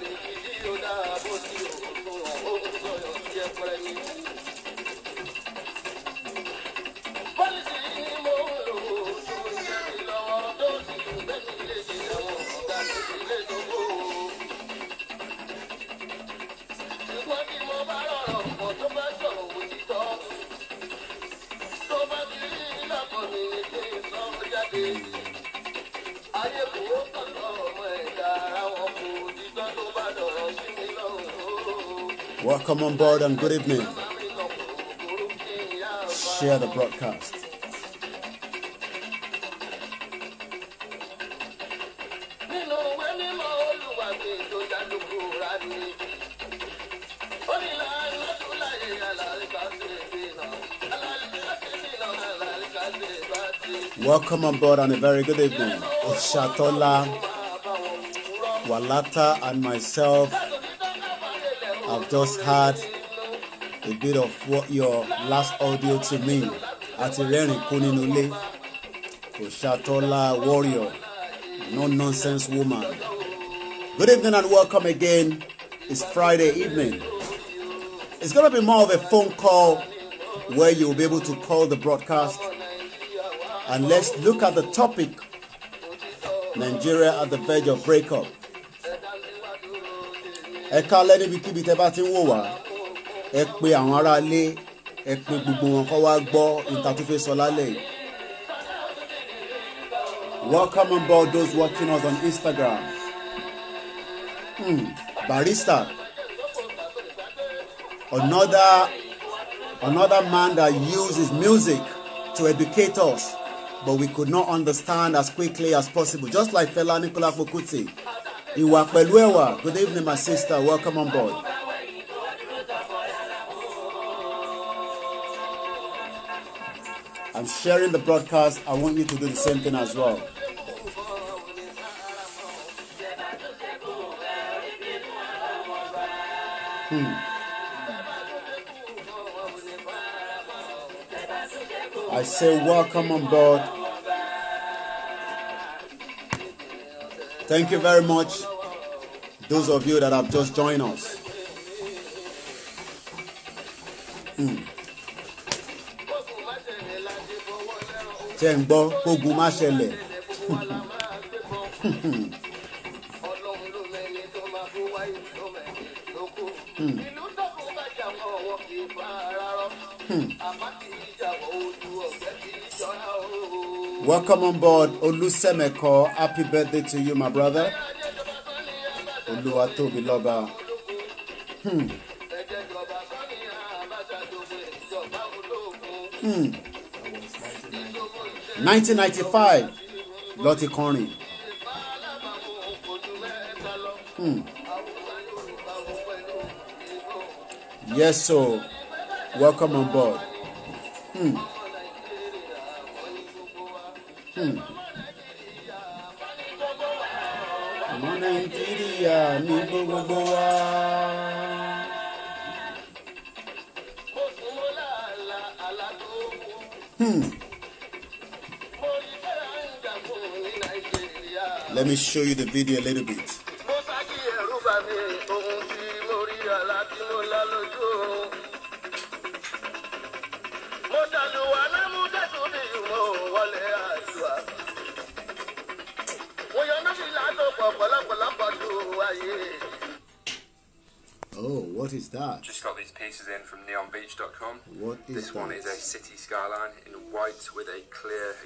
rí yóò dáa bó ti òkú òun ó ń sọ̀rọ̀ sí ẹ̀pẹ́rẹ́ mi. Welcome on board and good evening. Share the broadcast. Welcome on board and a very good evening. Oshatola, Shatola, Walata, and myself, I've just had a bit of what your last audio to me àti rẹ́rìn kún nínú ilé Òṣàtọ́lá warrior no nonsense woman. Good evening and welcome again. It's Friday evening. It's going to be more of a phone call where you'll be able to call the broadcast. And let's look at the topic Nigeria at the verge of breakup. ẹ kálẹ́ tẹ́ bá ti ń wò wá ẹ pe àwọn aráalé ẹ pe gbogbo wọn kó wá gbọ́ ìtàtúfẹ́ sọ lálẹ́ yìí. Welcome on board those watching us on Instagram. Hmm, Barrister, another another man that uses music to educate us, but we could not understand as quickly as possible, just like Fela Nicola Fokuti. Iwa Peluewa, good evening, my sister. Welcome on board. I'm sharing the broadcast. I want you to do the same thing as well. Hmm. I say, welcome on board. Thank you very much, those of you that have just joined us. Mm. tẹ ń má ṣẹlẹ̀ Hmm. hmm. Welcome on board, Olusemeko. Happy birthday to you, my brother. Oluwatobi Loba. Hmm. Hmm. 1995, Lottie corny. Hmm. Yes, so welcome on board. Hmm ọmọ nàìjíríà ní gbogbo wa. Hmm. Let me show you the video a little bit. Oh, what is that? Just got these pieces in from neonbeach.com. What is this that? one is a city skyline in white with a clear.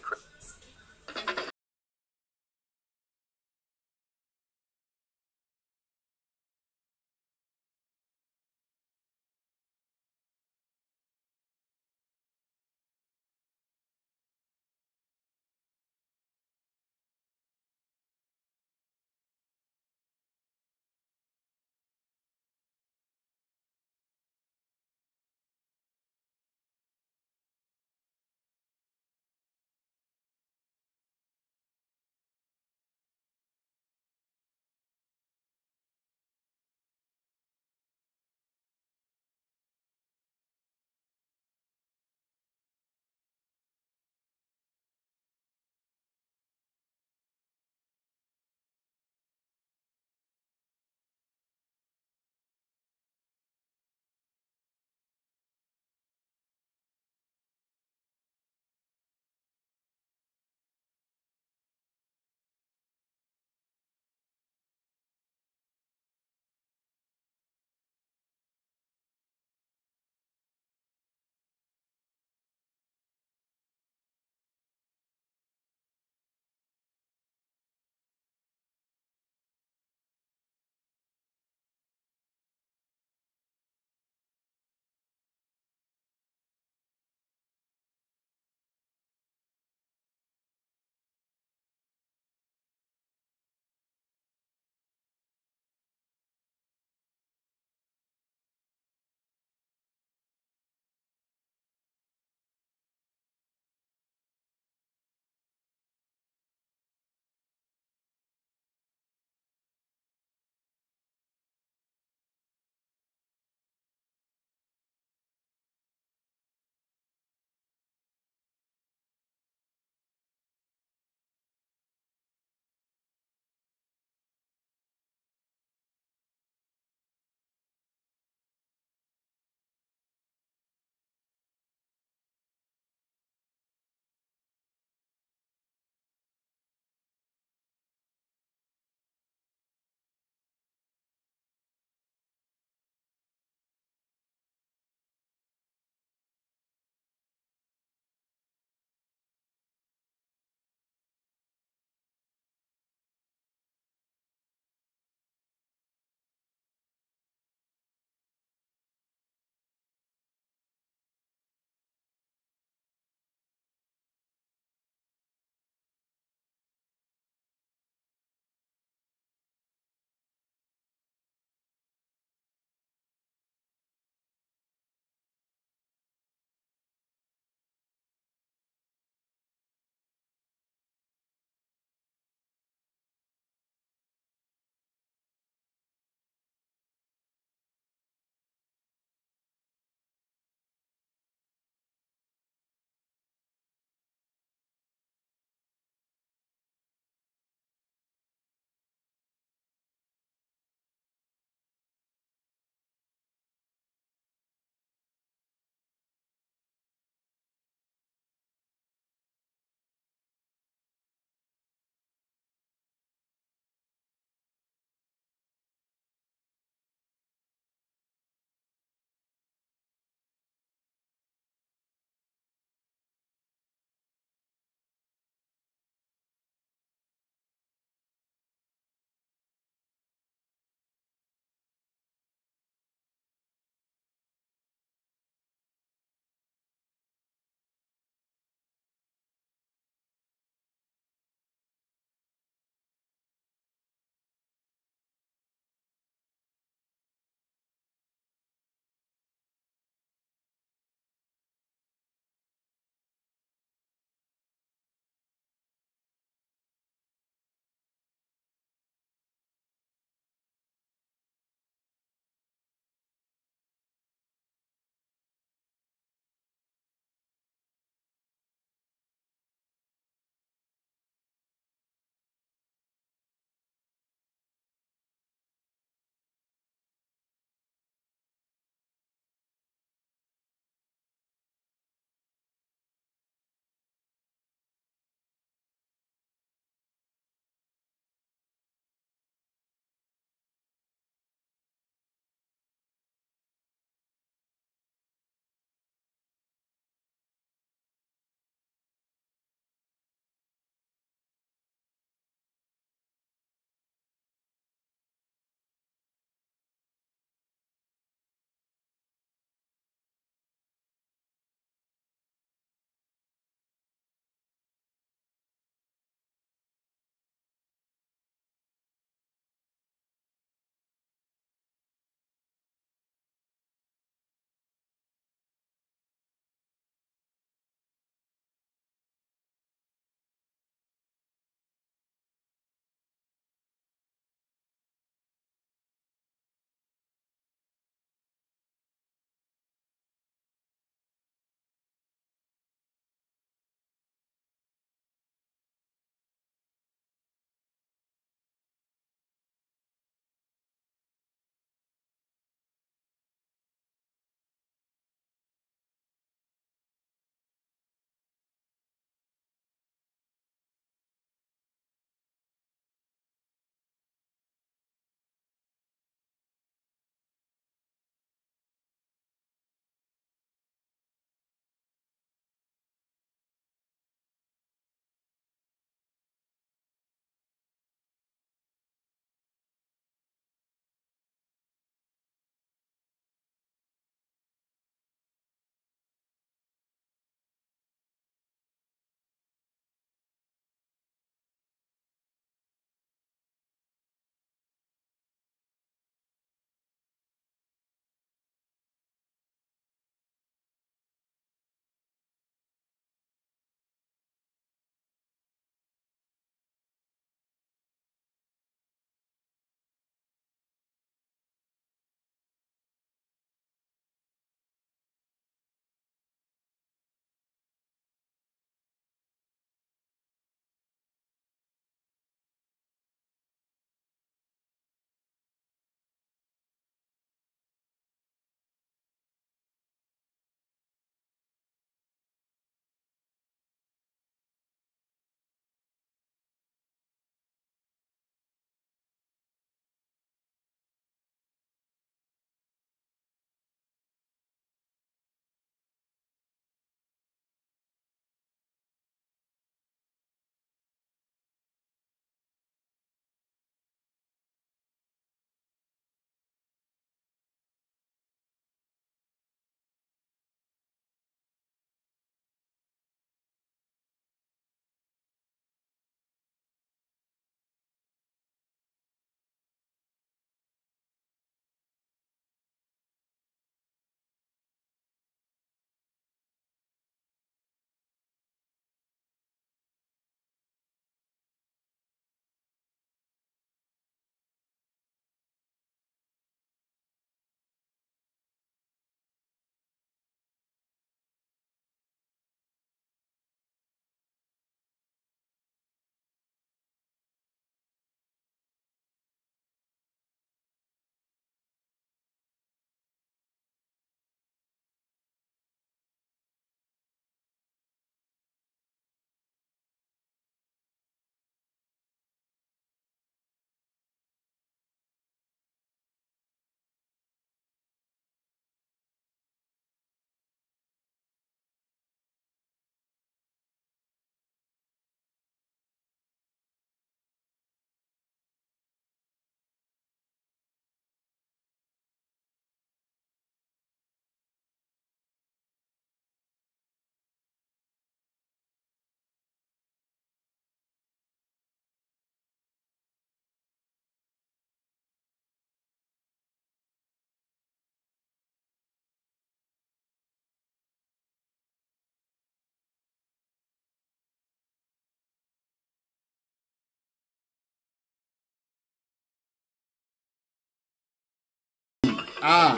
Ah,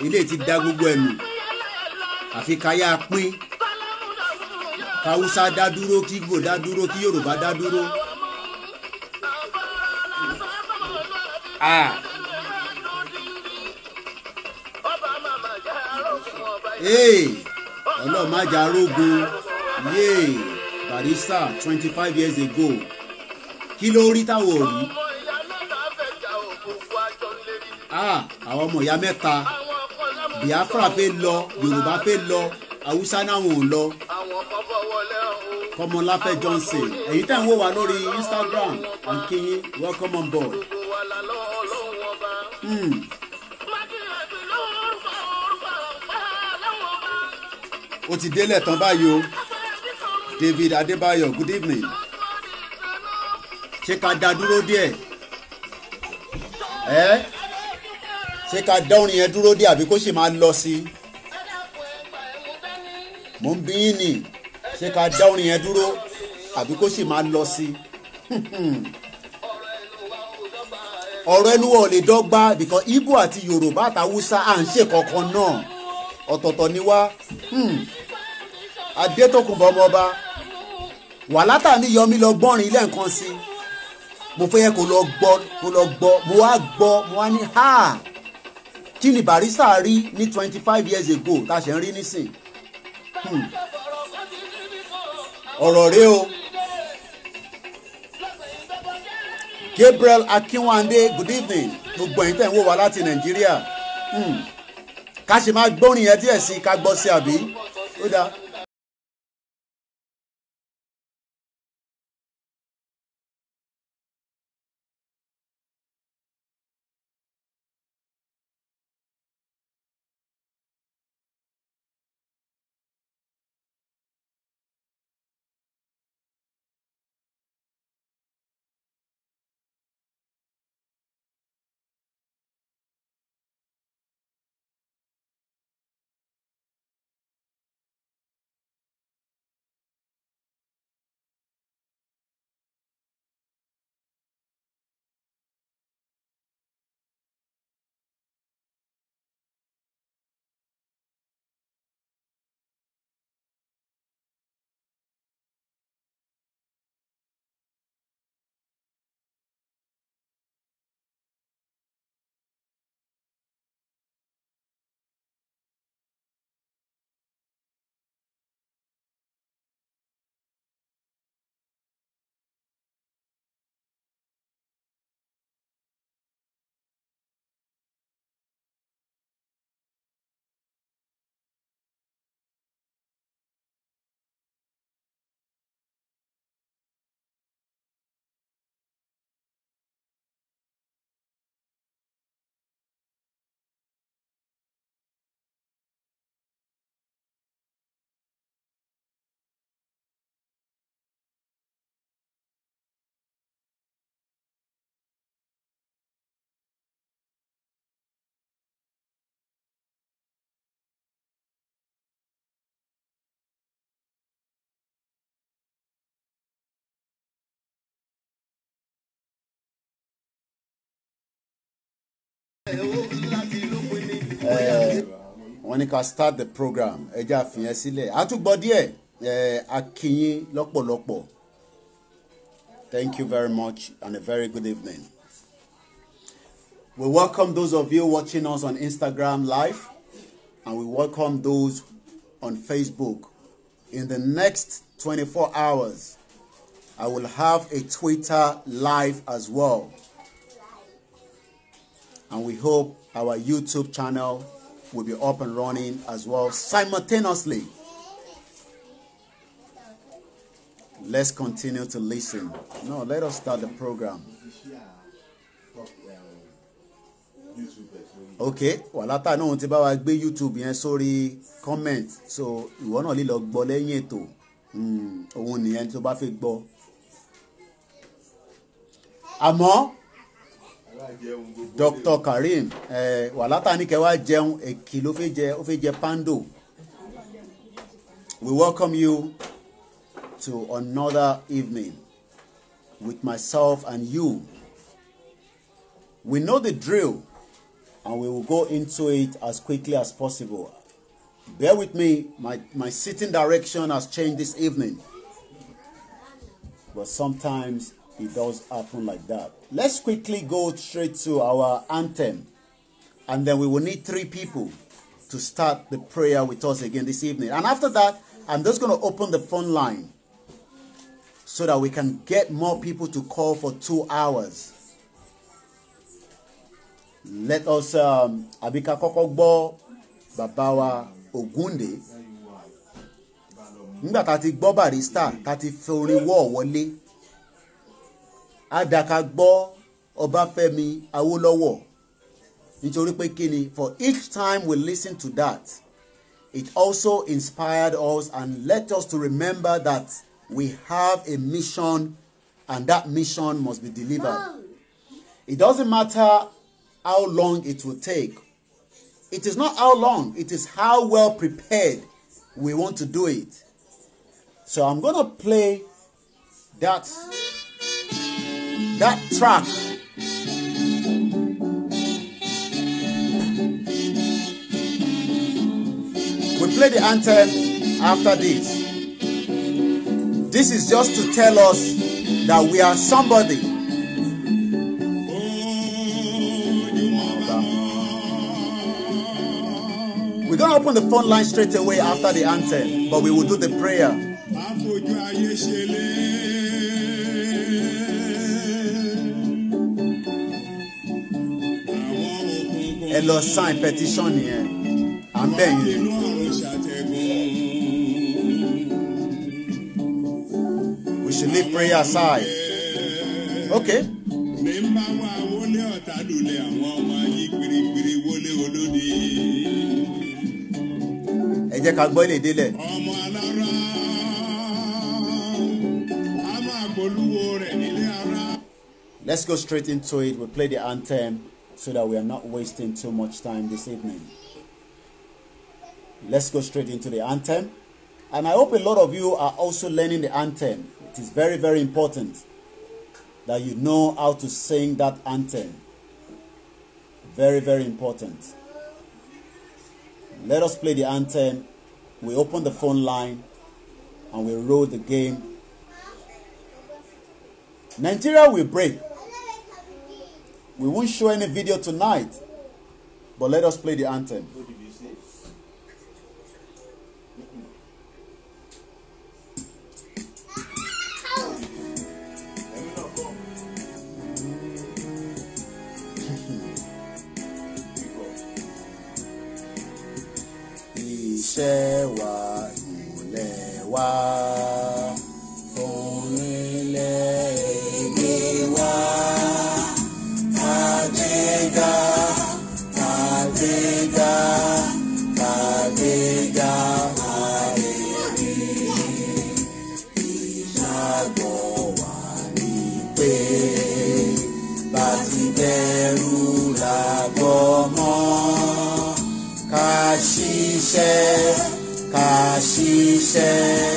ilé ti da gbogbo ẹnu àfi káyà pín káwúsá dá dúró kí Ìgbò dá dúró kí Yorùbá dá dúró. Ah. ọlọ́run má jà rógun yéè Barrister twenty five years ago kí ló rí táwọn ò rí. Ah àwọn ọmọ ìyá mẹ́ta Biafra fẹ́ lọ Yorùbá fẹ́ lọ Haúsá náà wọn ò lọ Kọ́mọláfẹ́ Johnson èyí tẹ̀ ń wò wá lórí Instagram àǹkíyín welcome on board. Mm. ó ti délẹ̀ tán báyìí o David Adébáyọ̀ good evening ṣé ká dá dúró díẹ̀ ẹ́ ṣé ká dá orin yẹn dúró dé àbí kó sì máa lọ sí i mò ń bí yín nì ṣé ká dá orin yẹn dúró àbí kó sì máa lọ sí ọ̀rọ̀ ẹnu wọn lè dọ́gba because Igbo àti Yorùbá àtàwùsá à ń ṣe kankan náà ọ̀tọ̀ọ̀tọ̀ ni wá hmm. adétòkùnbọ̀ ọmọọba wàhálà tà ní yọmí lọ gbọ́rin ilé nǹkan sí mo fẹ́ yẹ kó lọ gbọ́ kó lọ gbọ́ mo wá gbọ́ mo wá ní háà kí ni Barrister rí ní twenty five years ago tá a ṣe ń rí nísìn hmm. ọ̀rọ̀ rẹ o Gabriel Akinwande good evening gbogbo ẹ̀yin tẹ̀ ń wò wá láti Nàìjíríà hmm. ká ṣe máa gbórin yẹn díẹ̀ sí i ká gbọ́ sí àbí ó dáa. Eh, wọ́n ní ká start the program ẹja àfihàn sílẹ̀ a díẹ̀ eh, a lọ́pọ̀lọpọ̀ thank you very much and a very good evening. We welcome those of you watching us on Instagram Live, and we welcome those on Facebook. In the next 24 hours, I will have a Twitter live as well. and we hope our YouTube channel will be up and running as well simultaneously. Let's continue to listen. No, let us start the program. Okay, wà látàánú ohun tí bá wa gbé YouTube yẹn sórí comment so ìwọ náà lè lọ gbọ́ lẹ́yìn ètò hmm, òun nìyẹn tó bá fẹ́ gbọ́. Àmọ́. Dr Karim ẹ wà látàní kẹ wá jẹun èkì ló fẹ́ jẹ ó fẹ́ jẹ pando we welcome you to another evening with myself and you we know the drill and we will go into it as quickly as possible bear with me my my sitting direction has changed this evening but sometimes it does happen like that. Let's quickly go straight to our anthem. And then we will need three people to start the prayer with us again this evening. And after that, I'm just going to open the phone line so that we can get more people to call for two hours. Let us, um, Abika Kokogbo, Babawa Ogunde. Nígbà tá ti gbọ́ Barrister tá ti wọlé. àdàkà gbọ́ Awolowo. Awólọ́wọ̀ nítorí pé kíni for each time we listen to that it also inspired us and let us to remember that we have a mission and that mission must be delivered it doesn't matter how long it will take it is not how long it is how well prepared we want to do it so I'm gonna play that. that track. We play the anthem after this. This is just to tell us that we are somebody. We're going to open the phone line straight away after the anthem, but we will do the prayer. ẹ lọ sign petition yẹn à ń bẹ̀ yín. we should leave prayer aside. okay. ẹ jẹ́ ká gbọ́ ilé délẹ̀. ọmọ alára a máa polówó rẹ̀ nílé ara. let's go straight into it we play the anthem so that we are not wasting too much time this evening. Let's go straight into the anthem. And I hope a lot of you are also learning the anthem. It is very, very important that you know how to sing that anthem. Very, very important. Let us play the anthem. We open the phone line and we roll the game. Nigeria will break. We won't show any video tonight, but let us play the anthem. iṣẹ́ wa ìmùlẹ̀ wa. ṣiṣẹ́ ká ṣiṣẹ́.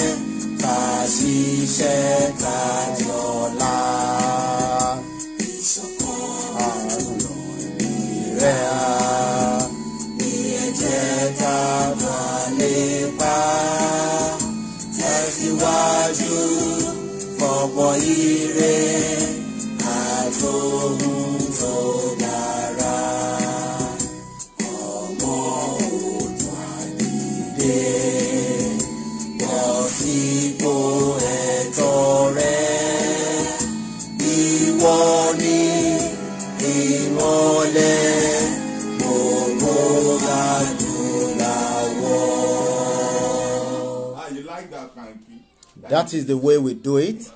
that is the way we do it.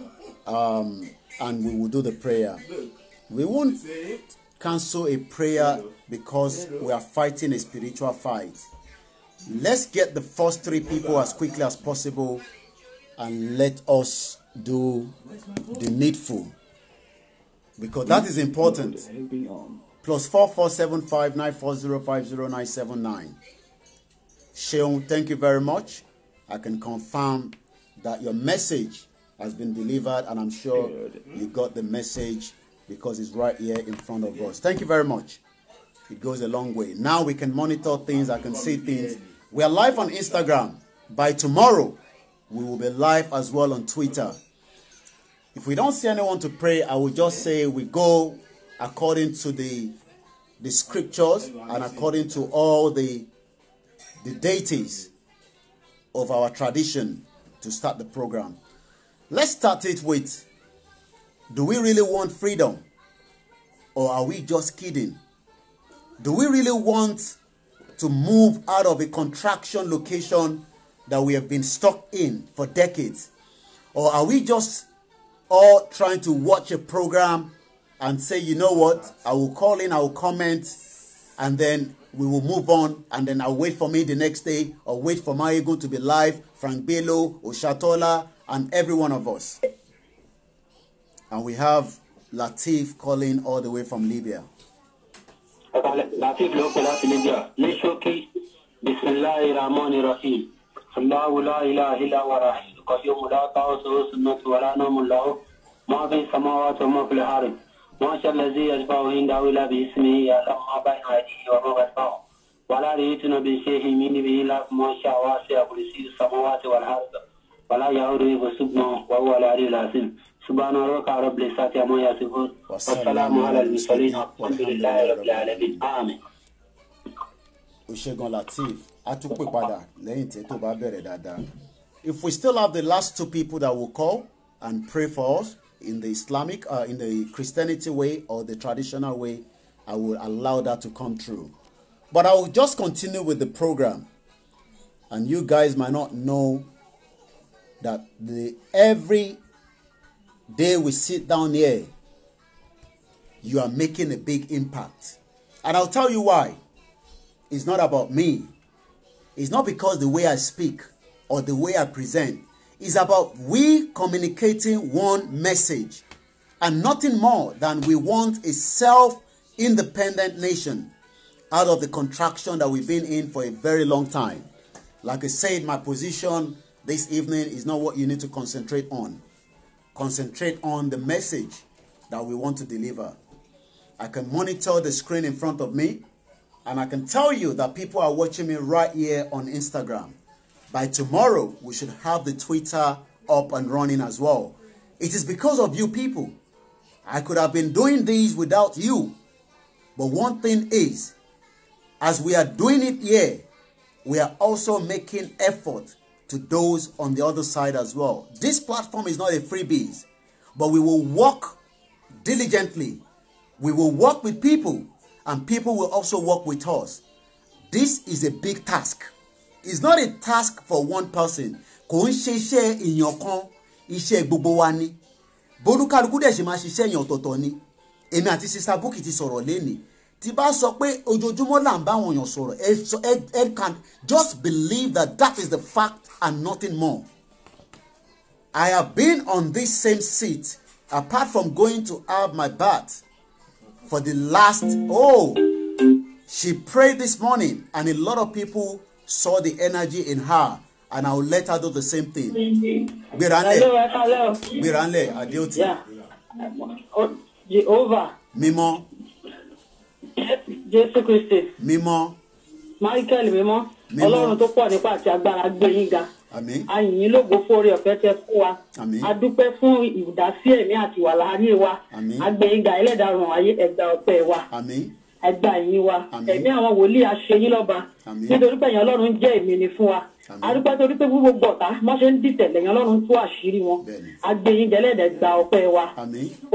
Um, and we will do the prayer. We won't cancel a prayer because we are fighting a spiritual fight. Let's get the first three people as quickly as possible and let us do the needful because that is important. Plus four four seven five nine four zero five zero nine seven nine. Sheon, thank you very much. I can confirm that your message has been delivered, and I'm sure you got the message because it's right here in front of us. Thank you very much. It goes a long way. Now we can monitor things, I can see things. We are live on Instagram. By tomorrow, we will be live as well on Twitter. If we don't see anyone to pray, I will just say we go according to the the scriptures and according to all the the deities of our tradition to start the program. Let's start it with Do we really want freedom? Or are we just kidding? Do we really want to move out of a contraction location that we have been stuck in for decades? Or are we just all trying to watch a program and say, you know what, I will call in, I will comment, and then we will move on and then I'll wait for me the next day or wait for my ego to be live, Frank Bello, Oshatola, and every one of us. And we have Latif calling all the way from Libya. Latif ló kọ́ Libya ní ṣókí bisimilahi rahim allahu la ilaha illa wa rahim kọ́ yóò mú látàwọn sọ̀rọ̀ sùnmọ́tò wàlánà mú lọ́wọ́ mọ́ samawati mọ́ fi lè harin. ما شاء الذي يشبع عنده إلا باسمه يعلم ما بين أيديه وما خلفه ولا يحيطون بشيء من به إلا ما شاء واسع كرسي السماوات والأرض ولا يعوده بسبنه وهو العلي العظيم سبحان ربك رب العزة عما يصفون والسلام على المرسلين والحمد لله رب العالمين آمين Oṣegun Lateef a tún pè padà lẹ́yìn tí tó bá bẹ̀rẹ̀ dáadáa. If we still have the last two people that will call and pray for us, in the Islamic, uh, in the Christianity way or the traditional way, I will allow that to come true. But I will just continue with the program. And you guys might not know that the, every day we sit down here, you are making a big impact. And I'll tell you why. It's not about me. It's not because the way I speak or the way I present is about we communicating one message and nothing more than we want a self-independent nation out of the contraction that we've been in for a very long time. Like I said, my position this evening is not what you need to concentrate on. Concentrate on the message that we want to deliver. I can monitor the screen in front of me and I can tell you that people are watching me right here on Instagram. By tomorrow, we should have the Twitter up and running as well. It is because of you people. I could have been doing these without you. But one thing is, as we are doing it here, we are also making effort to those on the other side as well. This platform is not a freebie, but we will work diligently. We will work with people, and people will also work with us. This is a big task. it's not a task for one person kò ń ṣe iṣẹ́ èèyàn kan iṣẹ́ gbogbo wa ni bolúkálukú dẹ̀ ṣe máa ṣiṣẹ́ èèyàn ọ̀tọ̀ọ̀tọ̀ ni èmi àti sista Bukky ti sọ̀rọ̀ lẹ́nìí tí bá sọ pé ojoojúmọ́ là ń bá àwọn èèyàn sọ̀rọ̀ ẹ can just believe that that is the fact and nothing more I have been on this same seat apart from going to have my bath for the last oh she prayed this morning and a lot of people saw the energy in her and I will let her do the same thing. Gbéranlẹ̀. Gbéranlẹ̀ Adeoti. Jehovah. Oh, mímọ́. Jésù Kristi. Mímọ́. Michael mímọ́. Mímọ́. Ọlọ́run tó pọ̀ nípa àti agbára gbé yín ga. Àmín. Àyìn lógo fóore ọ̀fẹ́ tẹ fún wa. Àmín. A dúpẹ́ fún ìdásí ẹ̀mí àti ìwà láàárín wa. Àmín. Agbẹ̀yìngà ẹlẹ́dàá ràn ayé ẹ̀gbà ọpẹ́ wa. Àmín àgbà yín wa ẹ̀mí àwọn wòlíì aṣeyín lọ́ba nítorí pé ẹ̀yàn ọlọ́run jẹ́ èmi ni fún wa adúpẹ́ torí pé gbogbo ọ̀tá wọ́n ṣe ń dìtẹ̀ lẹ́yìn ọlọ́run tú àṣírí wọn agbẹ̀yìn gẹ́lẹ́dẹ̀ gba ọpẹ́ wa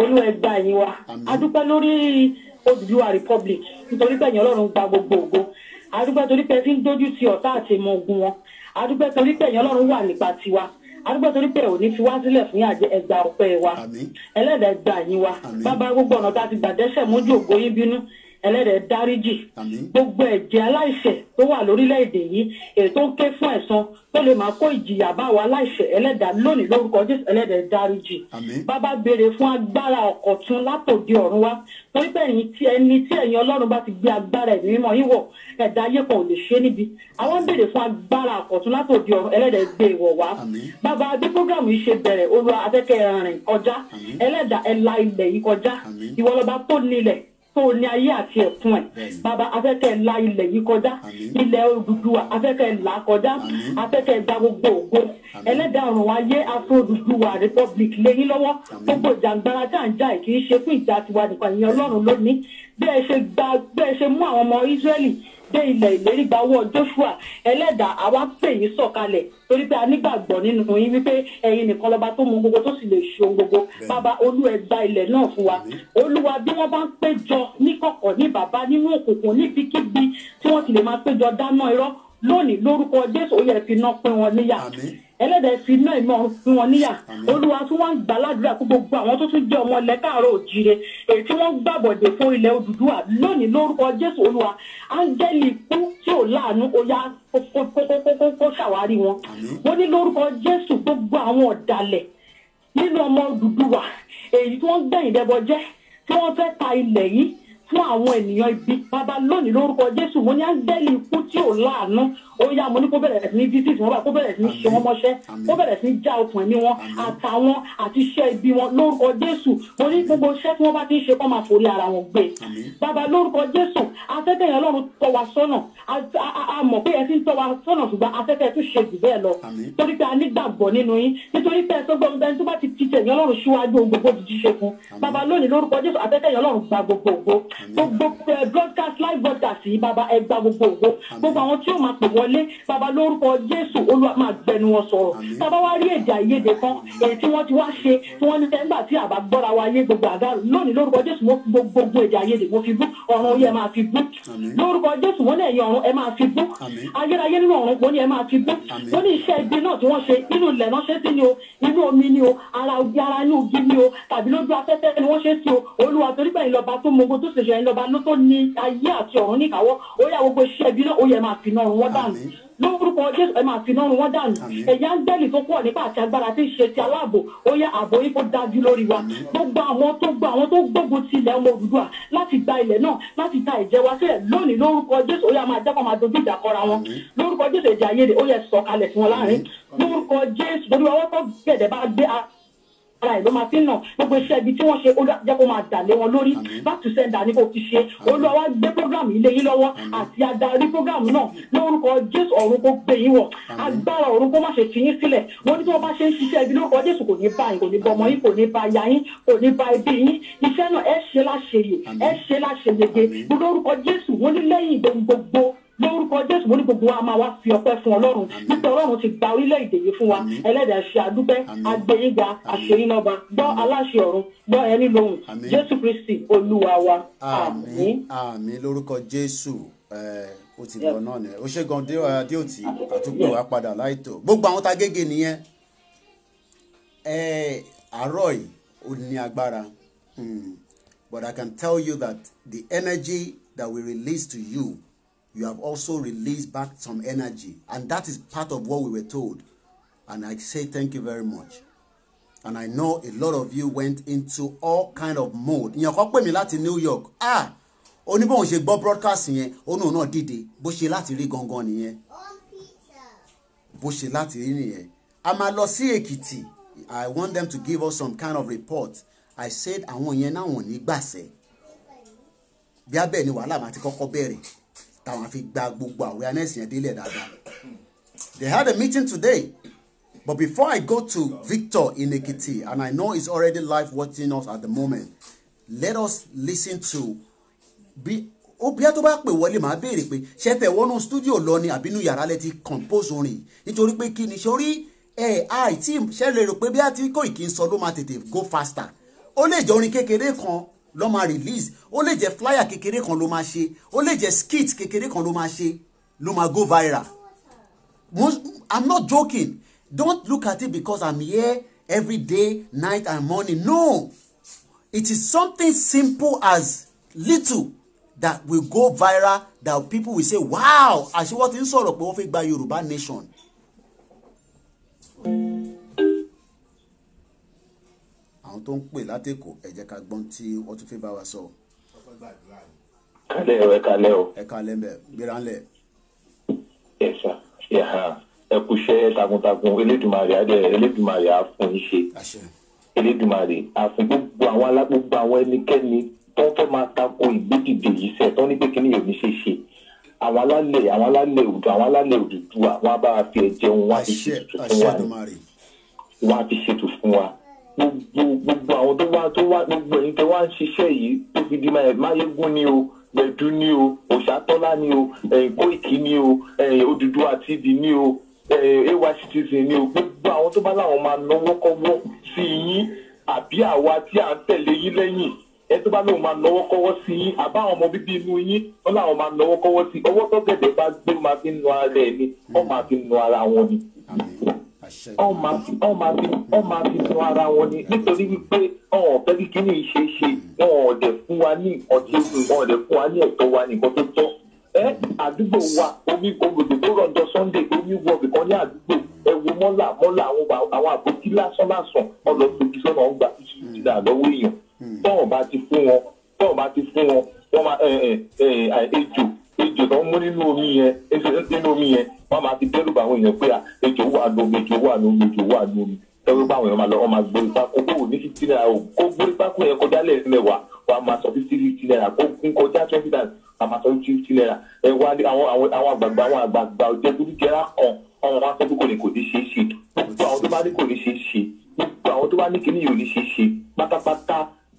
olú ẹgbà yín wa adúpẹ́ lórí Odùduwà republic nítorí pé ẹ̀yàn ọlọ́run gba gbogbo ògo adúpẹ́ torí pé ẹ ti ń dójú ti ọ̀tá àti ìmọ̀ ogun wọn adúpẹ́ torí pé ẹ̀yàn ọlọ́run wà nípa tiwa arúgbó torí pé òní fi wá sílẹ̀ fún àjẹ ẹgbà ọpẹ́ wa ẹlẹ́dàá gbà yín wa bàbá gbogbo ọ̀nà tá a ti gbà mójú ògo yín bínú ẹlẹ́dẹ̀ dáríjì gbogbo ẹ̀jẹ̀ aláìṣẹ̀ tó wà lórílẹ̀‐èdè yìí èyí tó ń ké fún ẹ̀san tó lè máa kó ìjìyà bá àwọn aláìṣẹ̀ ẹlẹ́dàá lónìí lórúkọ jésù ẹlẹ́dẹ̀ dáríjì bàbá béèrè fún agbára ọ̀kọ̀tun látòdì ọ̀run wá torí pé ẹni tí ẹ̀yin ọlọ́run bá ti gbé agbára ẹ̀mí mímọ́ yín wọ̀ ẹ̀dá ayé kan ò lè ṣe níbi àwọn ń béèrè fún agbára ọ̀kọ̀tun látòdì ọ̀run ẹlẹ́dẹ̀ gbé ìwọ̀ wá bàbá bí programu yìí ṣe bẹ̀rẹ̀ olúwa afẹ́kẹ́ rìn kọjá ẹlẹ́dàá ẹ̀la ilẹ̀ yìí kọjá ìwọlọ́ba tó nílẹ̀ tó ní ayé àti ẹ̀kún ẹ̀ bàbá afẹ́kẹ́ la ilẹ̀ yìí kọjá ilẹ̀ Odùduwà afẹ́kẹ́ là kọjá afẹ́kẹ́ da gbogbo ògo ẹlẹ́dàá ọ̀run ayé afro Odùduwà republic lẹ́yìn lọ́wọ́ gbogbo ìjàngbara tá à ń jà kì í ṣe fún ìjà tiwa nìkan ìyẹn Ọlọ́run lónìí bẹ́ẹ̀ ṣe mú àwọn ọmọ Ísírẹ́lì dé ilẹ̀ ìlérí gba ọwọ́ Joshua ẹlẹ́dàá àwa pè yín sọ̀kalẹ̀ torí pé a nígbàgbọ́ nínú yín wípé ẹ̀yin nìkan lọ́ba tó mú gbogbo tó sì lè ṣe ohun gbogbo bàbá olú ẹ gba ilẹ̀ náà fún wa olúwa bí wọ́n bá ń péjọ ní kọ̀kọ̀ ní bàbá nínú òkùnkùn níbikíbi tí wọ́n ti lè máa péjọ dáná irọ́ lónìí lórúkọ jésù ó yẹ fi iná pín wọn níyà ẹlẹ́dẹ̀ fi iná ìmọ̀ fún wọn níyà olúwa tí wọ́n ń gbà ládùúrà kó gbogbo àwọn tó tún jẹ́ ọmọ ilẹ̀ káàárọ̀ òjire èyí tí wọ́n gbàbọ̀dé fún ilẹ̀ Odùduwà lónìí lórúkọ jésù olúwa áńgẹ́lì ikú tí ò láàánú ó yá kó ṣàwárí wọn wọ́n ní lórúkọ jésù gbogbo àwọn ọ̀dàlẹ̀ nínú ọmọ Odùduwà èyí tí wọ́n gbẹ̀yìn dẹbọjẹ́ tí wọ́n fẹ́ ta ilẹ̀ yìí fún àwọn ènìyàn ibi bàbá lónìí lórúkọ jésù mo ní áńgẹ́lì ikú tí ò láàánú ó yá mo ní kó bẹ̀rẹ̀ sí ní visit wọn báyìí kó bẹ̀rẹ̀ sí ní ṣe wọn mọ́ṣẹ́ kó bẹ̀rẹ̀ sí ní já okùn ẹ̀mí wọn àtàwọn àti iṣẹ́ ibi wọn lórúkọ Jésù mo ní gbogbo iṣẹ́ tí wọ́n bá ti ń ṣe kó máa forí ara wọn gbé bàbá lórúkọ Jésù afẹ́fẹ́ yẹn Ọlọ́run tọ́ wa sọ́nà a mọ̀ pé ẹ tọ́ wa sọ́nà ṣùgbọ́n afẹ́fẹ́ tún ṣe jù bẹ́ẹ̀ lọ torí pé a nígbàgbọ́ nínú yín nítorí pé ẹ̀sọ́ gbọ́dọ̀ tó bá ti ti tẹ̀yìn Ọlọ́run síwájú ohun gbogbo ti ṣe fún bàbá lónìí lórúkọ Jésù afẹ́fẹ́ yẹn Ọlọ́run gba gbogbo ògo gbogbo eh, broadcast live broadcast yìí bàbá ẹ gba gbogbo ògo gbogbo àwọn tí ó wọlé bàbá lórúkọ Jésù Olúwa máa gbẹnu wọn sọ̀rọ̀ bàbá wa rí èdè àìyedè kan èyí tí wọ́n ti wá ṣe tí wọ́n ní nígbà tí àbá gbọ́ra wa yé gbogbo àgàrò lónìí lórúkọ Jésù mo fi gbogbo èdè àìyedè mo fi bú ọ̀run oyè máa fi bú lórúkọ Jésù wọ́n ní ẹ̀yin ọ̀run ẹ máa fi bú ayérayé nínú ọ̀run wọ́n ní ẹ máa fi bú wọ́n ní iṣẹ́ ibi náà tí wọ́n ṣe inú ilẹ̀ náà ṣe sí ni o inú omi ni o ara ogi ara inú ogi ni o tàbí lójú afẹ́fẹ́ ni wọ́n ṣe sí o Olúwa torí pé ìlọba tó mogo tó ṣèṣe ìlọba ló tó ní ayé àti ọ̀run níkàwọ́ ó yà gbogbo iṣẹ́ ibi náà ó yẹ máa fi náà wọ́n dànù lórúkọ jésù ẹ máa fi iná wọn dànù ẹ̀yà ń gbẹ́lì tó pọ̀ nípa àti agbára tí ń ṣe ti aláàbò ó yẹ ààbò yìí kó dájú lórí wa gbogbo àwọn tó gbọ́ àwọn tó gbógun ti ọmọ Odùduwà láti gba ilẹ̀ náà láti ta ìjẹ wa sílẹ̀ lónìí lórúkọ jésù ó yẹ máa jẹ́kọ̀ọ́ máa dojú ìjà kọra wọn lórúkọ jésù èdè àìyedè ó yẹ sọ̀kalẹ̀ fún wọn láàrin lórúkọ jésù lórí ọwọ́ tó gbẹ̀dẹ̀ bá gbé ara ẹ̀ ló máa fi ń nà gbogbo iṣẹ́ ibi tí wọ́n ṣe ó máa dà wọn lórí back to sender ni kò ti ṣe olúwa gbé program ilé yín lọ́wọ́ àti adarí program náà lórúkọ jésù ọ̀run kó gbé yín wọ̀ agbára ọ̀run kó má ṣe fi yín sílẹ̀ wọ́n ní tí wọ́n bá ṣe ń ṣiṣẹ́ ibi lórúkọ jésù kò ní bá yín kò ní bá yín kò ní bá aya yín kò ní bá ẹbí yín iṣẹ́ náà ẹ ṣe láṣeyè ẹ ṣe láṣeyege gbogbo orúkọ jésù wọ́n ní lẹ́yìn gbogbo lórúkọ jésù mo ní gbogbo wa máa wá fi ọpẹ́ fún ọlọ́run nípa ọlọ́run ti gba orílẹ̀ yìí fún wa ẹlẹ́dàá ṣe àdúpẹ́ agbẹyìnga àṣeyínlọba gbọ́ aláṣẹ ọ̀run gbọ́ ẹni lóhùn jésù kristi olúwa wa àmín. àmín lórúkọ jésù ó ti lọ náà ni ó ṣe gan dé òtí àtúgbò wa padà láìtó gbogbo àwọn tagége nìyẹn àárọ̀ yìí ó ní agbára hmm. but I can tell you that the energy that we release to you you have also released back some energy. And that is part of what we were told. And I say thank you very much. And I know a lot of you went into all kind of mode. Ìyàn kan pè mí láti New York. Ah! Oníbòhùn ṣe gbọ́ broadcast yẹn, ònà náà dìde. Bó ṣe láti rí gangan nìyẹn. Bó ṣe láti rí nìyẹn. A máa lọ sí Èkìtì. I want them to give us some kind of report. I said àwọn yẹn náà wọ́n ní gbàṣẹ. Bí abẹ́ ni wàhálà máa ti kọ́kọ́ bẹ̀rẹ̀ táwọn fi gba gbogbo awareness yẹn délẹ̀ dáadáa they had a meeting today but before I go to Victor in Ekiti and I know he's already live watching us at the moment let us listen to bí obìnrin tó bá pè wọlé màá béèrè pé ṣé tẹ wọnú studio lọ ni àbínú yàrá lẹ ti compose orin nítorí pé kí ni sórí ẹ àìtí ṣẹlẹ rò pé bí a ti kó ìkí ń sọ ló máa tètè go faster ó lè jẹ orin kékeré kan ló máa release ó lè jẹ́ flyer kékeré kan ló máa ṣe ó lè jẹ́ skit kékeré kan ló máa ṣe ló máa go viral Most, I'm not joking don't look at it because I'm here every day night and morning no it is something simple as little that will go viral that people will say wow àṣewọ́ ti ń sọ̀rọ̀ pé wọ́n fẹ́ gba Yorùbá nation àwọn tó ń pè látẹ̀kọ̀ ẹ jẹ́ ká gbọ́n tí wọ́n tún fẹ́ bá wa sọ. kálẹ̀ ẹ kálẹ̀ o. ẹ kálẹ̀ mbẹ gbéra ńlẹ̀. ẹ ṣá ṣe ha ẹ kú iṣẹ́ takuntakun elédùnmarè adé elédùnmarè àfún yín ṣe elédùnmarè àfún gbogbo àwọn alágbogbo àwọn ẹnikẹ́ni tó ń fẹ́ máa tako ìgbédìde yìí sẹ̀ tó ní pé kí ni yóò ní ṣe ṣe àwọn alálẹ̀ àwọn alálẹ̀ òdu àwọn alálẹ̀ Odùduwà àwọn abára fi ẹ̀jẹ̀ wọn wá fi ṣètò fún wa wọn á fi ṣètò fún wa gbogbo àwọn tó wá tó wá gbogbo ẹ̀yin tẹ́ wá ń ṣiṣẹ́ yìí tó fi di máyégún ni o gbẹ̀dú ni o òṣàtọ́lá ni o kóìkì ni o Odùduwà TV ni o ay citizen ni o gbogbo àwọn tó bá láwọn máa náwó kọ́wọ́ sí yín àbí àwa tí à ń tẹ̀lé yín lẹ́yìn ẹ tó bá lóun máa náwó kọ́wọ́ sí yín àbá àwọn ọmọ bíbí inú yín wọn láwọn máa náwó kọ́wọ́ sí ọwọ́ tó gẹ̀dẹ̀ bá gbé máa fi ń nu ara ẹ̀ ni wọ́n máa fi ń nu ara wọn ni ọmọ àbí sọ ara wọn ni nítorí wípé ọ̀ọ́fẹ́ bí kíní ṣe ṣe wọn ò dẹ̀ fún wa ní nǹkan tí wọn ò dẹ̀ fún wa ní ẹ̀tọ́ wa nìkan tó tọ́ ẹ àdúgbò wa omi gbogbo tó rọ̀jọ́ sunday omi wọ bìkan ní àdúgbò ẹ wo mọ́là mọ́là àwọn àbókí lásán lásán ọ̀dọ̀ tóbi sọ́nà ọgbà ìṣúná lọ́wọ́ èèyàn hmm. tọ́wọ̀n bá ti fún wọn tọ́wọ̀n bá ti fún wọn wọ́n máa ejò ejò tó ń mú nínú omi yẹn ejò tó ń nínú omi yẹn wọn máa ti dẹ́rù bá àwọn èèyàn pé ejò wà ní omi ejò wà ní omi ejò wà ní omi tẹ́wọ́ bá àwọn èèyàn máa lọ wọ́n máa gbórí pákó kó wò ní fifty naira o kó gbórí pákó yẹn kọjá lẹ́yìn mẹ́wàá wọ́n á máa sọ fifty fifty naira kó kún kọjá twenty naira wọ́n á máa sọ fifty naira ẹ wá ní àwọn àwọn àwọn àgbààgbà àwọn àgbààgbà ọjọ́ dúdú jẹ́ra kan ọmọ wa sọ pé kò ní kò ní ṣe é ṣe gbogbo àwọn tó bá ní kò ní ṣe é ṣe gbogbo àwọn tó bá ní kíní yìí ò ní ṣe é ṣe pátápátá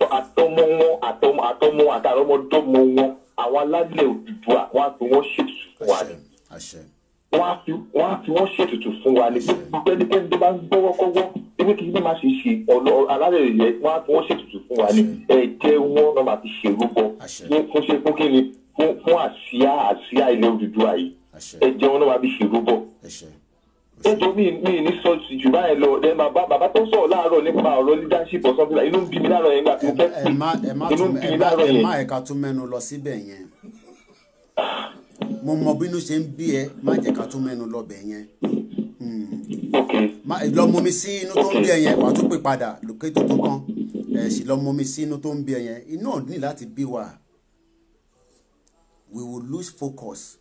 sọ àtọmọ wọn àtọmọ àtọmọ àtàrọmọdọmọ wọn àwọn alálẹ̀ Odùduwà wọn á fi wọn ṣètùtù fún wa ni wọn á wọn á fi fún wa ni gbogbo ẹnikẹ́ni tó bá ń gbọ́wọ́ kọ́wọ́ ebi kì í máa ṣe ṣe ọ̀nà alálẹ̀ yẹn wọn á fi wọn ṣètùtù fún wa ni ẹ̀jẹ̀ wọn náà máa fi ṣèrúbọ fún ṣe fún kí ni fún àsíá àsíá ilẹ̀ Odùduwà yìí ẹ̀jẹ̀ wọn náà máa fi ṣèrúbọ nítorí mi ní sọ jù báyìí lọ ẹ máa bá bàbá tó sọ̀rọ̀ láàárọ̀ nípa ọ̀rọ̀ leadership or something inú ń bí mi láàárọ̀ yẹn nígbà tí mo fẹ́ inú ń bí mi láàárọ̀ yẹn. ẹ má ẹ̀ka tún mẹ́nu lọ síbẹ̀ yẹn mo mọ bínú ṣe ń bí ẹ má jẹ́ ká tún mẹ́nu lọ bẹ̀ yẹn hmm. lọ mọmi sí inú tó ń bí ẹ yẹn wàá tún pè padà lókè tó tó kán ẹ sì lọ mọmi sí inú tó ń bí ẹ yẹn iná ní láti bí wa we will lose focus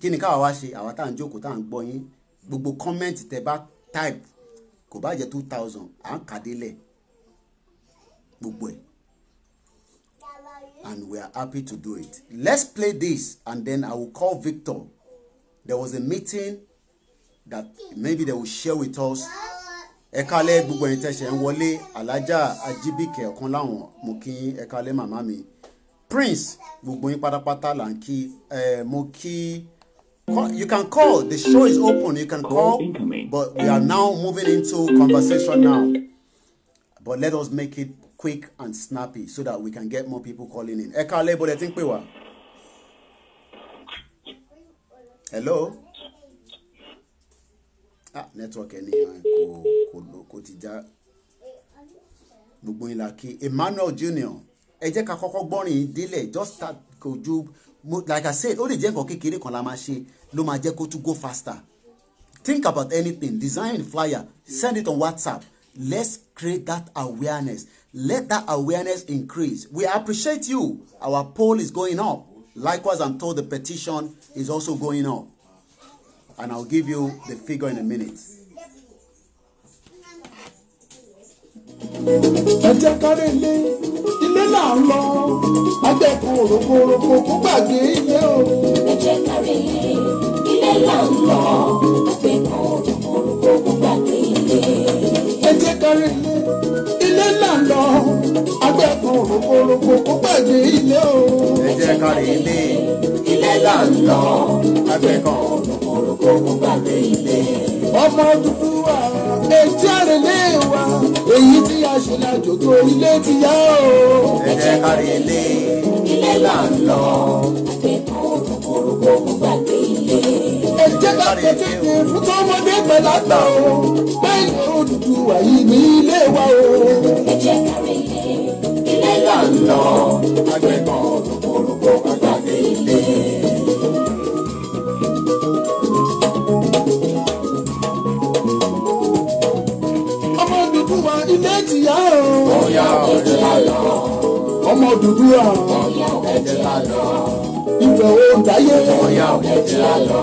kí ni káwa wá ṣe àwa tá à ń jókòó tá à ń gbọ́ yín gbogbo comment tẹ́ bá type kò bá jẹ́ two thousand à ń kàdélẹ̀ gbogbo ẹ̀ and we are happy to do it let's play this and then I will call Victor there was a meeting that maybe they will share with us ẹ kálẹ́ gbogbo ẹ̀yin tẹ̀sẹ̀ ń wọlé alájà ajíbíkẹ́ ọ̀kan láwọn mo kí ẹ kálẹ́ màmá mi prince gbogbo yín pátápátá là ń kí ẹ mo kí. You can call. The show is open. You can call. But we are now moving into conversation now. But let us make it quick and snappy so that we can get more people calling in. Ẹ káalẹ́, bó lẹ ti ń pè Hello. Ah, network ẹni kò kò kò ti gbogbo yín la kí Emmanuel Junior ẹ jẹ́ ká kọ́kọ́ gbọ́rin délẹ̀ just start kojú like I said ó lè jẹ́ nǹkan kékeré kan la máa ṣe ló máa jẹ́ kó tún go faster think about anything design flyer send it on WhatsApp let's create that awareness let that awareness increase we appreciate you our poll is going up likewise I'm told the petition is also going up and I'll give you the figure in a minute. ẹ jẹ́ kárẹ́ ilé ilé là ń lọ agbẹ́kun òrokòrokò kó gbàgbé ilé o. ẹ jẹ́ ilé ilé là ń lọ agbẹ́kun òrokòrokò kó gbàgbé ilé. ẹ jẹ́ ilé ilé là ń lọ agbẹ́gun òkòròkò kó pàdé ilé o. ẹ jẹ́ kárí ilé ilé là ń lọ agbẹ́gun òkòròkò kó pàdé ilé. ọmọ dúdú wa etí àrèlé wa èyí tí a ṣe lájò tó ilé ti yá o. ẹ jẹ́ kárí ilé ilé là ń lọ ẹ̀jẹ̀ ká kékeré fún tọmọdé pẹ̀lágbà o bẹ́ẹ̀ ni òdùdú wàyí ní ilé wa o. ẹ̀jẹ̀ kárí ilé ilé là ń lọ agbẹ̀kan olùkọ́ àgbàgbé ilé. ọmọ dúdú wa ilé tìyá o. bóyá ẹ̀jẹ̀ la lọ. ọmọ dúdú wa. bóyá ẹ̀jẹ̀ la lọ. ìfẹ́ òun dáyé. bóyá ẹ̀jẹ̀ la lọ.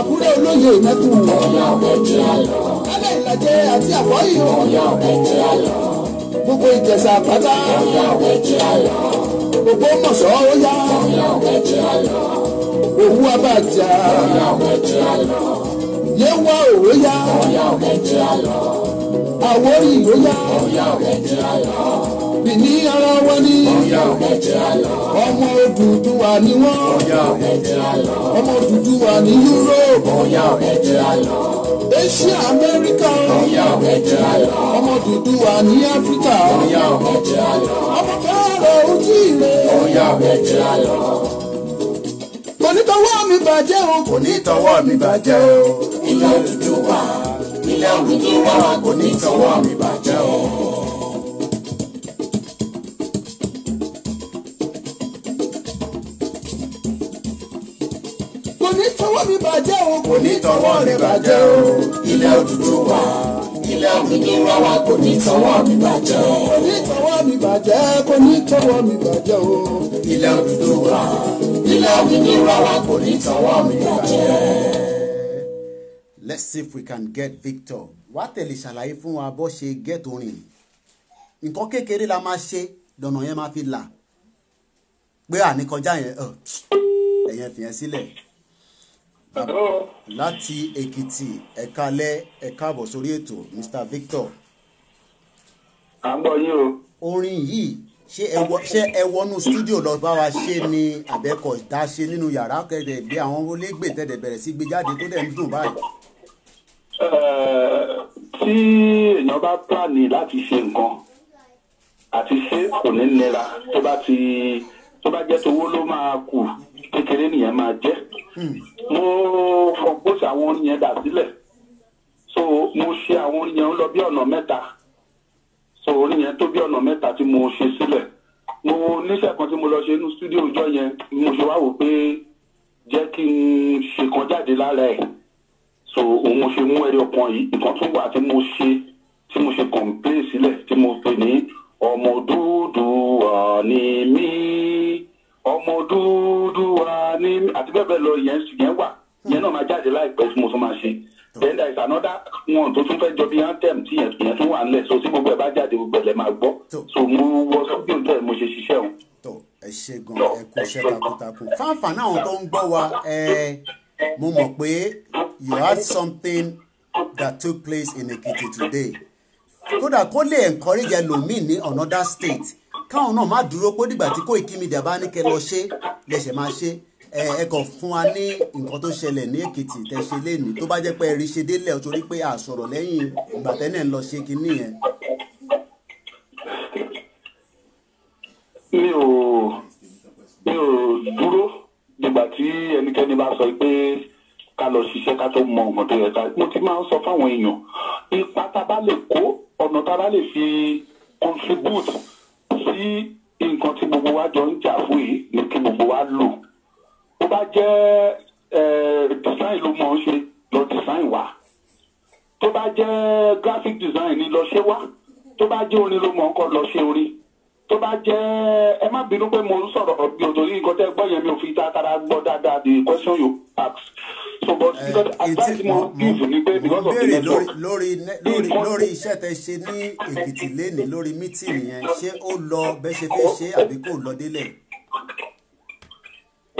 àbúrò olóyè ìmẹ́kùn. bóyá ọbẹ̀ jẹ́ àlọ́. kálẹ̀ ìlàjẹ àti àbọ̀yì. bóyá ọbẹ̀ jẹ́ àlọ́. gbogbo ìjẹ̀ṣà pátá. bóyá ọbẹ̀ jẹ́ àlọ́. gbogbo mọ̀ṣọ́ ó yá. bóyá ọbẹ̀ jẹ́ àlọ́. òwú abájà. bóyá ọbẹ̀ jẹ́ àlọ́. yéwà òwó yá. bóyá ọbẹ̀ jẹ́ àlọ́. àwórì ló yá. bóyá ọbẹ̀ jẹ́ àlọ́ bí ní ara wọn ní. ọmọ Odùduwà ni wọ́n. ọmọ Odùduwà ní Yúróòpù. Asia Amẹ́ríkà. ọmọ Odùduwà ní Áfíríkà. ọmọ kẹ́rọ̀ ojú ìrẹ́ kò ní tọwọ́ mi bàjẹ́ o. kò ní tọwọ́ mi bàjẹ́ o. ilé Odùduwà ilé Odùduwà kò ní tọwọ́ mi bàjẹ́ o. bàjẹ́ o kò ní tọwọ́ rẹ̀ bàjẹ́ o. ilẹ̀ òdúdú wa ilẹ̀ òdúdú wa kò ní tọwọ́ mi bàjẹ́ o. kò ní tọwọ́ mi bàjẹ́ kò ní tọwọ́ mi bàjẹ́ o. ilẹ̀ òdúdú wa ilẹ̀ òdúdú wa kò ní tọwọ́ mi bàjẹ́. let's see if we can get Victor wá tẹ̀lé ṣàlàyé fún wa bó ṣe get orin nǹkan kékeré la máa ṣe dọ̀nà yẹn máa fi là pé àníkọjá yẹn ẹ̀yẹn fìyẹn sílẹ̀ láti èkìtì ẹ káalẹ́ ẹ káàbọ̀ sórí ètò mr victor. à ń bọ̀ yín o. orin yìí ṣé ẹ wọnú stúdíò lọ bá wa ṣe ni àbẹ́kọ̀ dá ṣe nínú yàrá kẹ̀dẹ̀ bí àwọn olégbè tẹ̀dẹ̀ bẹ̀rẹ̀ sí gbé jáde tó dẹ̀ ń dùn báyìí. tí èèyàn bá pààní láti ṣe nǹkan àti ṣe kò ní nira tó bá ti tó bá jẹ́ ló máa kù kékeré nìyẹn máa jẹ́ hmm. mo fọgbọ́sì àwọn orin dà sílẹ̀ so mo ṣe àwọn orin lọ bí ọ̀nà mẹ́ta so orin tó bí ọ̀nà mẹ́ta tí mo ṣe sílẹ̀ mo níṣẹ́ kan tí mo lọ ṣe inú stúdíò ọjọ́ yẹn mo ṣe wá wò pé jẹ́ kí n ṣe kan jáde lára ẹ̀ so òun ṣe mú ẹ̀rí ọkàn yìí nǹkan tó wà tí mo ṣe tí mo ṣe kọ̀ǹpléè sílẹ̀ tí mo pè ní ọmọ dúdú ọ̀ọ́ni mi ọmọ dúdú wa ní àti lọ yẹn yẹn wà yẹn náà máa jáde láìpẹ́ tí mo tún máa ṣe hmm. then there is another one tó tún fẹ́ jọ bí anthem tí yẹn tún wà nílẹ̀ so tí gbogbo ẹ̀ bá jáde gbogbo ẹ̀ lẹ́ máa gbọ́ hmm. so mo wọ sọ́kùnrin tó ẹ̀ mo ṣe ṣiṣẹ́ o. tọ hmm. ẹ ṣe gan ẹ kú iṣẹ́ takuntakun fáǹfààní àwọn tó ń gbọ́ wa ẹ mo mọ̀ pé you had something that took place in Ekiti today kódà kó lè encourage ẹlòmíì ní another state káwọn náà má dúró pé dìgbà tí Koiki Media bá ní kẹ lọ ṣe lẹsẹ máa ṣe ẹ kàn fún wa ní nǹkan tó ṣẹlẹ̀ ní Èkìtì tẹ̀sẹ̀ lẹ́nu tó bá jẹ́ pé ẹ̀rí ṣe délẹ̀ torí pé a sọ̀rọ̀ lẹ́yìn ìgbà tẹ́lẹ̀ ń lọ ṣe kinní yẹn. mi ò mi ò dúró dìgbà tí ẹnikẹ́ni bá sọ pé ká lọ ṣiṣẹ́ ká tó mọ nǹkan tó ká mo ti máa ń sọ fáwọn èèyàn ipa tá a bá lè kó ọ̀nà tá a bá lè fi contribute sí nǹkan tí gbogbo wa jọ ń jà fún yìí ni kí gbogbo wa lò ó bá jẹ́ design ló mọ̀ ọ́n ṣe lọ design wa tó bá jẹ́ graphic design ni lọ ṣe wá tó bá jẹ́ orin ló mọ̀ ọ́n kọ́ lọ ṣe orin tó bá jẹ́ ẹ má bínú pé mo ń sọ̀rọ̀ ọ̀gbìn òtòrí nǹkan tẹ́ gbọ́ yẹn mi ò fi takara gbọ́ dáadáa the question you ask so but eh, because advice mo give ni pé because of the network. lórí lórí lórí iṣẹ́ tẹ ṣe ní èkìtì lẹ́nìí lórí mítìnì yẹn ṣé ó lọ bẹ́ẹ̀ ṣe fẹ́ ṣe àbí kò lọ délẹ̀.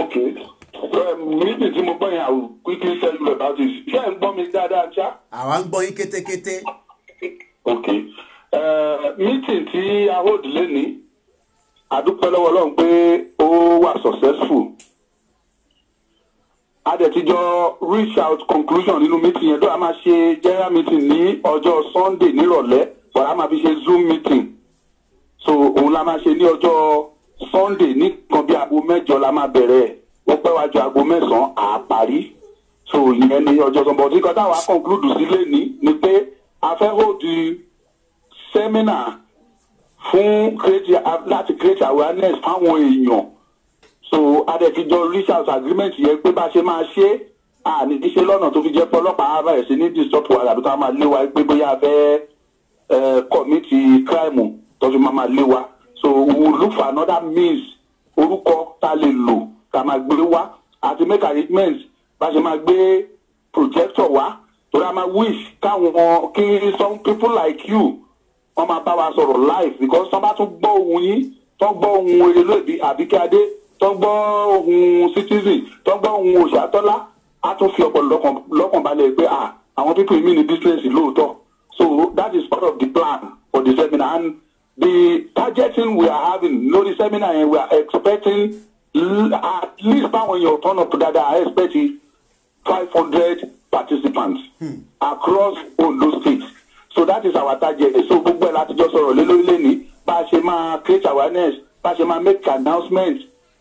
ok eh, mídì tí mo gbọ́ yẹn àwọn quickly tell you about this ṣé ẹ̀ ń gbọ́ mi dáadáa ṣá. àwa ń gbọ́ yín kétékété. ok. okay meeting tí a hold lẹ́ni àdúpẹ́ lọ́wọ́ ọlọ́run pé ó wà successful a dẹ̀ ti jọ reach out conclusion nínú meeting yẹn tó a máa ṣe general meeting ní ọjọ́ sunday nírọ̀lẹ́ but a máa fi ṣe zoom meeting so òun la máa ṣe ní ọjọ́ sunday ní kan bí aago mẹ́jọ la máa bẹ̀rẹ̀ ó pẹ́ wájú aago mẹ́sàn-án àparí so ìyẹn ni ọjọ́ sunday but nǹkan táwa conclude sílé ní ni pé a fẹ́ hold sẹ́mínà fún láti create awareness fáwọn èèyàn so adẹ̀fijọ́ research agreement yẹn pé bá ṣe máa ṣe àní iṣẹ́ lọ́nà tó fi jẹ́ pé ọlọ́pàá sí ní disrupt wa àbí ká máa lé pé bóyá a fẹ́ crime tó fi máa máa so we will look for another means orúkọ tá lè lò ká máa gbé wá àti make arrangements bá ṣe máa gbé projector wá torí a máa wish káwọn kí some people like you wọ́n máa bá wa sọ̀rọ̀ live because tán bá tún gbọ́ ohun yín tán gbọ́ ohun Oyèlódé Àbíkẹ́ Adé tán gbọ́ ohun citizen tán gbọ́ ohun Òṣàtọ́lá á tún fi ọ̀pọ̀ lọ́kàn balẹ̀ pé ah, àwọn people yìí ní business lóòótọ́ so that is part of the plan for the seminar and the targeting we are having lórí seminar yẹn we are expecting at least báwọn èèyàn turn up dáadáa i expect five hundred participants hmm. across Ondo state so that is our target so gbogbo ẹ̀ láti jọ sọ̀rọ̀ lé lórílẹ̀ ní bá a ṣe máa create awareness bá a ṣe máa make announcement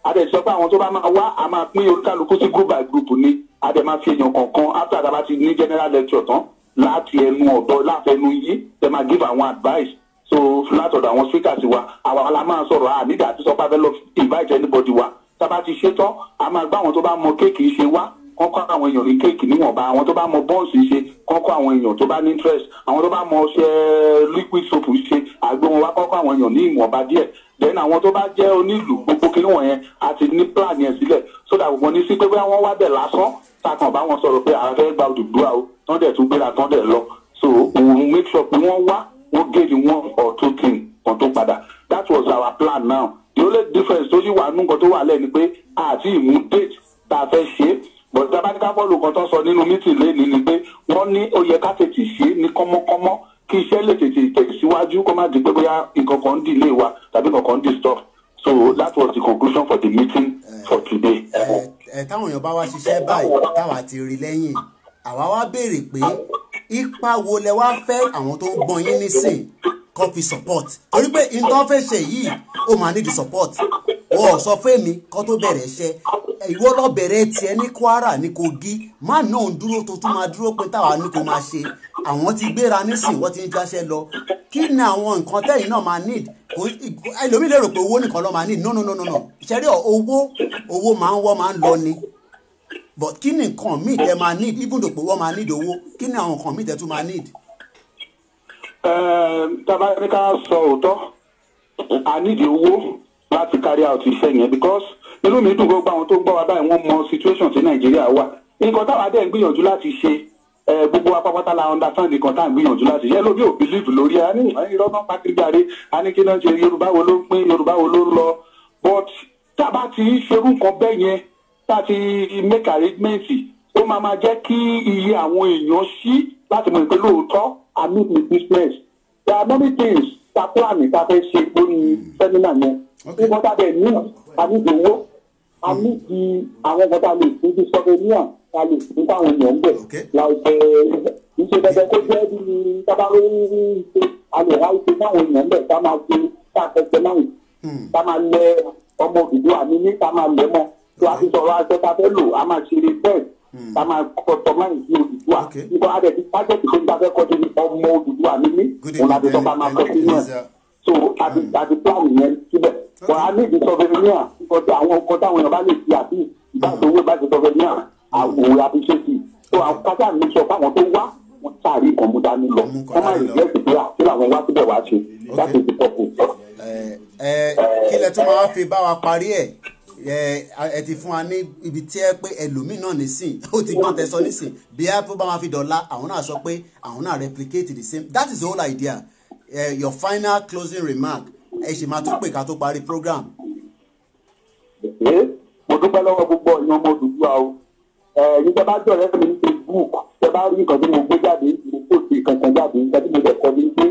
adẹ̀ sọ pé àwọn tó bá máa wá a máa pín oníkálukú sí group by group ni adẹ̀ máa fi èèyàn kọ̀ọ̀kan after that, a bá ti ní general lecture tán láti ẹnu ọ̀dọ́ láti ẹnu yìí dẹ̀ máa give àwọn advice so látọ̀dọ̀ àwọn speakers wa àwa la máa sọ̀rọ̀ ànídàá àti sọpá fẹ́ lọ invite anybody wa tá a bá ti ṣe tán a máa gbá àwọn tó bá mọ kéèkì ṣe wá kọ́kọ́ àwọn èèyàn ní kéèkì níwọ̀nba àwọn tó bá mọ bọ́ọ̀sì ṣe kọ́kọ́ àwọn èèyàn tó bá ní interest àwọn tó bá mọ ṣe liquid soap ṣe àgbo wọn kọ́kọ́ àwọn èèyàn ní ìwọ̀nba díẹ̀ then àwọn tó bá jẹ́ onílù gbogbo kinní wọ̀nyẹn àti ní plan yẹn sílẹ̀ so that gbogbo ní sí pé bóyá wọ́n wá bẹ̀ lásán takàn bá wọn sọ̀rọ̀ pé àwọn fẹ́ẹ́ gba òdùdúrà o tán dẹ̀ tún gbéra tán dẹ̀ lọ so òun make sure pé wọ́n wá wọ́n gé ni one or two thing kan tó padà that was our plan now the only difference tó sì wà nù nǹkan tó wà lẹ́ni pé àti ìmú date tá a fẹ́ ṣe é bọ̀dé lùkọ́ tó sọ nínú mítìn lẹ́ni ni pé wọ́n ní ó ká tètè ṣe é ní kọ́mọ́kọ́mọ́ kí iṣẹ́ lè tètè tẹ̀síwájú kó má di pé bóyá nǹkan ń dì lé wa tàbí nǹkan ń dì stop so that was the conclusion for the meeting for today. ẹ táwọn èèyàn bá wá ṣiṣẹ́ báyìí táwa ti rí lẹ́yìn àwa wá béèrè pé ipa wo lẹ wá fẹ́ àwọn tó ń gbọ́n yín nísìn kọ́ fi support torí pé nǹkan fẹ́ ṣe yìí ó máa need support wọ́n sọ fẹ́mi kó tó bẹ̀rẹ̀ iṣẹ́ ìwọ lọ bẹ̀rẹ̀ tiẹ̀ ní Kwara ní Kogi má náà ń dúró tó tún máa dúró pé táwa ní kò máa ṣe àwọn ti gbéra nísìn wọ́n ti ń jáṣẹ́ lọ kí ni àwọn nǹkan tẹ́yìn náà máa need ẹlòmíì lè rò pé owó nìkan ló máa need no no no no no ṣẹ́rí owó owó máa ń wọ́ máa ń lọ ni but kí ni nǹkan míì tẹ́ máa need even though pé wọ́n máa need owó kí ni àwọn nǹkan míì tẹ́ tún máa need. Ehm, tàbá ní ká sọ òótọ́ ànídìí owó láti carry out iṣẹ́ yẹn because inú mi dùn gbogbo àwọn tó ń gbọ́ wa báyìí wọ́n mọ situation tí nàìjíríà wà nǹkan táwa dẹ̀ ń gbìyànjú láti ṣe eh, gbogbo apapata la understand nǹkan tá à ń gbìyànjú láti ṣe lóbi ò believe lórí ẹ ní irọ́ náà pàtìgbàre a ní kí náà ṣe yorùbá wo ló ń pín yorùbá wo ló ń lọ but tá a bá ti ṣerú nǹkan bẹ́ẹ̀ yẹn tá a ti make arrangement ó máa máa jẹ́ kí iye àwọn èèyàn sí láti mọ̀ pé lóòótọ́ and meet with business there are many things ta plan ta fẹ́ ṣe lórí sẹ́mínà yẹn nígbà tá a bẹ̀ I need the ìdòwò a ní di àwọn ọmọ tá a lè fún bí sọ́fẹ́níà ta lè fún táwọn èèyàn ń bẹ̀ láìpẹ́ eh, ìṣe dandan kó jẹ́ bí tábàrò ìṣe alẹ́ wá ìṣe táwọn èèyàn ń bẹ̀ to máa ṣe tá a fẹsẹ̀ náà tá máa lẹ ọmọ òdìdó àmì ní tá máa lẹ mọ́ tó a ti sọ̀rọ̀ aṣọ ta fẹ́ lò a máa ṣe research ká máa kọ́tọ́ máa ń sí Odùduwà nígbà adé ti tájẹ́tì tó ń bá fẹ́ kọjú ní ọmọ Odùduwà níní òun àti tọ́ba máa kọ́ sínú ẹ̀ so àti àti hmm. plan yẹn síbẹ̀ wọ́n á ní ìdí sọ́fẹ́mìíà ọ̀dọ̀ àwọn ọkọ̀ táwọn èèyàn bá lè fi àbí ìbáṣowó ìbáṣe sọ́fẹ́mìíà àwòrán àti ṣéèkì so àkọ́jà mi sọ fáwọn tó wá wọn sáàrí kọ̀mùdá ní lọ wọn máa yẹ ìdúrà tí làwọn wá síbẹ̀ wá ṣe láti ìdí pọ̀ kò sọ. ẹ ẹ kí lẹ tún máa fi bá wa parí ẹ ẹ ti fún wa ní ibi tí ẹ pé ẹlòmíì náà nísìn ó ti gbọ́n tẹ nísìn bí ẹ bá máa fi dọ̀la àwọn náà sọ pé àwọn náà replicate the same that is the whole idea uh, your final closing remark ẹ ṣì máa tún pè ká tó parí program. mo dúpẹ́ lọ́wọ́ gbogbo ọ̀yàn ọmọ òdùdúwà o ẹ̀yin tẹ́ bá jọ̀rẹ́ mi ní facebook tẹ́ bá rí nǹkan tí mo gbé jáde mo kò sí kankan jáde nǹkan tí mo dẹ̀ kọ́ ni pé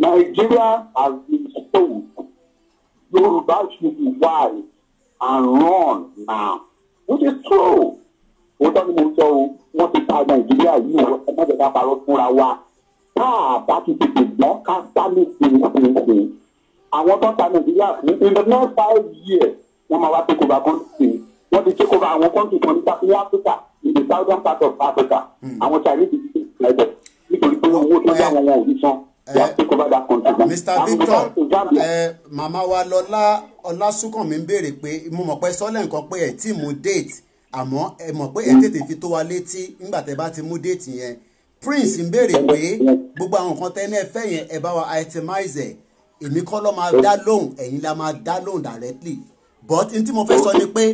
Nigeria has been sold Yorùbá should be and run now which is true òótọ́ ni mo sọ o wọ́n ti ta ọmọ ìdílé àyè o ẹ má jẹ́ parọ́ fúnra wa tá a bá ti tètè gbọ́n ká bá lè ṣe ìṣèṣe àwọn tó ń ta nàìjíríà fún in the next five years wọ́n máa wá take over country wọ́n ti take over àwọn country kan ní Africa in the southern part of Africa hmm. àwọn Chinese ti ti ṣe ìpínlẹ̀ nítorí pé owó tó yá wọn wọn ò ní san. Mr Victor ẹ màmá wa lọlá ọlásùnkànmí ń béèrè pé mo mọ̀ pé sọ́lẹ̀ nǹkan pé ẹ̀ tí mo date àmọ́ ẹ mọ̀ pé ẹ tètè fi tó wa létí nígbà tẹ́ bá ti mú date yẹn Prince ń béèrè pé gbogbo àwọn nǹkan tẹ́ni ẹ yẹn ẹ bá wa itemize ẹ̀ èmi kọ́ ló máa dá lóhùn ẹ̀yin la máa dá lóhùn directly but n tí mo fẹ́ sọ ni pé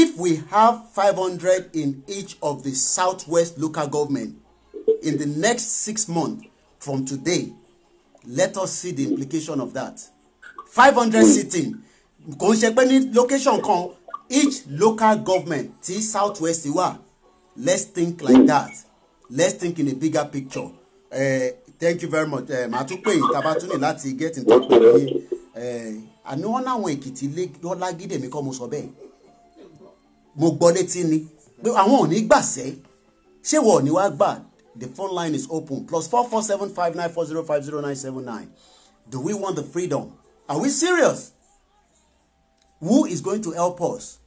if we have five hundred in each of the southwest local government in the next six months from today let us see the implication of that five hundred sitting kò ń ṣe pé ní location kan each local government ti south west wa. let's think like that let's think in a bigger picture uh, thank you very much eh, màá tún pè yín tá tún ní láti get in touch pẹ̀lú yín eh, àní wọn láwọn èkìtì lọ́lágídé mi kọ́ mo sọ bẹ́ẹ̀ mo gbọ́ létí ni pé àwọn ò ní gbàṣẹ́ ṣé wọn ò ní wá gbà The phone line is open. Plus 447 Do we want the freedom? Are we serious? Who is going to help us?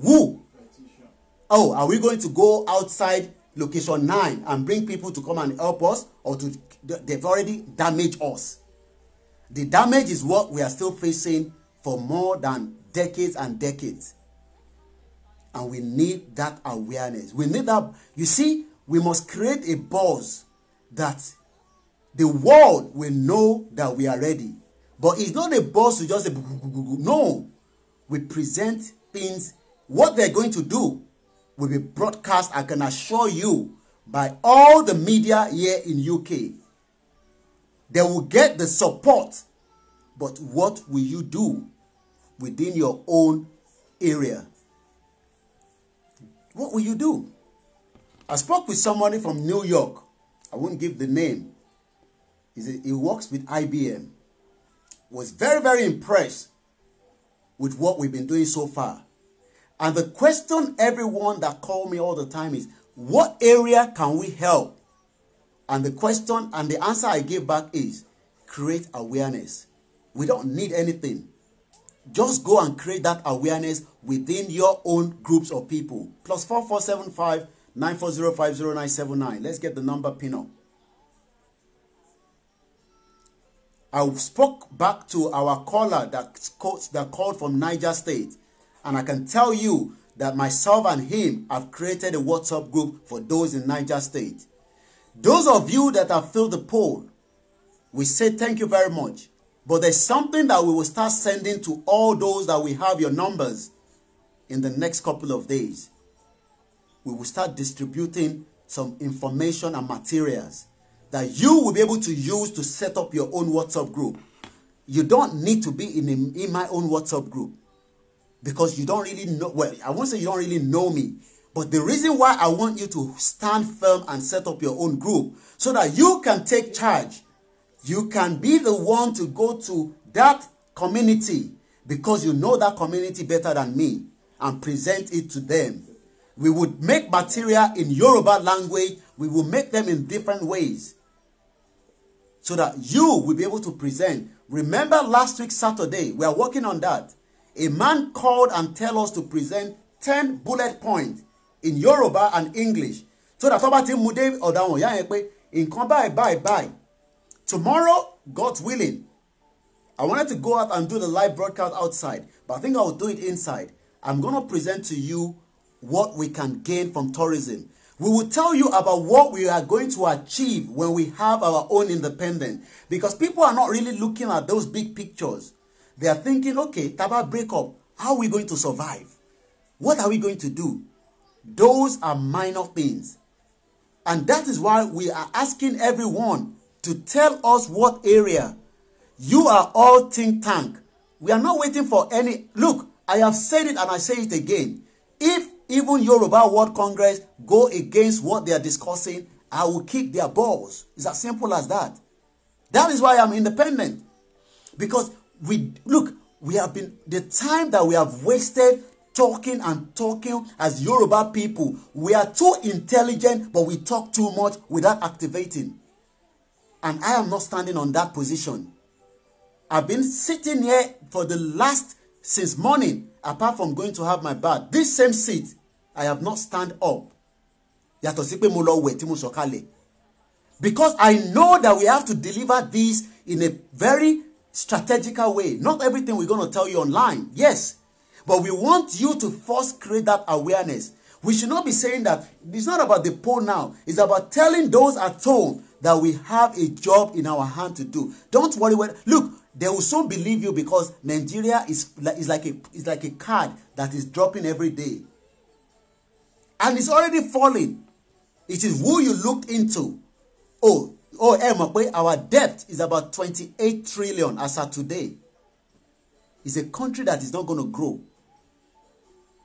Who? Oh, are we going to go outside location 9 and bring people to come and help us or to they've already damaged us? The damage is what we are still facing for more than decades and decades. And we need that awareness. We need that. You see, we must create a buzz that the world will know that we are ready. But it's not a buzz to just say, no. We present things, what they're going to do will be broadcast, I can assure you, by all the media here in UK. They will get the support. But what will you do within your own area? What will you do? I spoke with somebody from New York. I won't give the name. He, said he works with IBM. Was very, very impressed with what we've been doing so far. And the question everyone that call me all the time is, what area can we help? And the question and the answer I give back is, create awareness. We don't need anything. Just go and create that awareness within your own groups of people. Plus 4475 9405079. Let's get the number pin up. I spoke back to our caller that, that called from Niger State. And I can tell you that myself and him have created a WhatsApp group for those in Niger State. Those of you that have filled the poll, we say thank you very much. But there's something that we will start sending to all those that we have your numbers in the next couple of days we will start distributing some information and materials that you will be able to use to set up your own WhatsApp group. You don't need to be in, a, in my own WhatsApp group because you don't really know, well, I won't say you don't really know me, but the reason why I want you to stand firm and set up your own group so that you can take charge. You can be the one to go to that community because you know that community better than me and present it to them We would make material in Yoruba language. We will make them in different ways so that you will be able to present. Remember last week, Saturday, we are working on that. A man called and tell us to present 10 bullet points in Yoruba and English so that tó bá ti mú dé ọ̀dà wọn yá yẹn pé nǹkan tomorrow God willing I wanted to go out and do the live broadcast outside but I think I will do it inside I'm gonna present to you what we can gain from tourism. We will tell you about what we are going to achieve when we have our own independence because people are not really looking at those big pictures. They are thinking, okay, Taba breakup, How are we going to survive? What are we going to do? Those are minor things. And that is why we are asking everyone to tell us what area. You are all think tank. We are not waiting for any. Look, I have said it and I say it again. If even Yoruba World Congress go against what they are discussing, I will kick their balls. It's as simple as that. That is why I'm independent. Because we, look, we have been, the time that we have wasted talking and talking as Yoruba people, we are too intelligent, but we talk too much without activating. And I am not standing on that position. I've been sitting here for the last, since morning, apart from going to have my bath. This same seat I have not stand up yàtọ̀ sí pé mo lọ wẹ̀ tí mo sọ̀kalẹ̀ because I know that we have to deliver this in a very strategical way not everything we're gonna tell you online yes but we want you to first create that awareness we should not be saying that it's not about the poll now it's about telling those at home that we have a job in our hand to do don't worry when look they will soon believe you because Nigeria is is like a is like a card that is dropping every day and it's already falling it is who you look into oh oh ẹ mọ̀ pé our debt is about twenty-eight trillion as of today it's a country that is not gonna grow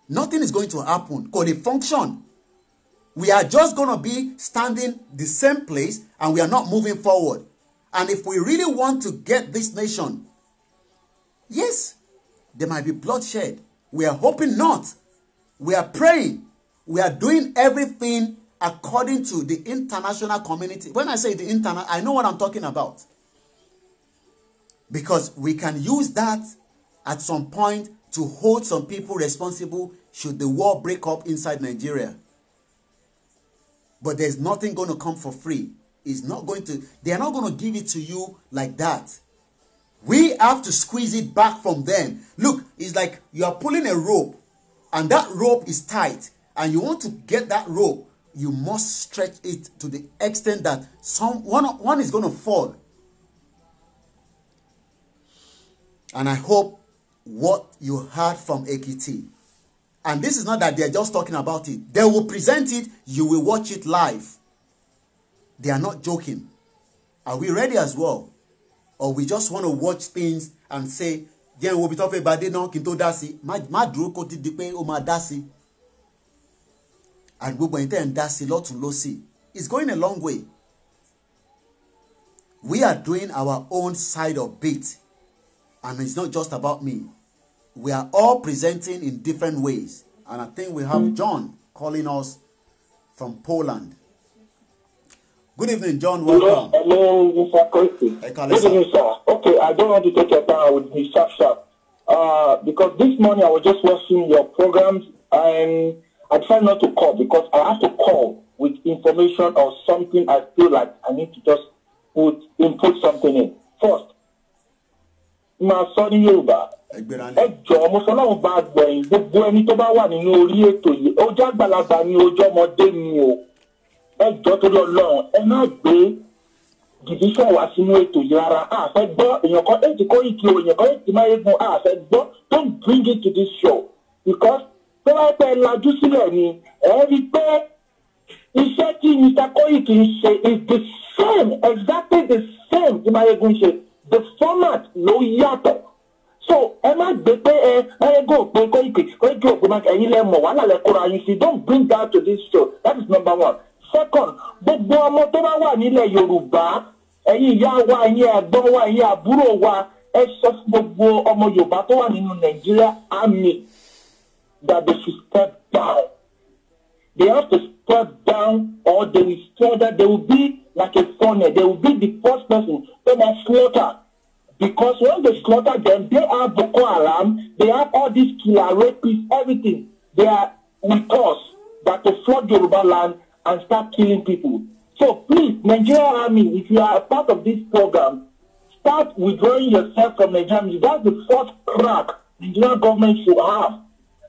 nothing is going to happen kò lè function we are just gonna be standing the same place and we are not moving forward and if we really want to get this nation yes there might be bloodshed we are hoping not we are praying we are doing everything according to the international community. When I say the international, I know what I'm talking about. Because we can use that at some point to hold some people responsible should the war break up inside Nigeria. But there's nothing going to come for free. It's not going to, they are not going to give it to you like that. We have to squeeze it back from them. Look, it's like you are pulling a rope and that rope is tight and you want to get that rope, you must stretch it to the extent that some one, one is going to fall. And I hope what you heard from AKT. And this is not that they're just talking about it. They will present it. You will watch it live. They are not joking. Are we ready as well? Or we just want to watch things and say, jẹ́ n wo bí tó fẹ́ bá dé náà kí n tó dá sí i. Má dúró and gbogbo ẹ̀yin tẹ́ ń dá sí lọ́tún lọ́sì it's going a long way we are doing our own side of bit, and it's not just about me we are all presenting in different ways and I think we have John calling us from Poland. Good evening, John. Welcome. Hello, hello Mr. Koiki. Hey, Good evening, sir. Okay, I don't want to take your time. I will be sharp, sharp. Uh, because this morning I was just watching your programs and I try not to call because I have to call with information or something I feel like I need to just put input something in. First, máa sọ ní Yorùbá. Ẹ jọ̀ọ́ mo fọlọ́run bá gbẹ̀yìn gbogbo ẹni tó bá wà nínú orí ètò yìí. Ó jẹ́ àgbàlagbà ni ojú ọmọdé ni o. Ẹ jọ̀ọ́ torí Ọlọ́run ẹ má gbé division wá sínú ètò yìí rárá. A fẹ́ gbọ́ èèyàn kan ètí kó ìkí o, èèyàn kan ètí máa yegun. A fẹ́ gbọ́ don't bring it to this show because pé wọ́n pẹ́ lajú sílẹ̀ ni ẹ̀ rí i pé iṣẹ́ tí Mr. kì í ṣe is the same exactly the same tí Mayegun ṣe the format ló yàtọ̀ so ẹ má gbé pé ẹ Mayegun òpè Koyi kì Koyi kì òpè lẹ mọ̀ wàhálà lẹ kóra yín sí don't bring that to this show that is number one second gbogbo ọmọ tó bá wà nílẹ̀ Yorùbá ẹ̀yin ìyá wa ẹ̀yin ẹ̀gbọ́n wa ẹ̀yin àbúrò wa ẹ sọ fún gbogbo ọmọ Yorùbá tó wà nínú Nàìjíríà àmì that they should step down. They have to step down or they will further, they will be like a funnel. They will be the first person they must slaughter. Because when they slaughter them, they are Boko Haram, they have all these killer rapists, everything. They are with us that to flood Yoruba land and start killing people. So please, Nigerian Army, if you are a part of this program, start withdrawing yourself from Nigeria. That's the first crack Nigerian government should have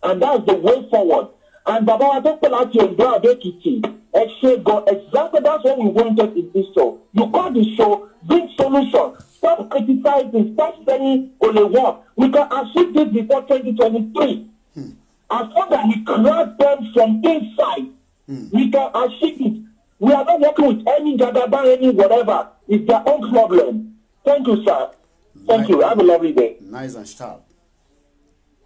and that's the way forward. And Baba wa tó pè láti Ondo Adékìtì ẹ exactly that's what we wanted in this show. You call the show big solution stop criticizing stop saying kò lè work we can achieve this before 2023. twenty hmm. As long as we crack them from inside mm. we can achieve it. We are not working with any jagaban any whatever. It's their own problem. Thank you sir. Thank nice. you. Have a lovely day. Nice and sharp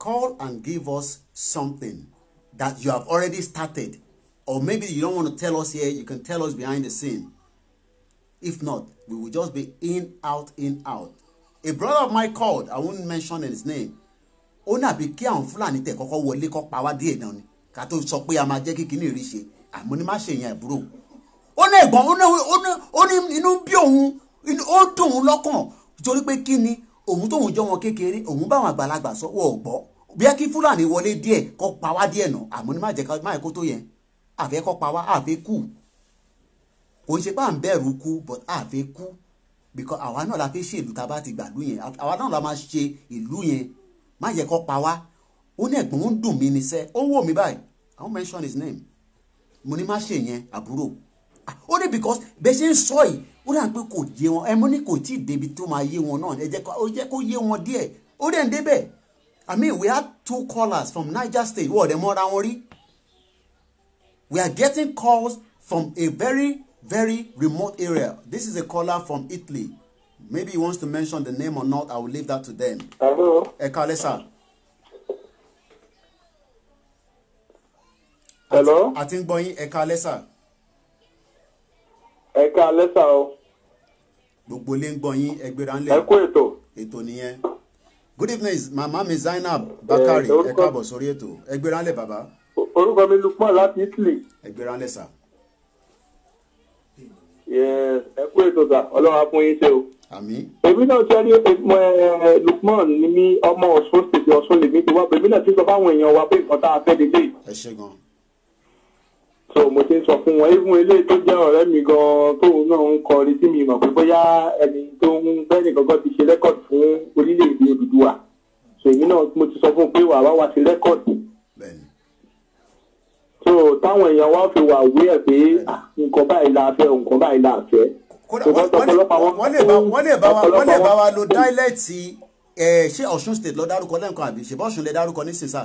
call and give us something that you have already started or maybe you don't want to tell us here you can tell us behind the scene if not we will just be in out in out a brother of mine called i won't mention his name ó ní àbí kí àwọn fúlàní tẹ kọ́kọ́ wọlé kọ pa wá díẹ̀ náà ni ká tó sọ pé a máa jẹ́ kí kinní rí ṣe àmọ́ ní má ṣe yẹn àbúrò ó ní ẹ̀gbọ́n ó ní inú bí òun ó dùn ún lọ́kàn torí pé kí ni òun tóun jọ wọn kékeré òun báwọn àgbàlagbà sọ wọ́n ò gbọ́ bíyà kí fúlàní wọlé díẹ̀ kọ́ pa wá díẹ̀ nà àmọ́ ní má jẹ́ má kó tó yẹn àfẹ́ kọ́ pa wá àfẹ́ kù kò ń ṣe bá ń bẹ̀rù kú but àfẹ́ kú because àwa náà la fẹ́ ṣe ìlú tá a bá ti gbàlú yẹn àwa náà la máa ṣe ìlú yẹn má jẹ́ kọ́ pa wá ó ní ẹ̀gbọ́n ń dùn mí ní sẹ́ ó ń wò mí báyìí I won't mention his name mo ní má ṣe yẹn ah, because bẹ́ẹ̀ ṣe ń ó dà pé kò yé wọn ẹ mọ̀ ní kò tí ì débi tó máa yé wọn náà ẹ jẹ́ kó yé wọn díẹ̀ ó dẹ̀ ń débẹ̀ I mean we had two callers from Niger State wọ́ọ̀dẹ̀ mọ́ra wọn rí we are getting calls from a very very remote area this is a caller from Italy maybe he wants to mention the name or not I will leave that to them. hello. ẹ kálẹ́ sà. hello. àti ń gbọ́ yín ẹ kálẹ́ sà ẹ ká lẹ́sà o. gbogbo ilé ń gbọ́ yín ẹ gbéra ńlẹ̀. ẹ kú ètò. ètò nìyẹn. good evening màmá mi Zainab Bakari eh, ẹ káàbọ̀ sórí ètò ẹ gbéra ńlẹ̀ bàbá. orúkọ mi Lukman láti Italy. ẹ gbéra ńlẹ̀ sà. ẹ kú ètò sà ọlọ́run fún yín ṣe o. àmín. èmi náà ti rí eh, eh, Lukman ní mi ọmọ Ọ̀ṣun ṣètò Ọ̀ṣun lèmi ti wá èmi náà ti sọ fáwọn èèyàn wa pé nǹkan tá a fẹ́ lélẹ́yìí. ẹ ṣe gan so mo ti ń sọ fún wọn even eléyìí tó jẹ́ ọ̀rẹ́ mi gan-an tóun náà ń kọrin tí mi mọ̀ pé bóyá ẹni tó ń bẹ́ẹ̀ni gangan ti ṣe rẹ́kọ̀d fún orílẹ̀-èdè Odùduwà so èmi náà mo ti sọ fún un pé wàá wá wa ṣe rẹ́kọ̀d so táwọn èèyàn wá fi wà wí ẹ̀ pé ah, nǹkan báyìí la fẹ́ nǹkan báyìí la fẹ́ wọ́n lè bá wa lo dáílẹ̀tì eh, ṣé Ọ̀ṣun state lọ dárúkọ lẹ́ǹkan àbí ṣèbọ̀ṣun lè dárúkọ ní sísá.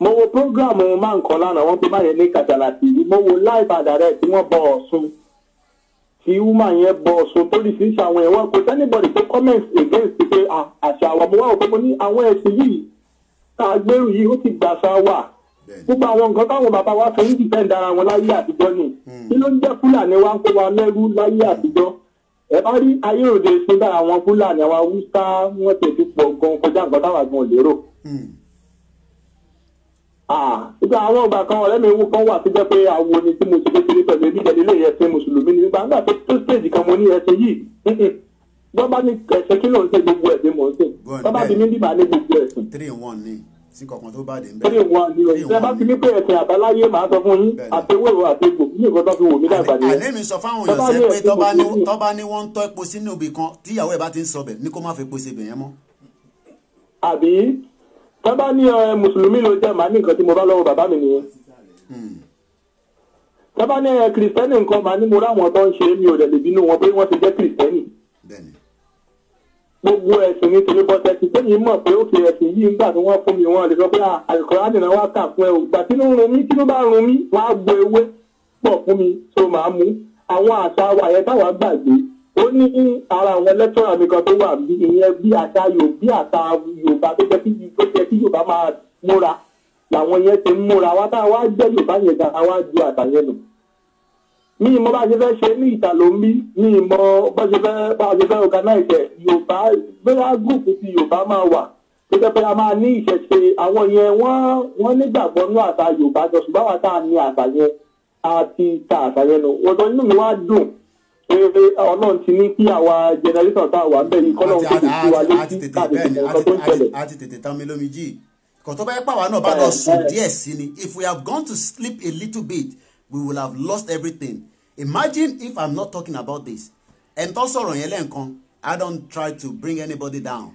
mo wo program eh, máa ń kọ́ lánàá wọ́n tó báyẹn ní kàjàlá tì mo wo live and direct tí wọ́n bọ ọ̀sun tí woman yẹn bọ ọ̀sun tó lè fi ṣàwọn ẹ̀wọ̀n kò sẹ́nìbọ̀dì tó comment against pé ah, àṣà àwọn ọmọ wa ò pé ní àwọn ẹ̀sìn yìí tá a gbèrú yìí ó ti gbàṣà wà gbogbo àwọn nǹkan táwọn bàbá wa fi ń dìtẹ́ǹd ara wọn láyé àtijọ́ ni hmm. kí ló ń jẹ́ fúlàní wa ń kó wa lẹ́rú láyé àtijọ́ ẹ bá rí ayé òde sí lára àwọn fúlàní àwọn haúsá wọn tẹ̀sí pọ̀ gan kọjá nǹkan táwọn àgbọn lérò hmm ìgbà ah, àwọn ọgbà kan ọ̀rẹ́ mi wú kan wà tó jẹ́ pé àwo ni tí mo ti kékeré pẹ̀lú ẹbí jẹ̀lé ilé ẹ̀sìn mùsùlùmí ni nígbà nígbà tó stage kan mo ní ẹ̀sìn yìí bọ́bá ní ẹ̀sìn kí ló ń ṣe gbogbo ẹ̀sìn mò ń sìn bọ́bá bí mi bíbá ní gbogbo ẹ̀sìn. three one ni sí kọ̀ọ̀kan tó bá dé ń bẹ̀. three one ni o ṣe bá ti ní pé ẹ̀sìn àbáláyé màá sọ fún yín àtẹwérò àtẹgbò ní nǹkan tó fi wò mí dàgbà nìyẹn. àlẹ́ mi sọ fáwọn èèyàn sẹ́ pé tọ́ba ní wọ́n ń tọ́ epo sínú ibì kan tíyàwó ẹ̀ bá ti ń sọ bẹ̀ ní kó má fi epo ṣe bẹ̀ tó bá ní ọ eh, mùsùlùmí ló jẹ́ màá ní nǹkan tí mo bá lọ́wọ́ bàbá mi nìyẹn tó hmm. bá ní ẹ eh, kìrìsìtẹ́nì nǹkan màá ní mo ráwọn tó ń ṣe mi ò dẹ̀ lè bínú wọn pé wọ́n ti jẹ́ kìrìsìtẹ́nì gbogbo ẹ̀sìn ní tèmi bọ́tẹ́ ti tẹ́yìn mọ̀ pé ó fi ẹ̀sìn yìí nígbà tí wọ́n fún mi wọ́n lè sọ pé àìkọ́rá nìyẹn wá kà fún ẹ o gbà tí ló ń run bá run mí wọ́n á gbo ewé pọ̀ fún mi tó máa mú àwọn àṣà wa yẹn táwa gbàgbé ó ní ara àwọn lẹ́tọ́rà mi kan tó wà bí ìyẹn bí àṣà yorùbá àṣà yorùbá tó jẹ́ kí tó jẹ́ kí yorùbá máa múra làwọn yẹn ti ń múra wá tá a wá jẹ́ yorùbá yẹn gan a wá ju àṣà yẹn nù. mi ìmọ̀ bá a ṣe fẹ́ ṣe ní ìta ló ń bí mi ìmọ̀ bá a ṣe fẹ́ bá a ṣe fẹ́ organize yorùbá bóyá gúrùpù ti yorùbá máa wà tó jẹ́ pé a máa ní ìṣẹ̀ṣe àwọn yẹn wọ́n wọ́n nígbàgbọ́ nú àṣà yorùbá jọ ṣùgbọ́n àwa tá a ní yẹn a ti ta àṣà yẹn nù ọ̀dọ́ inú mi wá dùn ọlọ́run ti ní kí àwa jẹnẹrétọ̀ tá a wà ń bẹ̀ yìí kọ́lọ́run tó ti tú wa létí káàdì ìṣẹ̀lẹ̀ tó ń ṣẹlẹ̀. a ti tètè tán mi lómi jì kò tó bẹ́ẹ̀ pàwọn náà bá lọ sùn díẹ̀ sí ni if we have gone to sleep a little bit we will have lost everything imagine if i'm not talking about this ẹni tó sọ̀rọ̀ yẹn lẹ́ǹkan i don't try to bring anybody down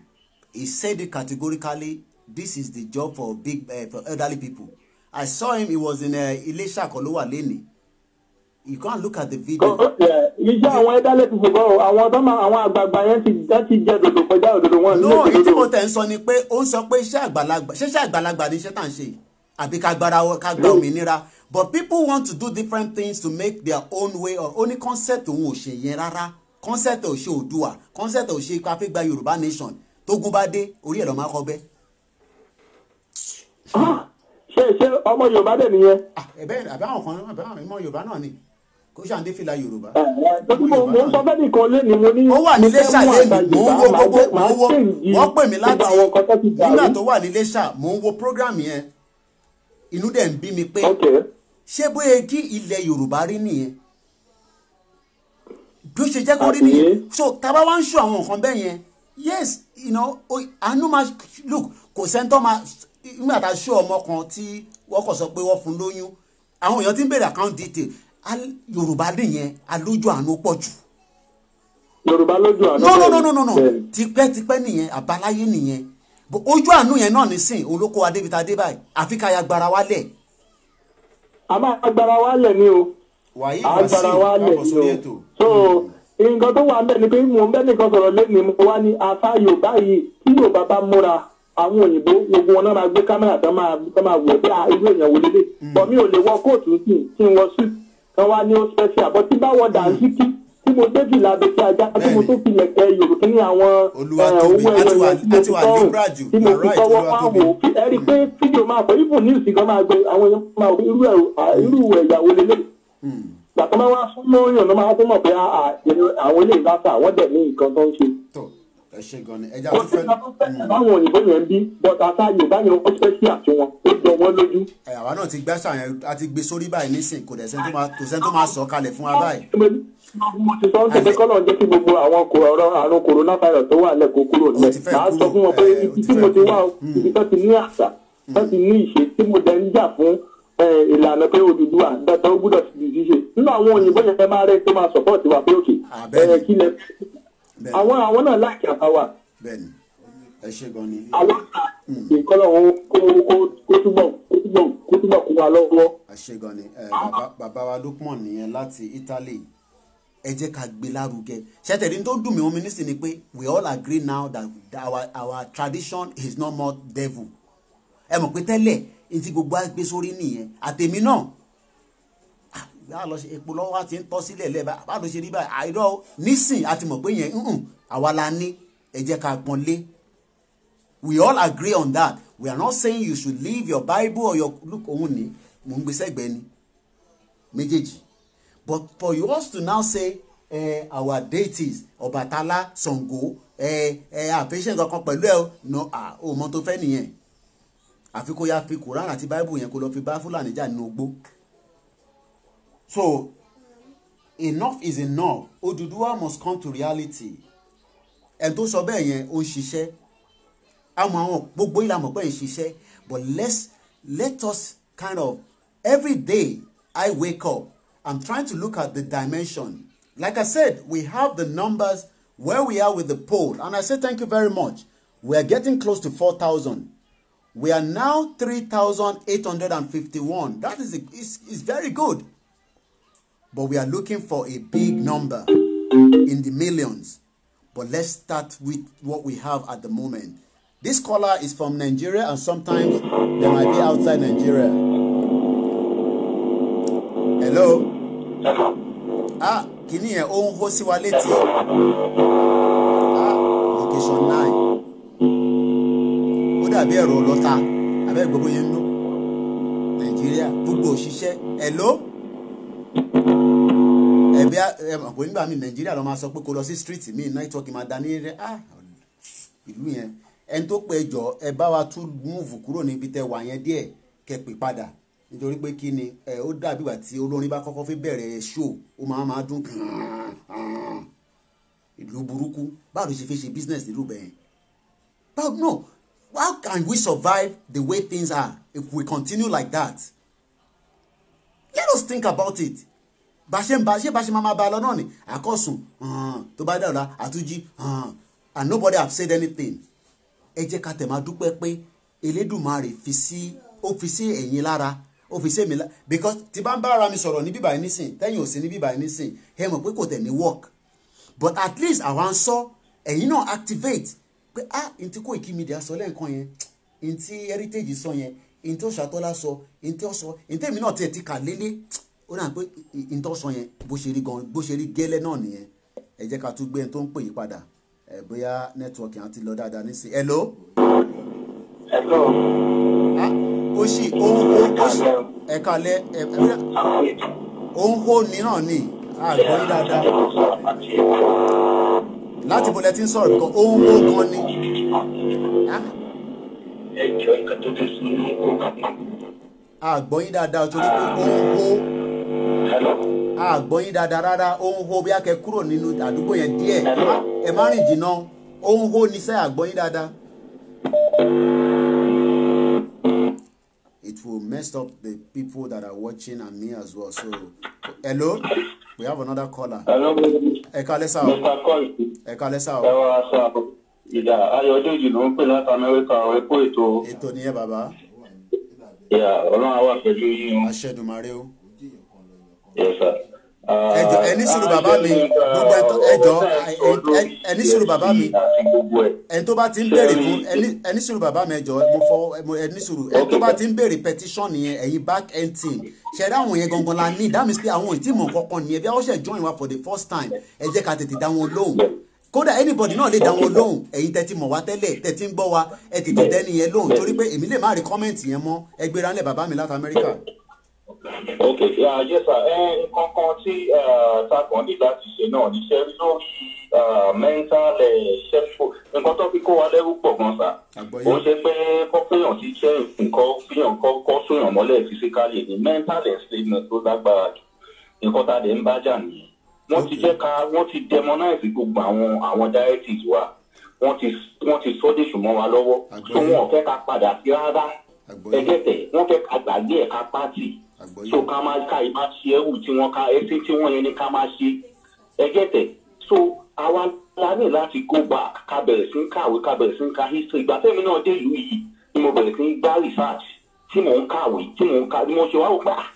he said it categorically this is the job for big uh, for elderly people i saw him he was in uh, Iléṣà kọ́ lénìí you can't look at the video. iṣẹ́ àwọn ẹ̀dálẹ̀ ti fòkọ́ o àwọn ọ̀dọ́mọ àwọn àgbààgbà yẹn ti ti jẹ dòdò kọjá òdòdó wọn. no èyí tí mo tẹ̀ ń sọ ni pé ó ń sọ pé iṣẹ́ àgbàlagbà ṣé iṣẹ́ àgbàlagbà ni iṣẹ́ tà ń ṣe àbí ká gbára ká gba òmìnira but people want to do different things to make their own way or only ní concept òun ò ṣe yẹn rárá concept ò ṣe Oòduà concept ò ṣe ipa fígba Yorùbá nation tógun bá dé orí ẹ̀ lọ́ máa kọ́ bẹ́. Ah, ṣé ṣé ọmọ Yorùbá dẹ̀ nìyẹn. àbẹ́ ah, àbẹ́ àwọn kan ọmọ Yorùbá náà ni kó ṣàǹdé fìlà yorùbá. mo ń sọ bẹ́ẹ̀ nìkan lé ni mo ní. ó wà ní Iléṣà lẹ́nu mò ń wo gbogbo mò ń wo wọ́n pè mí láti nígbà tó wà ní Iléṣà mò ń wo program yẹn inú dẹ̀ ń bí mi pé ṣé bóyá kí ilẹ̀ yorùbá rí nìyẹn bí ó ṣe jẹ́ kó rí nìyẹn so tábà wá ń ṣọ àwọn nǹkan bẹ́ẹ̀ yẹn yes you know àánú máa look kò sẹ́ńtọ́ máa nígbà tá a ṣọ ọmọ kan tí wọ́n kọ̀ sọ pé wọ́n fún lóyún àwọn èèyàn ti ń béèrè account detail yorùbá nìyẹn alójú àánú pọ̀ jù. yorùbá lójú àánú pọ̀ jù. no no no no tipẹ́tipẹ́ nìyẹn àbáláyé nìyẹn ojú àánú yẹn náà nísìn olóko adébíta adébáyé àfi ká ya gbara wálẹ̀. a máa gbara wálẹ̀ ni o. wàyí wàsíù káàbọ̀ sórí ètò. so hmm. nǹkan tó wà ń ni pé mò ń bẹ́ nìkan sọ̀rọ̀ lẹ́nu mo wá ní afá yorùbá yìí tí yorùbá bá múra àwọn òyìnbó gbogbo wọn náà máa gbé kámẹ́rà tán máa wọ̀ bí ah, irú èèyàn wọlé lé bọ̀ mi ò lè wọ kóòtù sí kí n wọ suit kan wá ní ó special but tí bá wọ dànsíkì tí mo dé fìlà abẹ́tí ajá tí mo tó fi lẹ̀kẹ́ yòrò kí ni àwọn eh, owó ẹ̀rọ yẹn tí mo ti tọ́wọ̀ tí mo ti tọ́wọ́ fáwọn òkú ẹ rí i pé fídíò máa pẹ́ ibùn ní ìsìnkàn máa gbé àwọn èèyàn máa wọ irú ẹ̀yàwó lélẹ̀ hmm. gbàtọ́ máa wá fún lóyún ọ̀nà máa fún mọ̀ pé ah, ah, àwọn eléyìí lásà àwọn dẹ̀ ní nǹkan tó ń ṣe ẹ ṣe gan ni ẹja tó fẹ́. báwọn òyìnbó yẹn ń bí bọ́tà tá yorùbá yẹn ó fẹ́ sí àtiwọn ó jọ wọ́n lójú. àwa náà ti gbẹ́ sàyẹn a ti gbé sórí báyìí nísìn kò sẹ́ni tó máa sọ kalẹ̀ fún wa báyìí. mo ti sọ ń tẹ̀lé kọ́lọ̀ ń jẹ́ kí gbogbo àwọn ọ̀rọ̀ àrùn kòrónà fáyọ̀ tó wà lẹ́kọ̀ọ́ kúrò nílẹ̀ máa sọ fún wọn pé ibi tí mo ti wá hmm. ibi tó ti ní àṣà tó ti ní ìṣe tí mo dẹ̀ ń jà fún ìlànà pé Odùduwà dàtà ó gbúdọ̀ ti ṣiṣẹ́ nínú àwọn òyìnbó yẹn fẹ́ máa rẹ́ tó máa sọ̀pọ̀tì wà pé òkè kí lẹ àwọn àwọn náà láàkì àbáwà. bẹ́ẹ̀ni ẹ ṣe gan ni. àwọn hmm. ìkọlọ wọn kó kó kó túbọ̀ kó túbọ̀ kó túbọ̀ kó wa lọ́wọ́. ẹ ṣe gan ni bàbá wa Lukman nìyẹn láti Italy ẹ jẹ́ ká gbé lárugẹ ṣẹ́tẹ̀rí tó dùn mí wọn mi nísìnyí pé we all agree now that our our tradition is no more devil ẹ mọ̀ pé tẹ́lẹ̀ ní ti gbogbo àgbésórí nìyẹn àtẹ̀mí náà lọ ṣe epo lọ́wọ́ àti ń tọ́ sílẹ̀ lẹ́ẹ̀bá bá ló ṣe rí báyìí àìrọ́ nísìn àti mọ̀ pé yẹn ń hùn àwa la ní ẹ ká pọ́n lé we all agree on that we are not saying you should leave your bible or your look òun ni mò ń gbé sẹ́gbẹ́ ni méjèèjì but for you also to now say eh, our deities ọbàtálá ṣàngó àfẹsẹ̀ kankan pẹ̀lú ẹ̀ ò mọ tó fẹ́ nìyẹn àfi kó yá fi kùránà àti báíbù yẹn kó lọ fi bá fúlàní jà nínú ogbó. So, enough is enough. Oduduwa must come to reality. Ẹni tó sọ bẹ́ẹ̀ yẹn ó ń ṣiṣẹ́. Àwọn àwọn gbogbo ìlànà pẹ̀ ń ṣiṣẹ́. But let's, let us kind of every day I wake up, I'm trying to look at the dimension. Like I said, we have the numbers where we are with the poll. And I say thank you very much. We are getting close to four thousand. We are now three thousand eight hundred and fifty-one. That is, is, is very good but we are looking for a big number in the millions. But let's start with what we have at the moment. This caller is from Nigeria and sometimes they might be outside Nigeria. Hello? Ah, kini e ó ń hó Ah, location nine. Ó dàbí ẹ̀rọ ọlọ́ta. Abẹ́ gbogbo yẹn ń lò. Nàìjíríà gbogbo òṣìṣẹ́. Hello? bí ẹ mọ̀ pé nígbà míì nàìjíríà lọ́ máa sọ pé kó lọ sí street mi nẹ́tíwọ́kì máa da ní rẹ ah, ìlú yẹn ẹni tó pẹ jọ ẹ bá wa tún múùfù kúrò níbi tẹ wà yẹn díẹ̀ kẹ pè padà nítorí pé kí ni ẹ ó dàbí ìgbà tí olórin bá kọ́kọ́ fi bẹ̀rẹ̀ ṣó ó máa máa dún ìlú burúkú báwo ló ṣe fi ṣe business nílùú bẹ́ẹ̀ but no how can we survive the way things are if we continue like that let us think about it bá ṣe ń bá ṣe bá ṣe máa bá a lọ náà ni àkọ́sùn tó bá dàrá àtúnjí and nobody have said anything ẹ jẹ́ ká tẹ̀ máa dúpẹ́ pé Elédùmarè fi sí ó fi sí ẹ̀yin lára ó fi sí èmi lára because tí bá ń bá ara mi sọ̀rọ̀ ní bíbá yìí nísìn tẹ́yìn ò sí ní bíbá yìí nísìn ẹ mọ̀ pé kò tẹ̀ ní work but at least àwa ń sọ ẹ̀yin náà activate pé ah ntí kò ìkí media sọ lẹ́ẹ̀kan yẹn ntí heritage sọ yẹn ntí òṣàtọ́lá sọ ntí ọ̀sọ́ ntí èmi náà tiẹ̀ ti kà lélẹ̀ ó dà pé ìtọ́sán yẹn bó ṣe rí gan bó ṣe rí gẹ́lẹ́ náà nìyẹn ẹ jẹ́ ká tún gbé ẹni tó ń pè yí padà ẹ bóyá nẹ́tíwọ̀kì àti lọ dáadáa ní sí i. hello. hello. ó ṣì ohun ohun ó ṣì ẹ kalẹ̀ ẹ ohun hó níràn ni àgbọ̀ yín dáadáa láti bọ̀lẹ̀ tí ń sọ̀rọ̀ nǹkan ohun hó gan ni. ẹjọ́ ìkàtọ́jú sí ní ọgbà. àgbọ̀ yín dáadáa torí pé ohun hó àgbọ̀ yín dáadáa rárá ó ń hó bí akẹ́ kúrò nínú àdúgbò yẹn díẹ̀ ẹ má rìn jìnnà ó ń hó ní sẹ́ àgbọ̀ yín dáadáa. It will mess up the people that are watching and me as well. So, hello, we have another caller. Hello, ẹ kálẹ́ sá o. ẹ kálẹ́ sá o. ẹ wá sá o. ìdá ayọ̀dèjì ló ń pè láti amẹ́ríkà ọ̀rẹ́ kó ètò. ètò nìyẹn bàbá. ìyá ọlọ́run á wà pẹ̀lú yín o. aṣẹ́dùnmáre o. Uh, ẹjọ uh, uh, ẹni sùúrù bàbá mi gbogbo ẹjọ ẹni sùúrù bàbá mi ẹni tó bá ti ń béèrè fún ẹni sùúrù bàbá mi ẹjọ mo fọ ẹni sùúrù ẹni tó bá ti ń béèrè petition yẹn ẹyin back end team ṣẹ̀dá àwọn yẹn gangan la ní that means pé àwọn ìtì mọ̀ kankan nìyẹn bí àwọn ṣe join wa for the first time ẹ jẹ́ ká tètè dá wọn lóhùn kódà anybody náà lè dá wọn lóhùn ẹ̀yin tẹ́tí mọ̀ wá tẹ́lẹ̀ tẹ́tí ń gbọ́ wa ẹ tètè dẹ́ni yẹn lóhùn torí pé èmi lè má rí kọ́mẹ̀ntì yẹn mọ́ ẹ gbéra ńlẹ̀ bàbá mi láti Amẹ́ríkà ok yes sir eh, nǹkan kan tí eh, takàn ní láti ṣe náà níṣẹ́ lórí eh, mental ṣẹ́fò nǹkan tó fi kó wa lẹ́rú pọ̀ gan sa ó ṣe pé kọ́pẹ́yàn ti jẹ́ nǹkan fíyàn kọ́ sóyàn mọ́lẹ̀ fisikálì ní mental enslavement tó lágbára jù nǹkan tá a lè ń bá jà nìyẹn wọ́n ti jẹ́ ká wọ́n ti demonize gbogbo àwọn àwọn deities wa wọ́n ti wọ́n ti sọ dé sùnmọ́ wa lọ́wọ́ tó wọn ò fẹ́ ká padà sí rárá ẹgẹ́tẹ̀ wọ́n fẹ́ ká gbàgbé ẹ̀ka pátì so ká máa ka ìbá ṣe ẹrù tí wọ́n ka ẹsẹ̀ tí wọ́n yẹn ni ká máa ṣe ẹgẹ́tẹ̀ so àwa la ní láti go back ká bẹ̀rẹ̀ sí ń kàwé ká bẹ̀rẹ̀ sí ń ka history ìgbà tẹ́mi náà dé ìlú yìí ni mo bẹ̀rẹ̀ sí ń gbá research tí mò ń kàwé tí mò ń ka ni mo ṣe wá wò pé ah,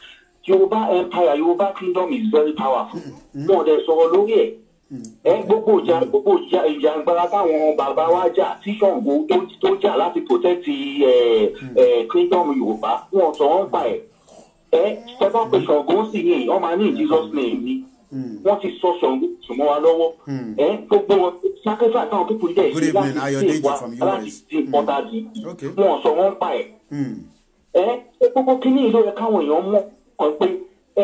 Yorùbá empire Yorùbá kingdom is very powerful mm-hmm. wọn ò dẹ̀ sọ̀rọ̀ lórí ẹ̀ mm-hmm. ẹ gbogbo ìjà gbogbo ìjà ìjàngbara táwọn bàbá wa jà tí Ṣàngó tó jà láti protect ẹ eh, ẹ mm-hmm. eh, kingdom Yorùbá wọn sọ wọn pa ẹ ẹ ẹ bá pe ṣọ̀gùn sì ni wọ́n máa ní Jesus name ni hmm. wọ́n ti sọ ṣọ̀gùn sùn wa lọ́wọ́ hmm. ẹ gbogbo wọn sacrifice táwọn people dẹ̀ ṣe láti ṣe wa láti ṣe ọ̀tá yìí wọn sọ wọn pa ẹ̀ hmm. ẹ gbogbo kínní ìlú yẹ káwọn èèyàn mọ̀ kàn pé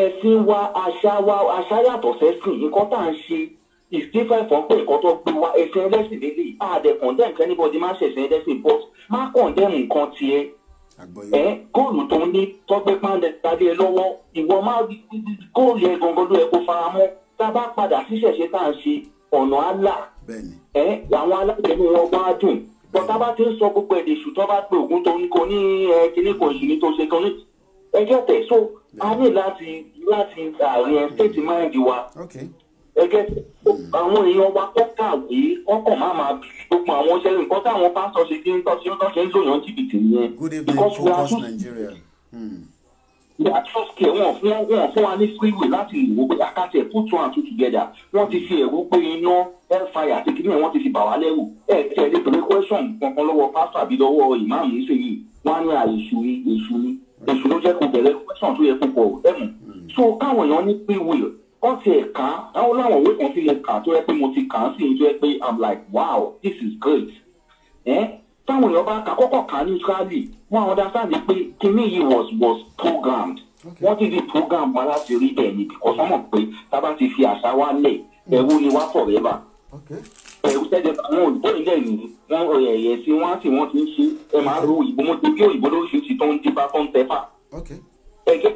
ẹ̀sìn wa àṣà wa àṣà yàtọ̀ sẹ́sìn nǹkan tá à ń ṣe is different from pé nǹkan gbé wa ẹ̀sìn ẹlẹ́sìn lélẹ̀ àdẹ̀kọ̀ndẹ̀m kẹ́nìbọ̀dì ẹ góòlù tó ní tọ́gbẹ́ pàǹdẹ̀ tàbí ẹ lọ́wọ́ ìwọ máa góòlù yẹn gangan ló yẹ kó fara mọ́ tá a bá padà síṣẹ̀ṣẹ̀ tá à ń ṣe ọ̀nà àlà ẹ làwọn alájẹmú wọn bá dùn bọ́tá bá ti ń sọ gbogbo èdè ṣù tó bá pe ògùn tó ní kò ní ẹ kíní kò sì ní tó ṣe kan ní ẹjọ́ tẹ̀ so a ní láti láti ààrẹ state mind wa ẹgẹ́ àwọn èèyàn wa kọ́ kàwé kọ́kọ́ má máa bì gbogbo àwọn ṣe nǹkan táwọn bá sọ ṣe kí n tọ́ ṣe ń tọ́ ṣe ń lòyàn jìbìtì nìyẹn. good evening focus nigeria. àtúnṣe wọn fún wọn fún wa ní free will láti ìwò pé àkàtì ẹ̀ put one and two together wọ́n ti fi ẹ̀rú pé iná airfire àti kìnìún wọ́n ti fi bà wá lẹ́rù ẹ̀ tẹ̀lé pẹ̀lú question kankan lọ́wọ́ pásítọ̀ àbí lọ́wọ́ ìmáàmù ìṣèyí wọ́n á ní àìṣù èṣù ni èṣù ló jẹ́ kó bẹ̀rẹ̀ question tó yẹ kó pọ̀ ẹ̀mù hmm. so káwọn èèyàn ní free will wọ́n ti ẹ̀ kà á àwọn láwọn òwe kan ti lè kà tó yẹ pé mo ti kà á sí ìjọ ẹ pé i'm like wow this is great táwọn èèyàn bá kà kọ́kọ́ kà á ní israeli wọ́n àwọn dásáàdì pé kinní yìí was was programmed wọ́n ti di program wa láti rí bẹ́ẹ̀ ni because wọ́n mọ̀ pé tá a bá ti fi àṣà wa lẹ̀ ẹ̀rú ni wá forever ẹ̀rú tẹ́jẹ̀ àwọn òyìnbó ilé yìí wọ́n ẹ̀yẹ̀ sí wọ́n á sì wọ́n ti ń ṣe ẹ̀ máa ro òyìnbó mọ́tò bí òyìnbó lóríṣiríṣi tó ń dín bá tó ń tẹ́fà ẹ̀gẹ́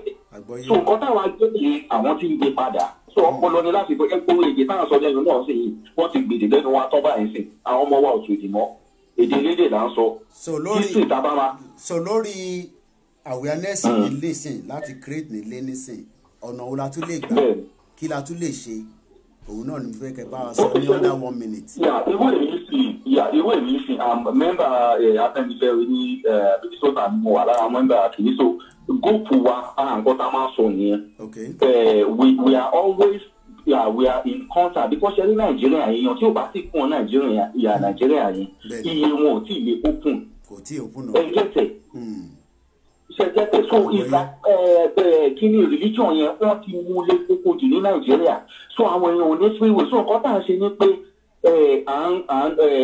so nǹkan táwọn agbẹ́ ní àwọn tí ń gbé padà so ọpọlọ ni láti bọ́ ẹ̀kọ́ èdè táwọn sọ lẹ́nu náà sì yìí wọ́n ti gbèdè lẹ́nu wa tọ́ báyìí sìn àwọn ọmọ wa ò tù dì mọ́ èdè lédè là ń sọ yíṣù ìtaba wa. so lórí awareness hmm. nílé sìn láti create nílé nísìn ọ̀nà wo la tún lè gbà kí la tún lè ṣe òun náà ní fẹ́ kẹ́ bá wa sọ ní under one minute. ìwé mi sì ìwé mi sì mẹ́mbà afẹ́nifẹ́re ní eh, Minnesota mo wà lára mẹ́mbà Kìnìṣó gúúpù wa nǹkan tá a máa eh, we we are always yeah, we are in contact because ẹni nàìjíríà yìí tí ò bá sì fún ọ nàìjíríà ìyá nàìjíríà iye wọn ò tí ì open kò tí ì open náà eh, hmm. ẹ gẹ́tẹ̀ ṣẹjẹtẹ so ìgbà eh, bẹ̀rẹ̀ kíní religion yẹn wọ́n ti mú lé kókó jù ní nàìjíríà so àwọn èèyàn ò ní sí ìwé so nǹkan tá à ṣe ni pé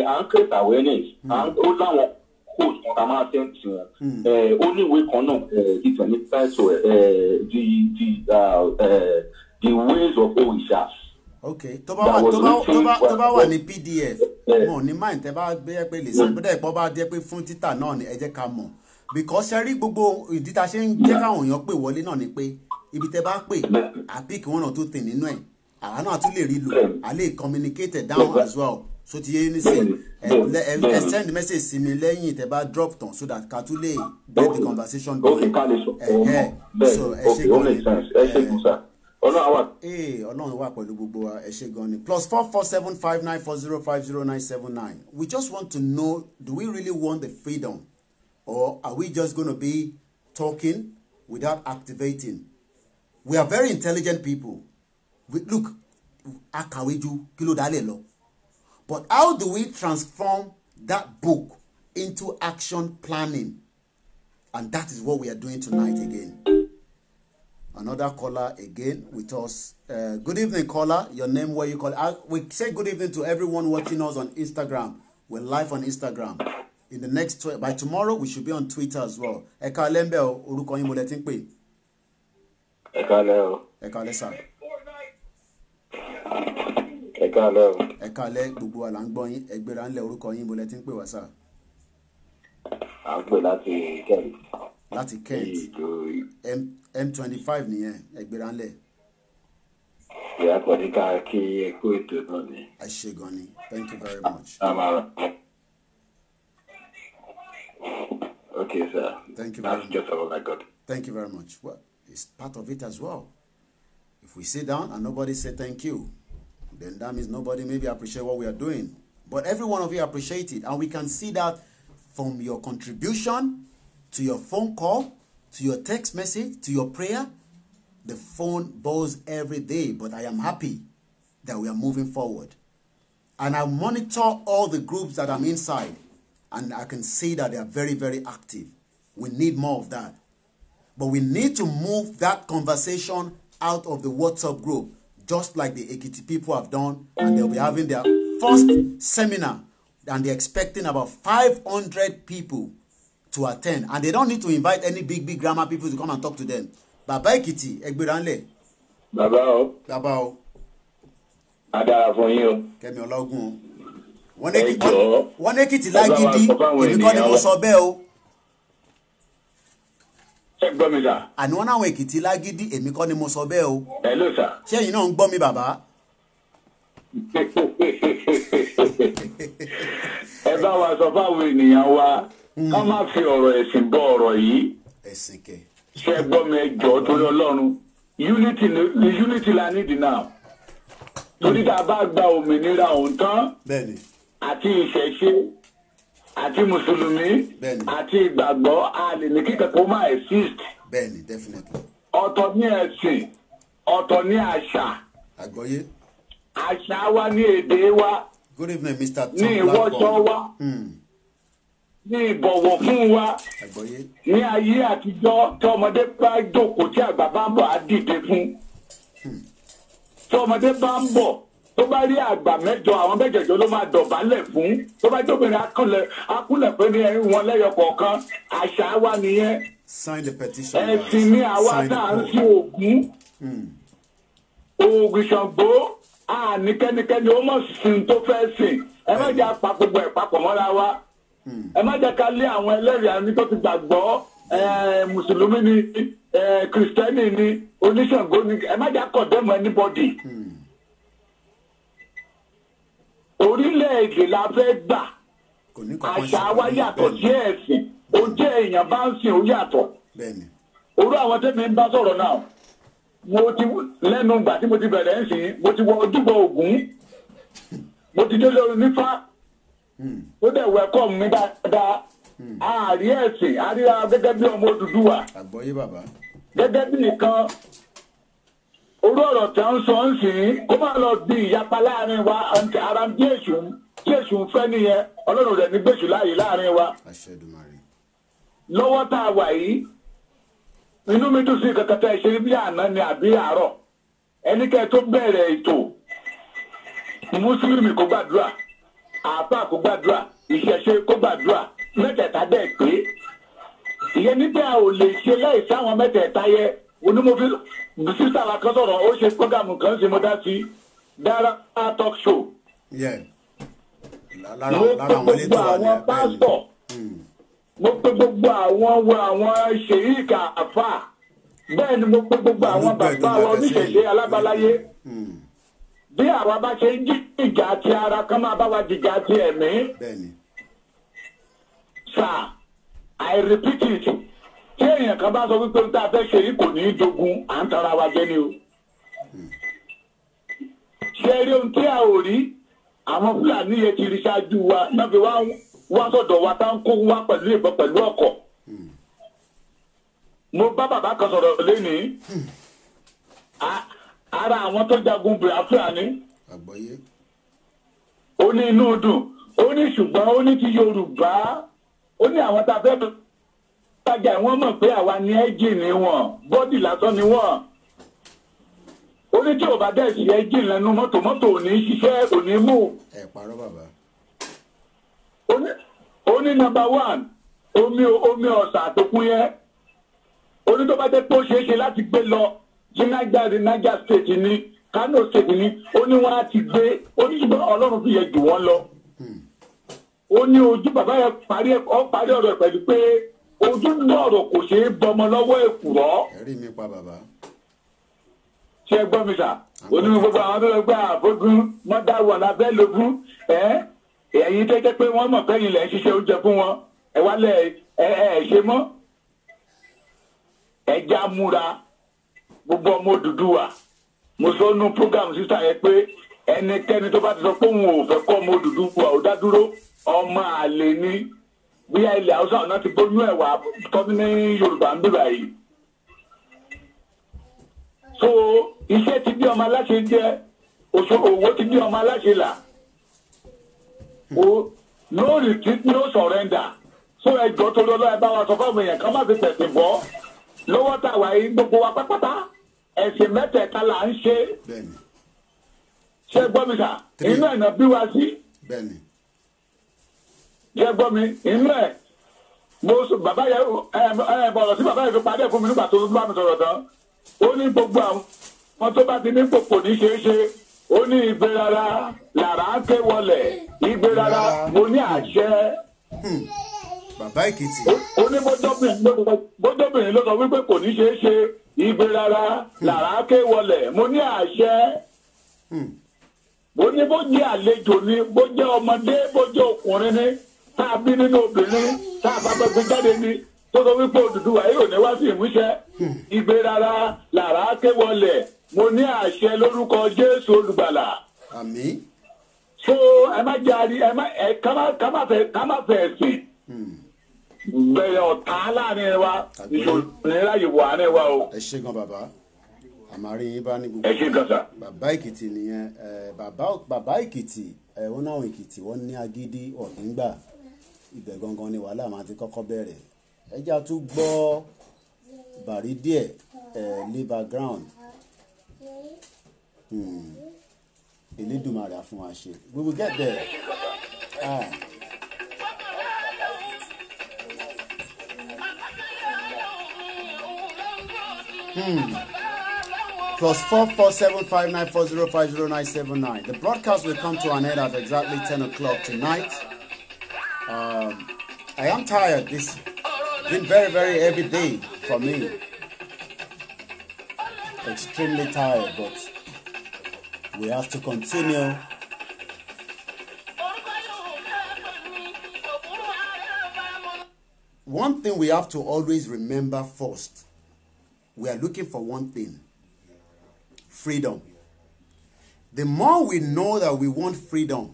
à ń create awareness hmm. ó láwọn codes kan tá máa tẹ́ǹtì wọn ó kan náà ìtàn ní title the ways of orishas. ok tó bá wà tó bá tó bá tó bá wà ní pdf eh. wọn ò ní mind tẹ bá gbé pé lè sọ hmm. bódà ìpọ́ bá jẹ́ pé fún títà náà ni ẹ jẹ́ ká mọ̀ because ẹ rí gbogbo ìdí tá ṣe ń jẹ́ káwọn èèyàn pè wọlé náà ni pé ibi tẹ bá pè àpíkì wọn náà tó tè nínú ẹ̀ àwa náà tún lè rí lò à hmm. lè down hmm. as well so ti yé ní sè ẹ send message sí mi lẹ́yìn tẹ bá drop tán so that ká tún lè get the conversation going ẹ so ẹ ṣe gan ni ee eh, ọlọ́run wà pẹ̀lú gbogbo wa ẹ ṣe gan ni plus four four seven five nine four zero five zero nine seven nine we just want to know do we really want the freedom or are we just gonna be talking without activating we are very intelligent people we, look akàwé ju kí ló dá lè lọ. But how do we transform that book into action planning? And that is what we are doing tonight again. Another caller again with us. Uh, good evening, caller. Your name, where you call. I, we say good evening to everyone watching us on Instagram. We're live on Instagram. In the next tw- by tomorrow, we should be on Twitter as well. Eka káalẹ́ ńbẹ̀ o, orúkọ yín mo lẹ ti kàlẹ́ o. ẹ kàlẹ́ gbogbo wa ń gbọ́ yín ẹgbẹ́ra ńlẹ̀ orúkọ yín bọ́lẹ̀ tí ń pè wá sà. à ń pè láti Kent. láti Kent m twenty five nìyẹn ẹgbẹ́ra ńlẹ̀. ìyá kọ̀dí ká kí ẹ kó ètò náà ni. ẹ ṣe gan ni thank you very much. Okay, sir. Thank you very That's much. just all I got. Thank you very much. Well, it's part of it as well. If we sit down and nobody say thank you, then that means nobody maybe appreciate what we are doing. But every one of you appreciate it. And we can see that from your contribution to your phone call, to your text message, to your prayer. The phone buzz every day, but I am happy that we are moving forward. And I monitor all the groups that I'm inside, and I can see that they are very, very active. We need more of that. But we need to move that conversation out of the WhatsApp group just like the Ekiti people have done, and they'll be having their first seminar, and they're expecting about 500 people to attend, and they don't need to invite any big, big grammar people to come and talk to them. Baba Ekiti, Egberanle. Baba, o. Bàbá o. A dára fún yín o. Kẹ́mi Ọlọ́gùn o. Wọ́n ní lágídí, èmi kọ́ ni mo sọ bẹ́ẹ̀ o ṣe gbọ́ mi sà. àní wọn náwọn èkìtì lágídí èmi kọ́ ni mo sọ bẹ́ẹ̀ o. hello sà. ṣẹ́yìn náà ń gbọ́ mi bàbá. ẹ bá wa sọ fáwọn ènìyàn wa hmm. ká má fi ọ̀rọ̀ ẹ̀sìn bọ ọ̀rọ̀ yìí. ẹ̀sìn kẹ. ṣe gbọ́ mi ẹ jọ̀ọ́ torí ọlọ́run unity unity la need now torí tá a bá gba òmìnira òun tán àti ìṣẹ̀ṣe àti mùsùlùmí àti ìgbàgbọ́ a lè ní kíkẹ́ kó máa exist. bẹ́ẹ̀ni definitely. ọ̀tọ̀ ní ẹ̀sìn ọ̀tọ̀ ní àṣà. àgbọ́yé. àṣà wa ní èdè wa. good evening mr tom ní ìwọ́jọ́ wa. Hmm. ní ìbọ̀wọ̀ fún wa. àgbọ́yé. ní ayé àtijọ́ tí ọmọdé bá jókòó tí àgbà bá ń bọ̀ á dìde fún. Hmm. tí ọmọdé bá ń bọ̀ tó bá rí àgbà mẹ́jọ àwọn mẹ́jẹ̀jọ ló máa dọ̀bálẹ̀ fún tó bá jóbìnrin akúnlẹ̀ akúnlẹ̀ ní ẹ̀rín wọn lẹ́yọ kọ̀ọ̀kan àṣà wa nìyẹn ẹ̀sìn ni àwa náà ń fi ògún ògùn ṣàǹgbó àníkẹ́nikẹ́ni ó mọ̀ sìn tó fẹ́ sìn ẹ má jẹ́ apá gbogbo ẹ̀ papọ̀ mọ́ra wa ẹ má jẹ́ ká lé àwọn ẹlẹ́rìí àní tó ti gbàgbọ́ mùsùlùmí ni kìrìsìtẹ́nì ni oníṣàǹgó ni ẹ má jẹ́ akọ̀dẹ́mọ̀ anybody. Hmm orílẹ̀-èdè la fẹ́ gbà àṣà wa yàtọ̀ sí ẹ̀sìn ó jẹ́ èèyàn bá ń sìn ó yàtọ̀ orú àwọn tẹ́mi ń bá sọ̀rọ̀ náà mo ti lẹ́nu ìgbà tí mo ti bẹ̀rẹ̀ ń sìn mo ti wọ ojúbọ Ògún mo ti délé orin nífà ó dẹ̀ wẹ́kọ̀ mi dáadáa àárí hmm. ẹ̀sìn àríra gẹ́gẹ́ bí ọmọ Odùduwà gẹ́gẹ́ bí nìkan orú ọ̀rọ̀ tí a ń sọ ń sìn kó má lọ di ìyapa láàrin wa ara bí èṣù tí èṣù ń fẹ́ nìyẹn ọlọ́run rẹ̀ ní gbèsù láàyè láàrin wa. lọ́wọ́ tá a wà yìí inú mi dùn sí kàkàtà ìṣe bí àná ni àbí àárọ̀ ẹnikẹ́ni tó bẹ̀rẹ̀ ètò mùsùlùmí kò gbàdúrà àáfà kò gbàdúrà ìṣẹ̀ṣe kò gbàdúrà mẹ́tẹ̀ẹ̀ta dẹ̀ pé ìyẹn níbẹ̀ ò lè ṣe láì sáwọn mẹ́tẹ̀ẹ̀ta yẹn onímọ̀bí sísá la kan sọ̀rọ̀ ó ṣe pọ́gàmù kan ṣe mo dá sí dára talk show. Hmm. mo pe gbogbo àwọn pásítọ̀ mo pe gbogbo àwọn wo àwọn ṣèyíkà àfà bẹ́ẹ̀ ni mo pe gbogbo àwọn bàbá wa oníṣẹ̀ṣe alábàláyé hmm. bí àwa bá ṣe ń jí ìjà ti ara kan máa bá wa jìjà ti ẹ̀mí. sà I repeat it tí èèyàn kan bá sọ wípé n tá a fẹ́ ṣe yìí kò ní í jogun à ń tara wa jẹ ni o ṣe rí ohun tí a ò rí àwọn fúlàní yẹn ti rí ṣáájú wa náà fi wá wá sọ̀dọ̀ wa tá ń kó wá pẹ̀lú ìbọn pẹ̀lú ọkọ̀ mo bá bàbá kan sọ̀rọ̀ lénìí ara àwọn tó jagun bìrà fúlàní ó ní inú dùn ó ní ṣùgbọ́n ó ní ti yorùbá ó ní àwọn tá a fẹ́ bẹ̀rẹ̀ tajà wọ́n mọ̀ pé àwa ni ẹ́jìnì wọn bọ́dì lásán ni wọ́n orí ò bá dẹ̀ sí ẹ́jìnì lẹ́nu mọ́tò mọ́tò ò ní ṣiṣẹ́ ò ní mú. ẹ parọ́ bàbá. ó ní one omi omi ọ̀sà àtòkùn yẹn orí tó bá jẹ́ pé ó ṣeé ṣe láti gbé lọ sí niger niger state ni kano state ni ó wọn á ti gbé oníṣùgbọ́n ọlọ́run fi yẹ jù wọ́n lọ hmm. ó ojú bàbá yẹn parí ọ̀rọ̀ pẹ̀lú pé ojú ń lọ̀rọ̀ kò ṣeé bọmọ lọ́wọ́ èkùrọ́. ẹ̀rí mi pa bàbá. ṣé ẹ gbọ́ mi sà onímọ̀ gbogbo àwọn tó lọ gbà àbógún wọ́n dá wà lábẹ́ lógún ẹ̀ ẹ̀yin tẹ́tẹ́ pé wọ́n mọ̀ kẹ́yìn lẹ̀ ń ṣiṣẹ́ oúnjẹ fún wọn ẹ wálẹ̀ ẹ ẹ ṣe mọ́ ẹ já múra gbogbo ọmọ Odùduwà mo sọ nú program sísà yẹn pé ẹnikẹ́ni tó bá ti sọ pé òun ò fẹ́ kọ́ ọmọ Odùduwà ò dá ọmọ àlè ni bóyá ilẹ̀ haúsá ọ̀nà ti bójú ẹ̀ wá tọ́ni ní yorùbá ń bíbá yìí. so iṣẹ́ ti bí ọmọ aláṣẹ jẹ́ òwò ti bí ọmọ aláṣẹ là o no retreat no surrender so ẹjọ́ tó lọ́lọ́ ẹ bá wa sọ fáwọn èèyàn ká má fi tẹ̀sí bọ́ lọ́wọ́ tàwa yìí gbogbo wa pátápátá ẹ̀sìn mẹ́tẹ̀ẹ̀ta là ń ṣe ṣé gbọ́ mi sà inú ẹ̀ náà bí wa sí jẹ́ gbọ́ mi inú ẹ̀ mo sọ bàbá yẹ ẹ bọ̀rọ̀ tí bàbá yẹ fi padà fún mi nígbà tó bá mi sọ̀rọ̀ tán ó ní gbogbo àwọn tó bá ti ní pòpò ní ṣeéṣe ó ní ìgbé rárá làrá ń ké wọlé ìgbé rárá mo ní àṣẹ. bàbá èkìtì. ó ní bójóbìnrin ló sọ wípé kò ní ṣeéṣe ìgbé rárá hmm. làrá ń ké wọlé mo ní àṣẹ bó hmm. ní bó jẹ́ àlejò ni bó jẹ́ ọmọdé bó jẹ́ ọkùnrin ni tá a bí nínú obìnrin tá a bá gbẹgbẹ jáde ni tó sọ wípé Odùduwà yóò ní wá sí ìmúṣẹ hmm. ìgbé rárá làrá ké wọlẹ̀ mo ní àṣẹ lórúkọ Jésù olùgbàlà. àmín. so ẹ má jaari ẹ má ẹ ká má fẹ́ ká má fẹ́ sìn hmm. bẹ̀rẹ̀ ọ̀tá láàrin wa ìṣòro yìí wà ní wa o. ẹ ṣe gan bàbá àmàrin yín bá ní gbogbo ẹ ṣe gan sa. bàbá èkìtì nìyẹn bàbá èkìtì ẹ̀ wọ́n náà èkìtì wọ́n ní agídí ọ̀gbìn gbà ibẹ̀ gangan ni wàhálà máa ti kọ́kọ́ bẹ̀rẹ̀ ẹja tún gbọ́ bàrí díẹ̀ ẹ̀ labour ground hmm. elédùnmarè àfún wa ṣe we will get there. Ah. Hmm. Plus four four seven five nine four zero five zero nine seven nine. The broadcast will come to an end at exactly ten o'clock tonight. Um, I am tired. This has been very, very heavy day for me. Extremely tired, but we have to continue. One thing we have to always remember first we are looking for one thing freedom. The more we know that we want freedom,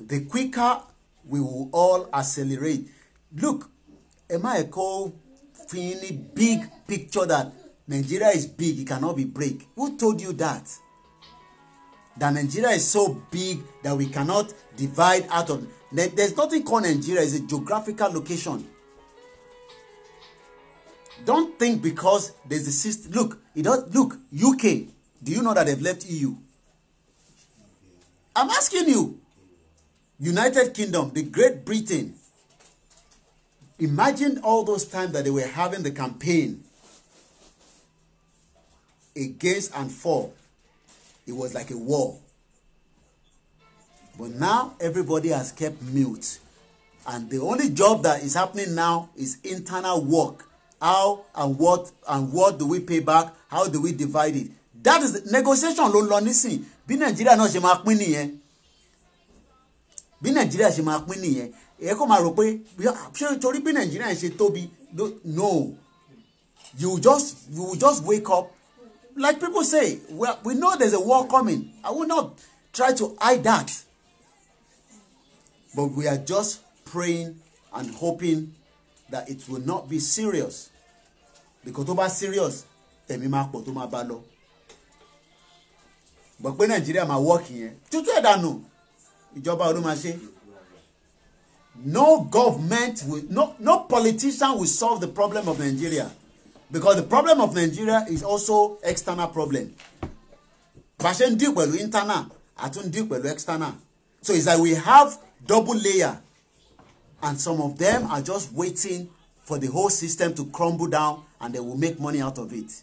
the quicker we will all accelerate. Look, am Emma Eko Fini big picture that Nigeria is big, it cannot be break. Who told you that? That Nigeria is so big that we cannot divide out of there's nothing called Nigeria, it's a geographical location. Don't think because there's a system. Look, it does look, UK. Do you know that they've left EU? I'm asking you. United Kingdom, the Great Britain. Imagine all those times that they were having the campaign against and for. It was like a war. But now everybody has kept mute. And the only job that is happening now is internal work. How and what and what do we pay back? How do we divide it? That is the negotiation ló ń lọ nísìn. Bí Nàìjíríà náà ṣe máa pín bí nàìjíríà ṣe máa pín nìyẹn ẹ kò máa rò pé ṣé torí bí nàìjíríà ṣe tóbi no you just you just wake up like people say we, we know there's a war coming i will not try to hide that but we are just praying and hoping that it will not be serious because tó bá serious tẹ̀mí máa pọ̀ tó máa bá lọ gbọ́ pé nàìjíríà máa wọ́ọ̀kì yẹn tútù ẹ̀dá nù ìjọba olúmaṣe no government will no no politician will solve the problem of Nigeria because the problem of Nigeria is also external problem bá a ṣe ń dín pẹ̀lú internal àtún dín pẹ̀lú external so it's like we have double layer and some of them are just waiting for the whole system to crumble down and they will make money out of it.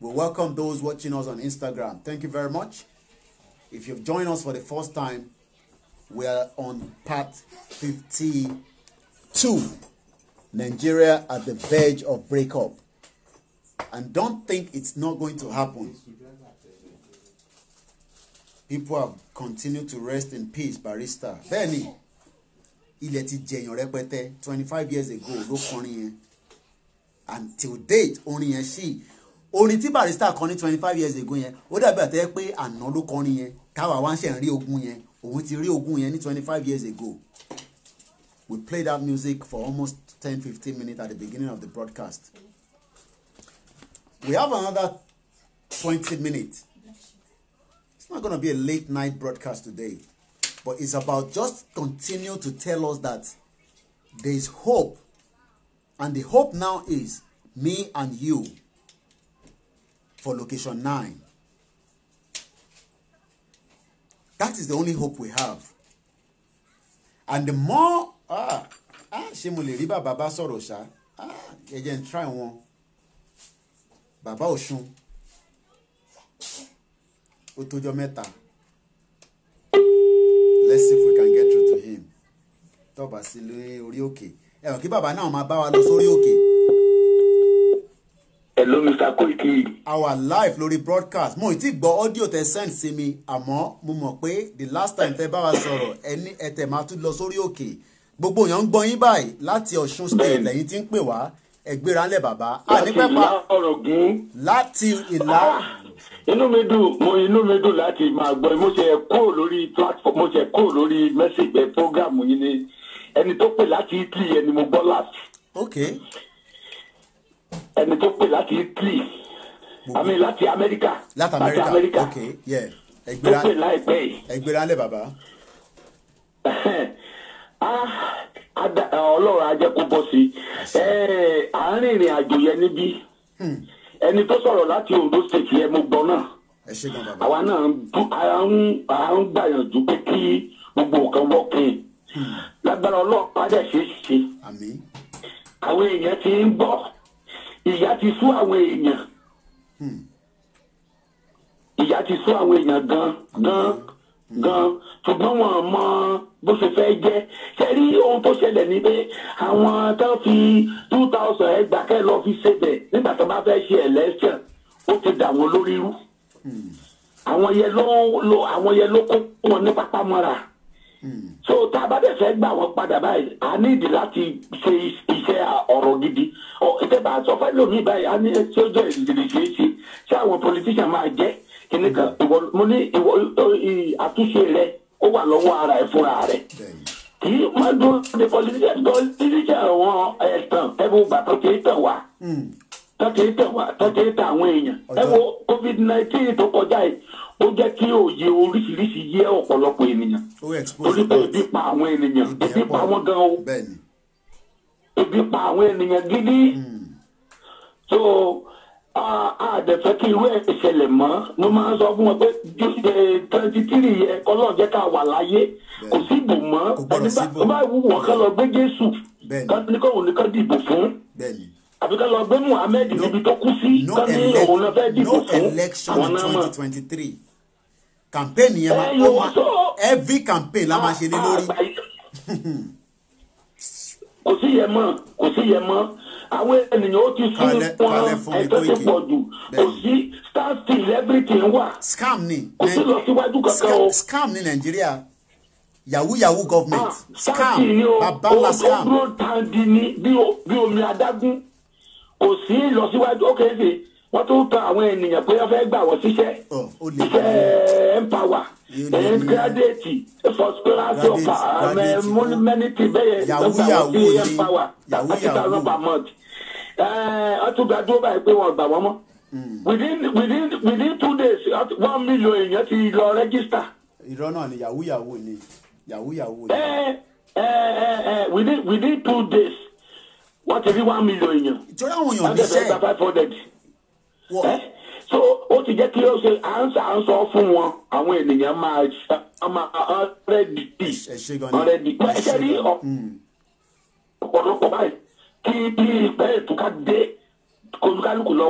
We welcome those watching us on Instagram. Thank you very much. If you've joined us for the first time, we are on part 52 Nigeria at the verge of breakup. And don't think it's not going to happen. People have continued to rest in peace, barista. Bẹ́ẹ̀ni, ilẹ̀ ti jẹ̀yàn rẹpẹtẹ twenty five years ago ló kọrin yẹn. And till date, orin yẹn ṣì orin tí Barrister kọ ní twenty five years ago yẹn ó dàbí àtẹ́ pé àná ló kọrin yẹn táwa wá ń ṣe ń rí ogún yẹn òun ti rí ogún yẹn ní twenty five years ago we played that music for almost ten fifteen minutes at the beginning of the broadcast we have another twenty minutes it's not gonna be a late night broadcast today but it's about just continue to tell us that there is hope and the hope now is me and you for location nine, That is the only hope we have. And the more ah ah ṣé mo lè rí bàbá bá sọ̀rọ̀ ṣá ah ẹ jẹ́ n try wọn Baba Ọ̀ṣun ó tójọ́ mẹ́ta let's see if we can get through to him tọ́ba sí lórí òkè ẹ̀rọ kí bàbá náà máa bá wa lọ sórí òkè hello mr koiki. our live lórí broadcast mo ti gbọ́ audio tẹ send sí mi àmọ́ mo mọ̀ pé the last time tẹ bá wa sọ̀rọ̀ ẹni ẹtẹ̀ máa tún lọ sórí òkè gbogbo èèyàn ń gbọ́ yín báyìí láti ọ̀ṣun state lẹ́yìn tí ń pè wá ẹgbẹ́ra ńlẹ̀ bàbá ànípẹ́pà láti ìlà. Ah, inú mi dùn mo inú mi dùn láti máa gbọ́ mo ṣe kó lórí platform mo ṣe kó lórí message eh, program yìí ni ẹni tó pè láti Italy ẹni mo gbọ́ láti. okay ẹni tó pè láti Italy àmì láti Amẹ́ríkà láti Amẹ́ríkà ok yeah ẹgbẹ́ra tó pè láìpẹ́ yìí ẹgbẹ́ra lẹ̀ bàbá. Ah, ọlọ́run ajẹ́ kó bọ́ sí àárín ìrìn àjò yẹn níbí hmm. ẹni tó sọ̀rọ̀ láti Ondo state yẹn mo gbọ́ náà àwa náà à ń gbàyànjú pé kí gbogbo nǹkan wọ́ọ̀kìn hmm. lágbára ọlọ́pàá dẹ̀ ṣe é ṣe àwọn èèyàn ti ń gbọ́ ìyà ti sú àwọn èèyàn hmm. ìyà ti sú àwọn èèyàn gan gan gan ṣùgbọ́n wọn mọ bó ṣe fẹ́ jẹ́ ṣe rí ohun tó ṣẹlẹ̀ ní àwọn tó fi two thousand ẹgbàá kẹ́ lọ fi ṣèbẹ̀ nígbà tó bá fẹ́ ṣe election ó ti dà wọ́n lórí rú hmm. àwọn yẹn ló àwọn yẹn ló kó wọn ní pápá mọ́ra so tá a bá dẹ̀ fẹ́ gbà wọ́n padà báyìí a ní ìdí láti ṣe iṣẹ́ ọ̀rọ̀ gidi ìtẹ́ bá sọ fẹ́ lómi báyìí a ní ṣé ó jẹ́ ìdìbò ṣe é ṣe ṣé àwọn politician máa jẹ́ kíní kan ìwọ mo ní ìwọ àtúnṣe rẹ ó wà lọ́wọ́ ara ẹ̀ fúnra rẹ̀ kì í má dún ní politician politician wọn ẹ̀tàn ẹ̀bùn bàtọ̀ kì í tàn wá hmm. tọ́kì í tàn wá tọ́kì í tàn àwọn èèyàn ẹ̀wọ̀ covid nineteen tó kọjá yìí ó jẹ́ kí òye oríṣiríṣi yé ọ̀pọ̀lọpọ̀ ènìyàn torí pé ebi pa àwọn ènìyàn ebi pa wọ́n gan o ebi pa àwọn ènìyàn gidi hmm. so àdẹ̀fẹ́ kí irú ẹ̀ mọ́ mo máa ń sọ fún wọn pé twenty three yẹ ọlọ́run jẹ́ ká wà láyé kò sí ìbò mọ́ ẹni bá wù wọ́n kán lọ gbé Jésù kán ní kóhùn dìbò fún àbí ká lọ gbé Muhammed níbi tó kú sí kán ní òun náà fẹ́ dìbò fún àwọn náà mọ̀ campaign yẹn máa ó máa every campaign la máa ṣe lé lórí. Ah, ah, ah. kò sí yẹ mọ́ kò sí yẹ mọ́ àwọn ènìyàn ó ti sún wọn ẹjọ́ ti pọ̀ jù kò sí standstill everything wà scam ni kò sí lọ síwájú kankan o scam ni nàìjíríà yahoo yahoo government scam babala scam. ó dúró tandi ni bí omi adágún kò sí lọ síwájú ó kéde wọ́n tún tan àwọn ènìyàn bóyá fẹ́ gbà wọ́n síṣẹ́ iṣẹ́ empower gírádẹ́ẹ̀tì first class ọ̀pá mẹ́nìtì bẹ́yẹ lọ́gbà wọ́n sí empower thirty thousand per month ọtún gba dúró báyìí pé wọ́n gbà wọ́n mọ́ hmm. within within within two days one million èèyàn ti lọ register. irọ́ náà ni yahoo yahoo ni yahoo yahoo ni. within within two days wọ́n ti rí one million èèyàn. ìjọba àwọn èèyàn níṣẹ́ wọ́n so ó ti jẹ́ kí ó ṣe à ń sà ń sọ fún wọn àwọn ènìyàn máa ọ̀rẹ́dì ọ̀rẹ́dì ẹ̀ṣẹ̀ ní ọ̀pọ̀lọpọ̀ báyìí kí bí ìpẹ́ ìtúká dé kólúkálùkù lọ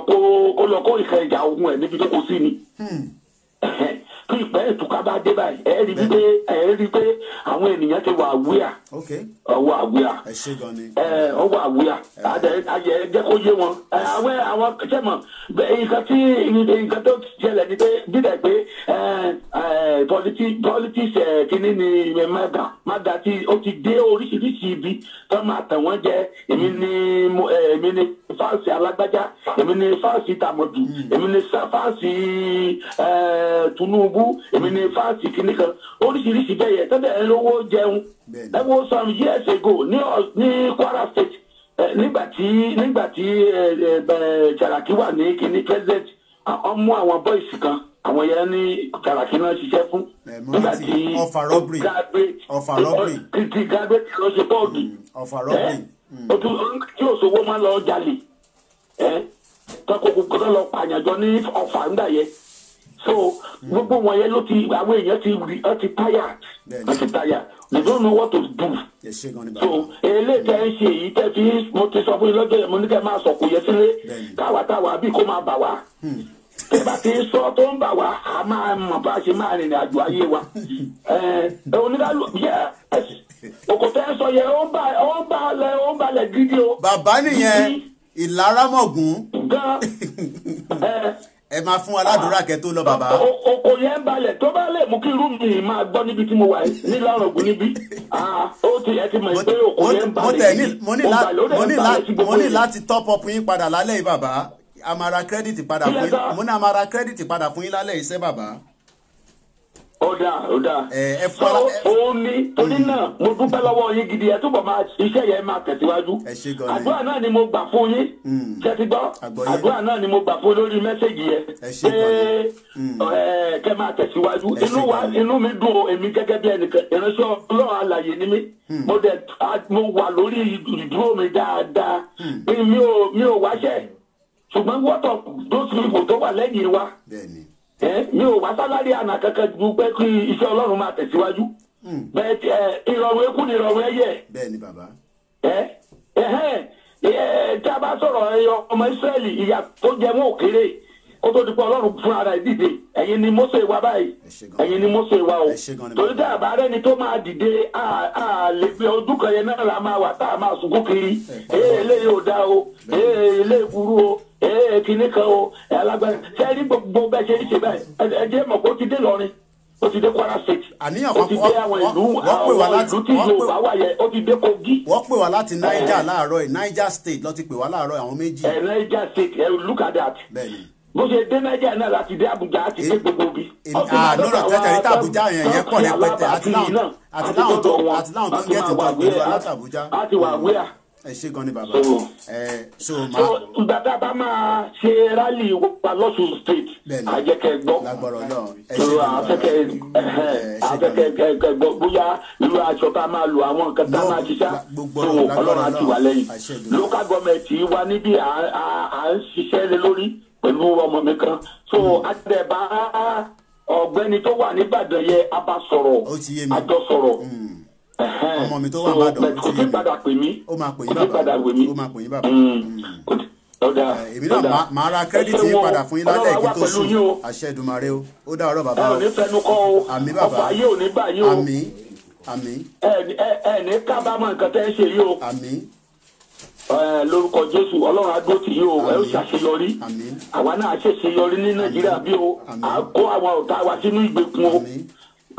kó lọ kó ìfẹ́ ìjà ogun ẹ̀ níbi tó kó sí ni. Hmm tí ìpẹ́ ìtúká bá dé báyìí ẹ rí pé ẹ àwọn ènìyàn ti wà àwíà ọwọ́ àwíà ọwọ́ àwíà ayẹ jẹ́ kó yé wọn àwọn àwọn sẹ́mọ̀ nǹkan tí nǹkan tó ṣẹlẹ̀ ni pé bídà pé politics kìíní ni maga maga tí ó ti dé oríṣiríṣi ibi tó máa tàn wọ́n jẹ èmi ni èmi ni fáàsì alágbájá èmi ni fáàsì tàmọ̀dù hmm. èmi ni fáàsì Tinubu kú èmi ní fáàtì kìíní kan oríṣiríṣi bẹ́ẹ̀ yẹn tẹ́lẹ̀ ẹ lówó jẹun ẹ wo some years ago ní Kwara state nígbà tí nígbà tí Saraki wà ní kìíní president ọmú àwọn boys kan àwọn yẹn ní Saraki náà ṣiṣẹ́ fún nígbà tí graduate graduate lọ ṣe bọ́ọ̀dù ó mm, tún tí òṣòwò máa lọ jalè tọkọ kókó lọ pààyàn jọ ní ọ̀fà ńgbà yẹn so gbogbo wọn yẹn ló ti àwọn èèyàn ti rí ọ ti tired ọ ti tired they don't know what to do so eléyìí tẹ ń ṣe èyí tẹ fi mo ti sọ fún yín lọ́jọ́ yẹn mo ní kẹ́ máa sọ̀kò yẹn sílé káwa táwa bí kó máa bà wá hmm. tẹ bá ti sọ tó ń bà wá a máa mọ̀ bá a ṣe máa rìnrìn àjò ayé wa hmm. oníkàlù yẹ òkòtẹ́ sọ yẹ ó ń balẹ̀ ó ń balẹ̀ gidi o. bàbá nìyẹn ìlaramọ̀gùn. gan ẹ ẹ máa fún aládùúrà kẹ́ tó lọ bàbá. oko yẹn balẹ̀ tó bá lè mú kí irú mi máa gbọ́ níbi tí mo wà ní lárọ̀gùn níbí ah, ó ti ẹ ti mọ̀ pé oko yẹn balẹ̀ yìí mo ní láti top up yín padà lálẹ́ yìí bàbá a máa ra kírẹ́dìtì padà fún yín mo ní a máa ra kírẹ́dìtì padà fún yín lálẹ́ yìí sẹ́ bàbá ọ̀dà ọ̀dà so òun ni torí mm. náà mo dúpẹ́ lọ́wọ́ yín gidi ẹ̀ túbọ̀ máa iṣẹ́ yẹn máa tẹ̀síwájú àdúrà náà ni mo gbà fún yín mm. ṣẹ́tí gbọ́ àdúrà náà ni mo gbà fún lórí mẹ́sẹ̀gì yẹn pé mm. kẹ́ máa tẹ̀síwájú inú wa inú mi dùn o èmi gẹ́gẹ́ bí ẹnìkan ìránṣẹ́ ọlọ́run alàyè ni mí mo dẹ̀ mo wà lórí ìdúró mi dáadáa mi ò wáṣẹ́ ṣùgbọ́n wọ́tọ̀ dóṣù ipò tó wà lẹ́yìn wa. Bẹ́ẹ̀ni Eh, mi ò wá sálárì àná kankan ju pé kí iṣẹ́ ọlọ́run máa tẹ̀síwájú hmm. bẹ́ẹ̀ tí eh, ìrọ̀rùn ekú ni ìrọ̀rùn ẹyẹ. bẹ́ẹ̀ ni eh, tí a bá sọ̀rọ̀ ọmọ ìsírẹ́lì ìyà tó jẹ mọ́ òkèrè kó tó di pé ọlọ́run fún ara ẹ̀ dìde ẹ̀yin ni Mósè wa báyìí ẹ̀yin ni wa o torí tí àbá rẹ̀ ni tó máa dìde a lè ojú kan yẹn náà la máa wà tá a máa sunkún kiri eléyìí ò o o. ee kìíní o ẹ alágbára gbogbo bẹ́ẹ̀ ṣe ṣe ẹ ti dé O ti dé Kwara State O ti dé àwọn ìlú àwọn ìlú tí Yorùbá wà yẹ o ti dé Kogi. wọ́n pè wá láti Niger láàárọ̀ yìí Niger State ti pè àwọn méjì. ẹ Niger State bẹ́ẹ̀ni bó dé Niger náà láti dé Abuja àti dé gbogbo bi. ẹ ṣe gan ni bàbá ẹ so ma. bàbá bá máa ṣe rálì wà lọ́sùn state àjẹkẹ gbọ́ lágbọ̀rọ̀ náà ẹ ṣe gan ni bàbá afẹ́kẹ́ gbọ́ bóyá irú aṣọ ká máa lo àwọn nǹkan tá máa ṣiṣẹ́ tó ọlọ́run á ti wà lẹ́yìn local government wa níbi à ń ṣiṣẹ́ lé lórí pẹ̀lú ọmọ mi kan so àtẹ̀bá hmm. ọ̀gbẹ́ni tó wà níbàdàn yẹ abá sọ̀rọ̀ àjọsọ̀rọ̀ ọmọ mi tó wà bàdàn kò tí padà pè mí ó máa pè yín bàbá ó máa pè yín bàbá mm. Mm. èmi náà máa ra kírẹ́dìtì yín padà fún yín lálẹ́ kí tó sùn àṣẹ Èdùmàrè o ó dá ọ̀rọ̀ bàbá o àmì bàbá àmì àmì. ẹ ẹ ní kábàámọ̀ nǹkan tẹ́ ń ṣe yìí o. àmì lórúkọ jésù ọlọ́run á dúró tì yín o ẹ ó ṣàṣeyọrí àwa náà ṣèṣeyọrí ní nàìjíríà bí o à kó àwọn ọ̀tá wa sínú ìgbèkùn o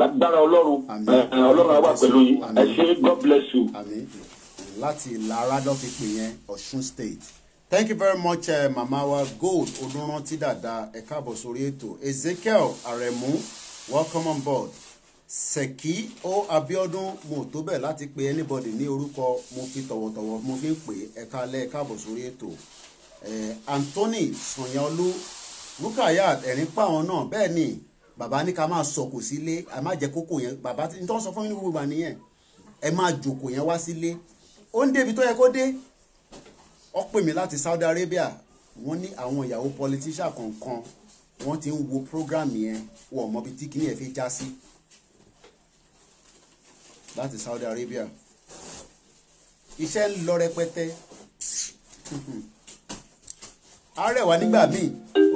lágbára ọlọ́run eh, ọlọ́run á pẹ̀lú yín ẹ ṣé god bless you. láti ìlara ló yẹn ọ̀ṣun state thank you very much uh, eh, mama wa gold odunranti dada ẹ káàbọ̀ sórí ètò ezekiel aremu welcome on board Seki O Abiodun mo tó bẹ̀ láti pe anybody ní orúkọ mo fi tọ̀wọ̀tọ̀wọ̀ mo fi ń pè ẹ kálẹ̀ ẹ káàbọ̀ sórí ètò eh, anthony sanyaolu rukayat ẹ̀rín pàwọn náà bẹ́ẹ̀ ni bàbá ní ká máa sọkò sílé ẹ má jẹ́ kókò yẹn bàbá ní tó ń sọ fún mi ní gbogbo ìgbà nìyẹn ẹ máa jòkò yẹn wá sílé ó ń débi tó yẹ kó dé ó pè mí láti Saudi Arabia wọ́n ní àwọn ìyàwó politician kọ̀ọ̀kan wọ́n ti ń wo program yẹn wọ́n mọbi tí kìnìyẹn fi já sí láti Saudi Arabia iṣẹ́ ń lọ rẹpẹtẹ. á rẹ̀ nígbà míì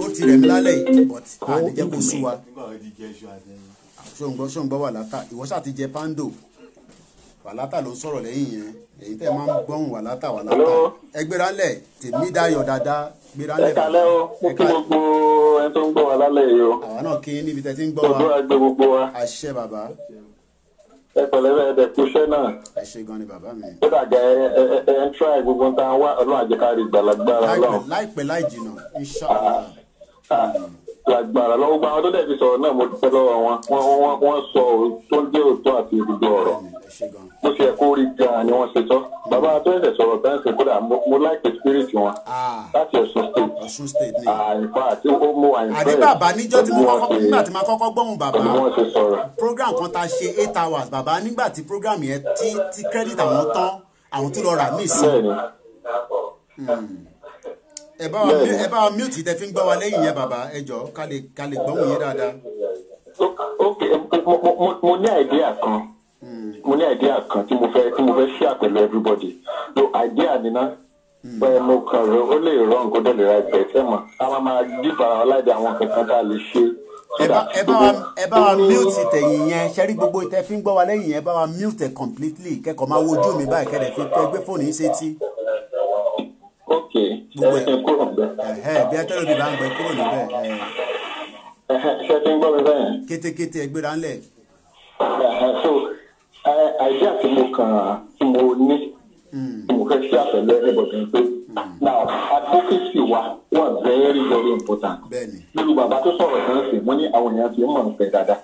ó ti rẹ̀ mí lálẹ́ yìí but àníjẹ́ kó sú wa ṣóǹgbọ́ ṣóǹgbọ́ wà látà ìwọ ṣáà ti jẹ pando wà látà ló ń sọ̀rọ̀ lẹ́yìn yẹn èyí tẹ́ máa ń gbọ́hùn wà látà wà látà ẹ gbéra ńlẹ̀ tèmi dáyọ̀ dáadáa gbéra ńlẹ̀. ẹ kálẹ́ o mo kí gbogbo ẹni tó ń gbọ́ wa lálẹ́ yìí o. àwa náà kí níbi tẹ́ ti ń gbọ́ wa. òdúrà gbé gbogbo wa. àṣẹ bàbá ẹ pẹ̀lẹ́ bẹ ẹdẹ kúṣẹ́ náà. ẹ ṣe ẹ ẹ ẹ ń tíra gbogbo nǹkan wá ọlọ́run àjẹkárí gbàlagbára ọlọ́run. láìpẹ́ láì jìnnà lágbára lọ́wọ́ gba àwọn tó dẹ̀ fi sọ̀rọ̀ náà mo dúpẹ́ lọ́wọ́ wọn wọ́n wọ́n sọ tó ń jẹ́ òótọ́ àti ìdúgbò ọ̀rọ̀ mo ṣe ẹ̀kọ́ orí gan-an ni wọ́n ṣe tọ́ bàbá tó ń dẹ̀ sọ̀rọ̀ bẹ́ẹ̀ ṣe kódà mo láìpẹ́ spirit wọn ah. láti Ọ̀ṣun state Ọ̀ṣun state ni àyìnfà ah, àti ó mú àyìnfà àti bàbá níjọ́ tí mo kọ́kọ́ nígbà tí mo kọ́kọ́ gbọ́hùn bàbá program kan ta ṣe eight hours bàbá nígbà tí program yẹn ti ti credit àwọn tán àwọn tó lọ rà míì sí ẹ bá wa ẹ bá wa mute tẹ fi ń gbọ́ wa lẹ́yìn yẹn bàbá ẹ jọ ká lè ká lè gbọ́n wòye dáadáa. ok mo ní àìdíà kan hmm. mo ní àìdíà kan tí mo fẹ́ tí mo fẹ́ share pẹ̀lú everybody so àìdíà nínú hmm. bẹ́ẹ̀ mo kàn rẹ ó lè rọ nǹkan tó lè ra ẹgbẹ́ tẹ́ mọ̀ a máa máa dìbàrà ọlájà àwọn kankan tá a lè ṣe. ẹ bá wa mute tẹ̀yìn yẹn ṣẹ́rí gbogbo tẹ fi ń gbọ́ wa lẹ́yìn yẹn ẹ bá wa mute completely kẹ́kọ̀ọ́ máa wojú mi báyìí kẹ́rẹ̀ fi tẹ́ gbé fóònù yín sétí gbogbo ẹ bí atẹ́rù mi bá ń gbẹ kúrò níbẹ̀. ṣé kí n gbọ́ mi bẹ́ẹ̀. kétékété ẹ gbéra ńlẹ̀. so àìdí àti mo kàn án mo ní hmm. mo fẹ́ ṣe àpẹẹrẹ ẹ̀bọ̀dọ̀ pé hmm. now advocacy wa wà very very important. nínú bàbá tó sọ̀rọ̀ kan sí mo ní àwọn èèyàn fi mọ̀ ń fẹ́ dáadáa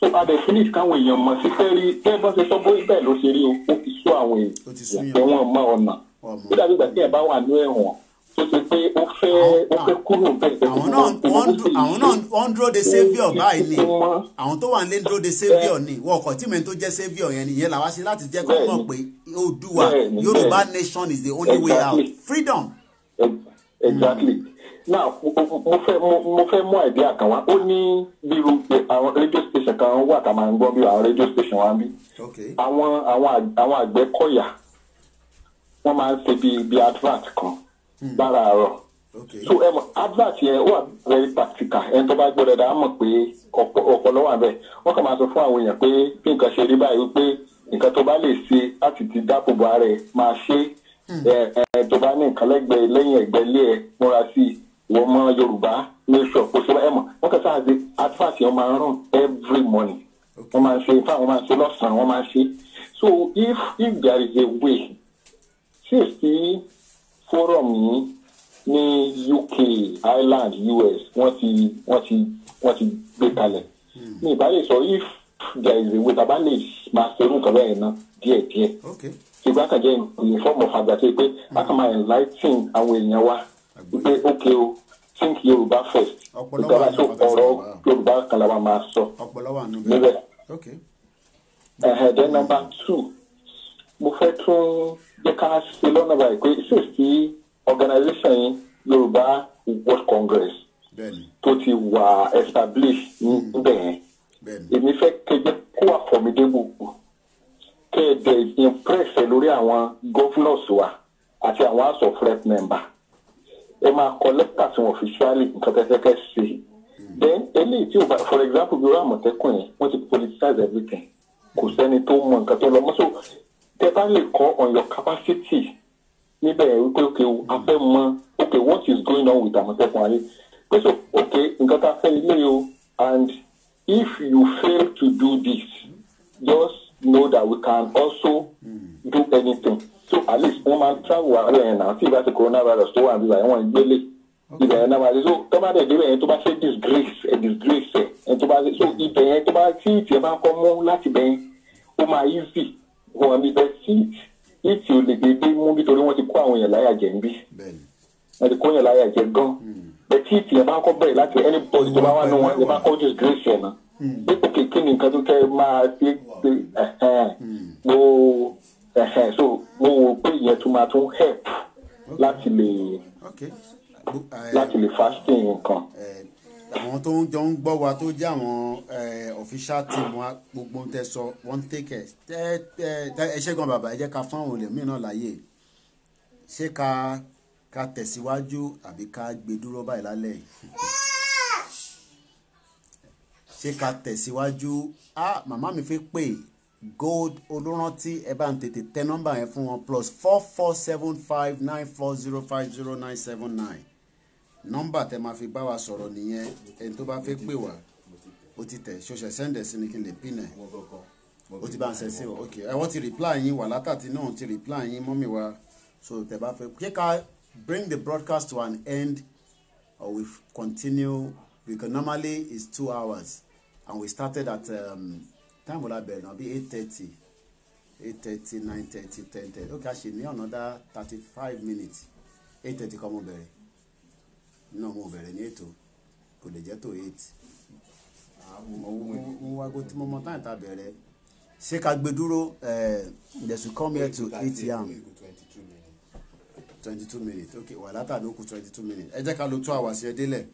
so adẹ finish káwọn èèyàn mọ̀ sí fẹ́ rí bẹ́ẹ̀ ṣe sọ bóyá bẹ́ẹ̀ ló ṣe rí o ó ti sú àwọn èèyàn ó dàbí ìgbà tí ẹ̀ bá wà ní ẹ̀wọ̀n tó ṣe pé ó fẹ́ ó fẹ́ kúrò bẹ́ẹ̀. àwọn náà wọ́n dúró de saviour báyìí ni àwọn tó wà ń dúró de saviour ni wọ́n ọkọ̀ tí mẹ́rin tó jẹ́ saviour yẹn nìyẹn làwa ṣe láti jẹ́ kó mọ̀ pé Oòduà Yorùbá nation is the only way out freedom. exactly now mo fẹ́ mo fẹ́ mú àìdí àkànwá ó ní bíru àwọn radio station kan wà ká máa ń gbọ́ bí àwọn radio station wa ń bí àwọn àwọn àgbẹ̀kọ̀yà. Okay wọ́n máa ń ṣe bíi bíi advert kan hmm. láràárọ̀ so ẹ mọ̀ advert yẹn wà very practical ẹni tó bá gbọ́ dada á mọ̀ pé ọpọlọ wà bẹ́ẹ̀ wọ́n kàn máa sọ fún àwọn èèyàn pé bí nǹkan ṣe rí báyìí wípé nǹkan tó bá lè ṣe láti ti dáàbò bo ara ẹ̀ máa ṣe é hmm. tó bá ní nǹkan lẹ́gbẹ̀ẹ́ lẹ́yìn ẹ̀gbẹ́ lé ẹ̀ múra sí i wọ́n mọ yorùbá nation kò sí ẹ mọ̀ wọ́n kàn sáà ṣe advert yẹn máa ń ràn every morning wọ́n máa ń ṣe fáwọn máa ń ṣe lọ́sàn-án wọ́n máa ń ṣe so if if there is a way sísí forum yìí ní UK Ireland US wọ́n ti wọ́n ti wọ́n ti gbé kalẹ̀ ní hmm. ìbálẹ̀ sọ if there is a way tàbá lè máa ṣerú nǹkan bẹ́ẹ̀ náà díẹ̀díẹ̀ ṣùgbọ́n àkàjẹ́ ìfọ́ọ̀mù fàgbà tó yẹ pé bákan máa enlighten àwọn èèyàn wa wípé ok o think Yorùbá first ìjọba tó ọ̀rọ̀ Yorùbá kan la wa máa sọ níbẹ̀ ẹ̀hẹ̀dẹ̀ number two mo fẹ́ tún jẹ́ ká ṣe lọ́nà báyìí pé ṣe sí organisation yìí Yorùbá World Congress tó ti wà established níbẹ̀ mm-hmm. yẹn èmi fẹ́ kẹjẹ kó àfọ̀mídé gbogbo kẹ́ẹ̀dẹ̀ impress lórí àwọn governors wa àti àwọn house of rep member ẹ máa kọ lẹ́tà sí wọn officially nǹkan tẹ́tẹ́tẹ́ sí mm-hmm. then eléyìí tí o bá for example bí o rà Àmọ̀tẹ́kùn yẹn wọ́n ti politicize everything kò sẹ́ni tó mọ nǹkan tó lọ mọ́ so tẹ bá lè kọ́ on your capacity níbẹ̀ wípé ok a fẹ́ mọ ok what is going on with àmọ̀tẹ́kùn ayé pé so ok nǹkan tá a fẹ́ ilé o and if you fail to do this just know that we can also do anything so at least wọ́n máa travel àárẹ̀ yẹn náà tí ìbá ti coronavirus tó wà nígbà yẹn wọ́n gbélé ibẹ̀ yẹn náà máa ṣe so tó bá dẹ̀ débẹ̀ yẹn tó bá ṣe disgrace ẹ̀ disgrace ẹ̀ tó bá ṣe so ibẹ̀ yẹn tó bá tí ìtì ẹ̀ bá kọ́ mú láti bẹ̀ yẹn ó máa easy wọn bí bẹ́ẹ̀ sí ìtì olùgbèdè mú nítorí wọ́n ti kó àwọn èèyàn láyà jẹ níbí wọ́n ti kó èèyàn láyà jẹ gan hmm. bẹ́tí ìtì ẹ̀ bá kọ́ bẹ̀rẹ̀ láti ẹni bọ́ọ̀lù tó bá wà nù wọn ẹ̀ bá kọ́ jù grace ẹ̀ náà dípò kékeré ní nǹkan tó kẹ́ ẹ máa ṣe hmm. mo so mo wò pé ìyẹn tó máa tún help láti lè eh, láti lè fasting nǹkan. Eh, àwọn tó ń jọ ń gbọ́ wa tó jẹ́ àwọn eh, official team wa gbogbo ń tẹ sọ wọ́n ń take ẹ̀ ẹ ṣẹ́gun bàbá ẹ jẹ́ ká fún àwọn olè mìíràn láàyè ṣé ká ká tẹ̀síwájú àbí ká gbé dúró báyìí lálẹ́ yìí ṣé ká tẹ̀síwájú ah màmá mi fi pè gold olórántí ẹ bá ń tètè tẹ nọ́mbà yẹn fún wọn plus four four seven five nine four zero five zero nine seven nine nọ́mbà tẹ máa fi bá wa sọ̀rọ̀ nìyẹn ẹni tó bá fẹ́ pè wá o ti tẹ̀ ṣoṣẹ̀ sẹ́ndẹ̀ sí ni kí n lè pin ẹ̀ o ti bá ń sẹ́sìn o ok ẹ wọ́n ti reply yín wà látàtí náà ti reply yín mọ́mì wa so tẹ bá fẹ́ kí ká bring the broadcast to an end or we continue because normally it's two hours and we started at um, time I bẹ̀rẹ̀ náà be eight thirty eight thirty nine thirty ten thirty okay a ṣe ní another thirty five minutes eight thirty come on, bẹ̀rẹ̀ nínú ọmọ bẹ̀rẹ̀ ní ètò kò lè jẹ́ tó eight ah, mo wá go tí mo mọ táyì tá bẹ̀rẹ̀ ṣé ká gbé dúró eh, they should come here to eight yam twenty two minutes ok wà látàdó kù twenty two minutes ẹ jẹ́ ká lo two hours yẹn délẹ̀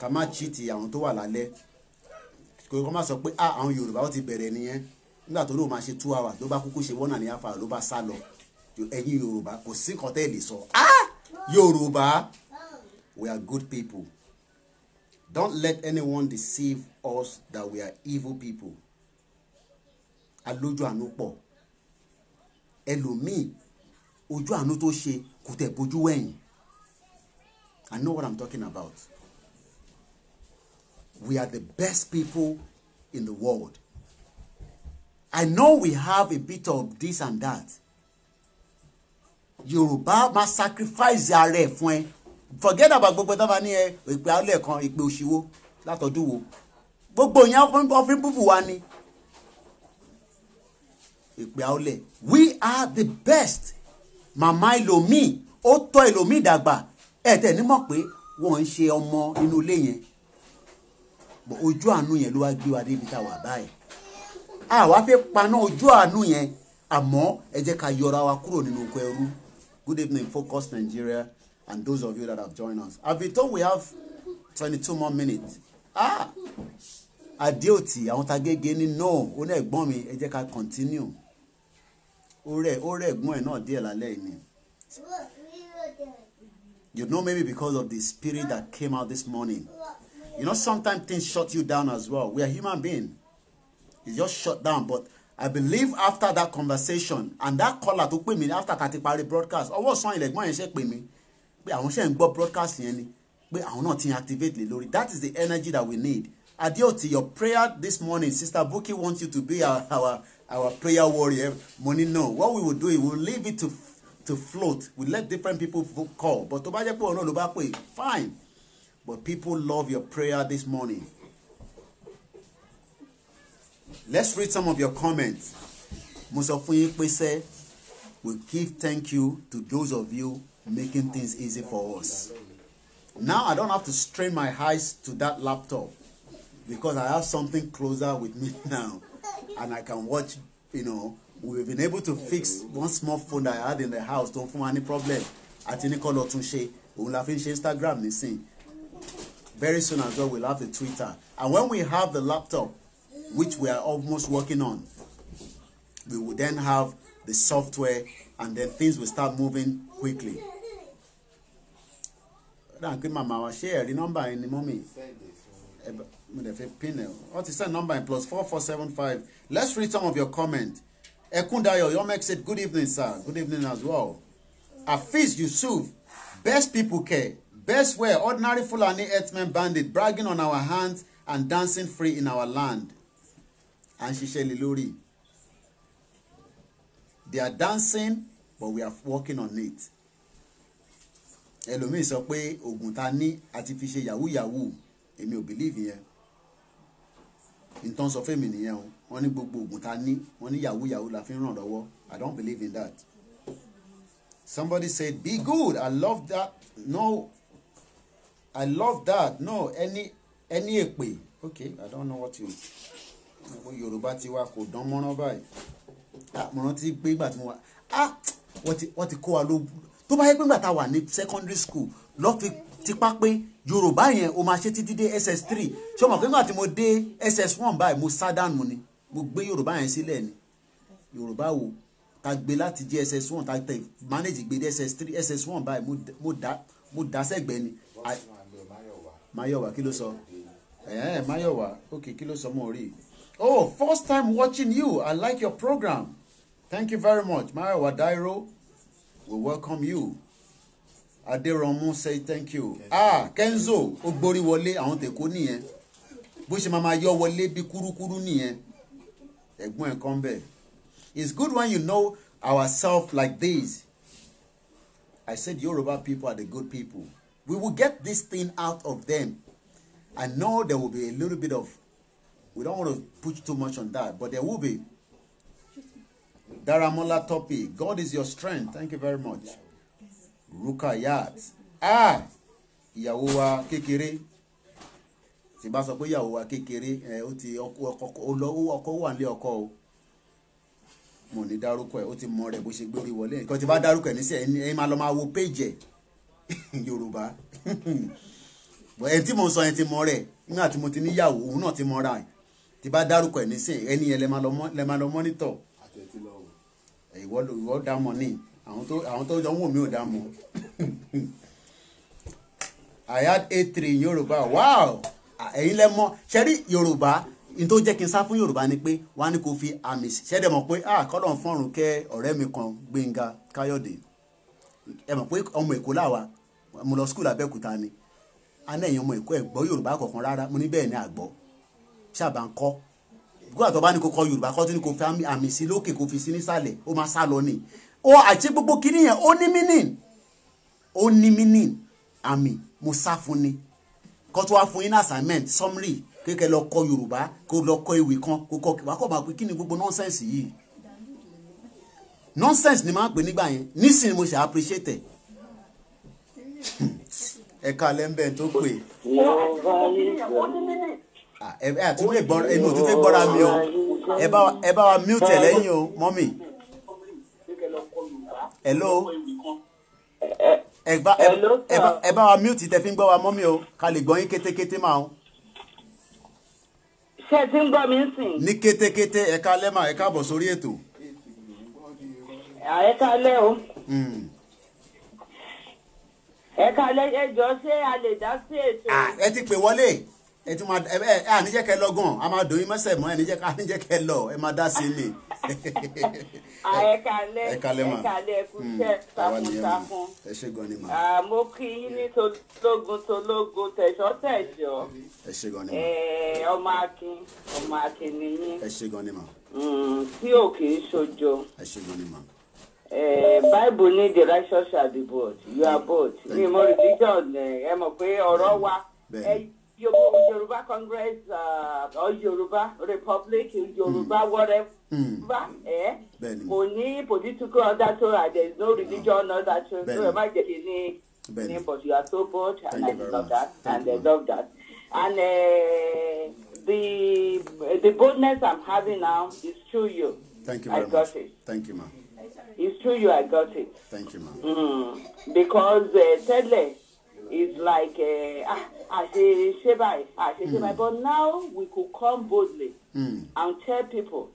ká má cheat àwọn tó wà lálẹ́ kò kọ́ má sọ pé ah àwọn Yorùbá ó ti bẹ̀rẹ̀ nìyẹn nígbà tó lóun máa ṣe two hours ló bá kúkú ṣe one and a half hour ló bá sá lọ ẹ̀yin Yorùbá kò sí kọ́tẹ́ẹ̀lì sọ ah Yorùbá we are good people. Don't let anyone deceive us that we are evil people. Alójú àánú pọ̀. Ẹlòmíì ojú àánú tó ṣe kò tẹ̀ bójú wẹ̀yìn. I know what I'm talking about. We are the best people in the world. I know we have a bit of this and that. Yorùbá máa sacrifice ara ẹ̀ fún ẹ forget about gbogbo tó bá ní ẹ ìpè alẹ́ kan ìpè òṣìwò látọ̀dún wo gbogbo ìyẹn ọfin búbù wa ni ìpè àọlẹ̀ we are the best màmá ìlòmíì ó tọ́ ìlòmíì dàgbà ẹ̀ tẹ̀ ní mọ̀ pé wọ́n ń ṣe ọmọ inú ilé yẹn ojú àánú yẹn ló wá gbé wa débi tá a wà báyìí àwa fẹ́ paná ojú àánú yẹn àmọ́ ẹ jẹ́ ká yọra wa kúrò nínú oko ẹrú good evening focus Nigeria and those of you that have joined us. I've been told we have 22 more minutes. Ah! Adeoti, àwọn tagége ní no, ó ní ẹ̀gbọ́n mi, ẹ jẹ́ ká continue. Ó rẹ̀ ó rẹ̀ ẹ̀gbọ́n ẹ̀ náà díẹ̀ lálẹ́ yìí You know maybe because of the spirit that came out this morning. You know sometimes things shut you down as well. We are human beings. It just shut down but I believe after that conversation and that caller tó pè mí after tàti parí broadcast ọwọ́ sàn ilẹ̀gbọ́n yẹn ṣe pè mí pé àwọn ṣe ń gbọ́ broadcast yẹn ni pé àwọn náà ti activate lè lórí that is the energy that we need adeoti your prayer this morning sister Bukky wants you to be our our our prayer warrior money no what we will do is we will leave it to to float we let different people call but tó bá jẹ́ pé ọ̀nà ló bá pè fine but people love your prayer this morning let's read some of your comments mo sọ fún yín pé sẹ́ we give thank you to those of you making things easy for us. Now I don't have to strain my eyes to that laptop because I have something closer with me now and I can watch, you know, we've been able to fix one small phone that I had in the house Don't ń any problem At any call tún ṣe òun la fi ń ṣe Instagram nísìn very soon as well we'll have the Twitter and when we have the laptop which we are almost working on we will then have the software and then things will start moving quickly ránkì màmá wa ṣé ẹ̀rí nọ́mbà yẹn ni mọ́mì mo dẹ̀ fi pin ẹ̀ wọ́n ti send number yẹn plus four four seven five let's read some of your comments Ekundayo Yomek said good evening sir good evening as well Afeez Yusuf best people care best way ordinary Fulani herdsmen bandit bragging on our hands and dancing free in our land And ń ṣiṣẹ́ lé lórí they are dancing but we are working on it ẹlòmíì sọ pé oògùn ta ní àti fi ṣe yahoo yahoo èmi ò bìlíìfì yẹn nǹkan sọ fún mi nìyẹn o wọ́n ní gbogbo oògùn ta ní wọ́n ní yahoo yahoo la fi ràn lọ́wọ́ I don't believe in that somebody said be good I love that no I love that no any, any èpè okay I don't know what you Yorùbá ti wá kò dán mọ́rán báyìí ah, mo rántí pé ìgbà tí mo wá ah wọ́n ti kó wa lóògùn tó bá yẹ pé gbàtà wà ní secondary school lọ́ fi tipá pé yorùbá yẹn o máa ṣe títí dé ss3 ṣé o mọ̀ pé nígbà tí mo dé ss1 báyìí mo sá dànù ni mo gbé yorùbá yẹn sílẹ̀ ni yorùbá wo ta gbé láti jẹ́ ss1 ta tẹ manage gbé dé ss3 ss1 báyìí mo dá mo dá sẹ́gbẹ́ ni. mayowa kí ló sọ ẹ̀ẹ́n mayowa ok kí ló sọ mọ́ rí i oh first time watching you i like your program thank you very much mayowa dairo we welcome you. Adéròmú say thank you. Ah Kenzo ó gborí wọlé àwọn tèkó nìyẹn. Bó ṣe máa máa yọ wọlé bí kúrúkúrú nìyẹn. Ẹ̀gbọ́n ẹ̀ kan bẹ̀. It's good when you know ourselves like this. I said Yoruba people are the good people. We will get this thing out of them. I know there will be a little bit of, we don't want to put too much on that, but there will be Daramola Topi, God is your strength. Thank you very much. Ruka Rukayat. Ah! Ìyàwó wa kékeré. Tí bá sọ pé ìyàwó wa kékeré, ẹ ó ti ọkọ ọkọ wà nílé ọkọ o. Mo ní dárúkọ ẹ̀, ó ti mọ rẹ̀ bó ṣe gbórí wọlé. Nǹkan tí bá dárúkọ ẹ̀ ní sí ẹ̀, ẹ máa lọ máa wo péjì ẹ̀ Yorùbá. Ẹ̀ tí mo sọ ẹ̀ ti mọ rẹ̀, nígbà tí mo ti níyàwó, òun náà ti mọ ra Tí bá dárúkọ ẹ̀ ní sí ẹ̀, ẹni yẹn lẹ máa lọ mọ́nítọ̀ ìwọ ìwọ dá ní àwọn tó àwọn tó jọ ń wò mí ò dá I had a three in Yoruba. wow ẹ̀yin lẹ mọ̀ ṣẹ́rí Yorùbá n tó jẹ́ kí n sá fún Yorùbá ni pé wọ́n á ní kó fi àmì ṣẹ́dẹ̀ mọ̀ pé ah kọ́lọ̀ ń fọ́run kẹ́ ọ̀rẹ́ mi kan Gbénga Káyọ̀dé ẹ mọ̀ pé ọmọ Èkó làwa mo lọ skul Abẹ́òkúta ni a náà ẹ̀yin ọmọ Èkó ẹ̀ gbọ́ Yorùbá kọ̀ọ̀kan rárá mo ní bẹ́ẹ̀ ni àgbọ̀ ṣàbà ń kọ́ gbọ́dọ̀ tó bá ní kó kọ yorùbá kọ́ tó ní kó fi àmì sí lókè kó fi sí nísàlẹ̀ ó máa sá lọ ni ó àti gbogbo kinní yẹn ó ní meaning ó ní meaning àmì mo sá fún ni kọ́ tó wá fún yín ní assignment summary kékeré lọ kọ yorùbá kó lọ kọ ìwé kan kó kọ wákọ̀ máa pé kí gbogbo nonsense yìí nonsense ni máa ń pè nígbà yẹn nísìnyí mo ṣe appreciate ẹ̀ hm. ẹ̀ka lẹ́ńbẹ̀ẹ́ tó pè. Ah, ẹ àtúntò lè gbọ́ra èmi ò tún fẹ́ gbọ́ra mi o ẹ bá wa mute lẹ́yìn o mọ́mì. hello ẹ bá wa mute tẹ fi ń gbọ́ wa mọ́mì o ká lè gbọ́ yín kétékété máa ń. ṣé tí ń gbọ́ mi sìn. ní kétékété ẹ ká lẹ́mà ẹ káàbọ̀ sórí ètò. ẹ ká lẹ́ o hmm. ẹ ká lẹ́ ẹjọ́ ṣé a lè dá sí ètò. ẹ ti pè wọlé ẹ tún ẹ ẹ àníjẹ́ kẹ lọ́gàn a máa dòyìn mẹ́sẹ̀ mọ́ ẹníjẹ́ àníjẹ́ kẹ lọ ẹ máa dá sí mi. ẹ kalẹ ẹ kalẹ ma ẹ kalẹ ẹkúṣẹ́ hmm, takuntakun ẹ ṣe gan ni ma. mo kí yín ní tológun tológun tẹ̀sọ́ tẹ̀sọ́ ẹ ṣe gan ni ma. ọmọ akin ọmọ akin ni yín. ẹ ṣe gan ni ma. Hmm, tí ò kì í ṣojo. ẹ ṣe gan ni ma. Uh, ní the righteous shall be bold you are bold ní mo religion ẹ mọ̀ pé ọ̀rọ̀ wa ẹ Yoruba Congress uh, or Yoruba Republic, mm. Yoruba mm. whatever, mm. eh? Kò ní political undertone and uh, there is no religion no. undertone. So ẹ má jẹ́ kí ni ni but you are so bold and Thank I love that Thank and you. I love that. And uh, the the boldness I'm having now is through you. Thank you very I got much. it. Thank you, ma'am. It's through you I got it. Thank you, ma'am. Mm. Because uh, tẹ́lẹ̀ it's like eh, ah, àṣe say báyìí àṣe say báyìí hmm. but now we could come boldly mm. and tell people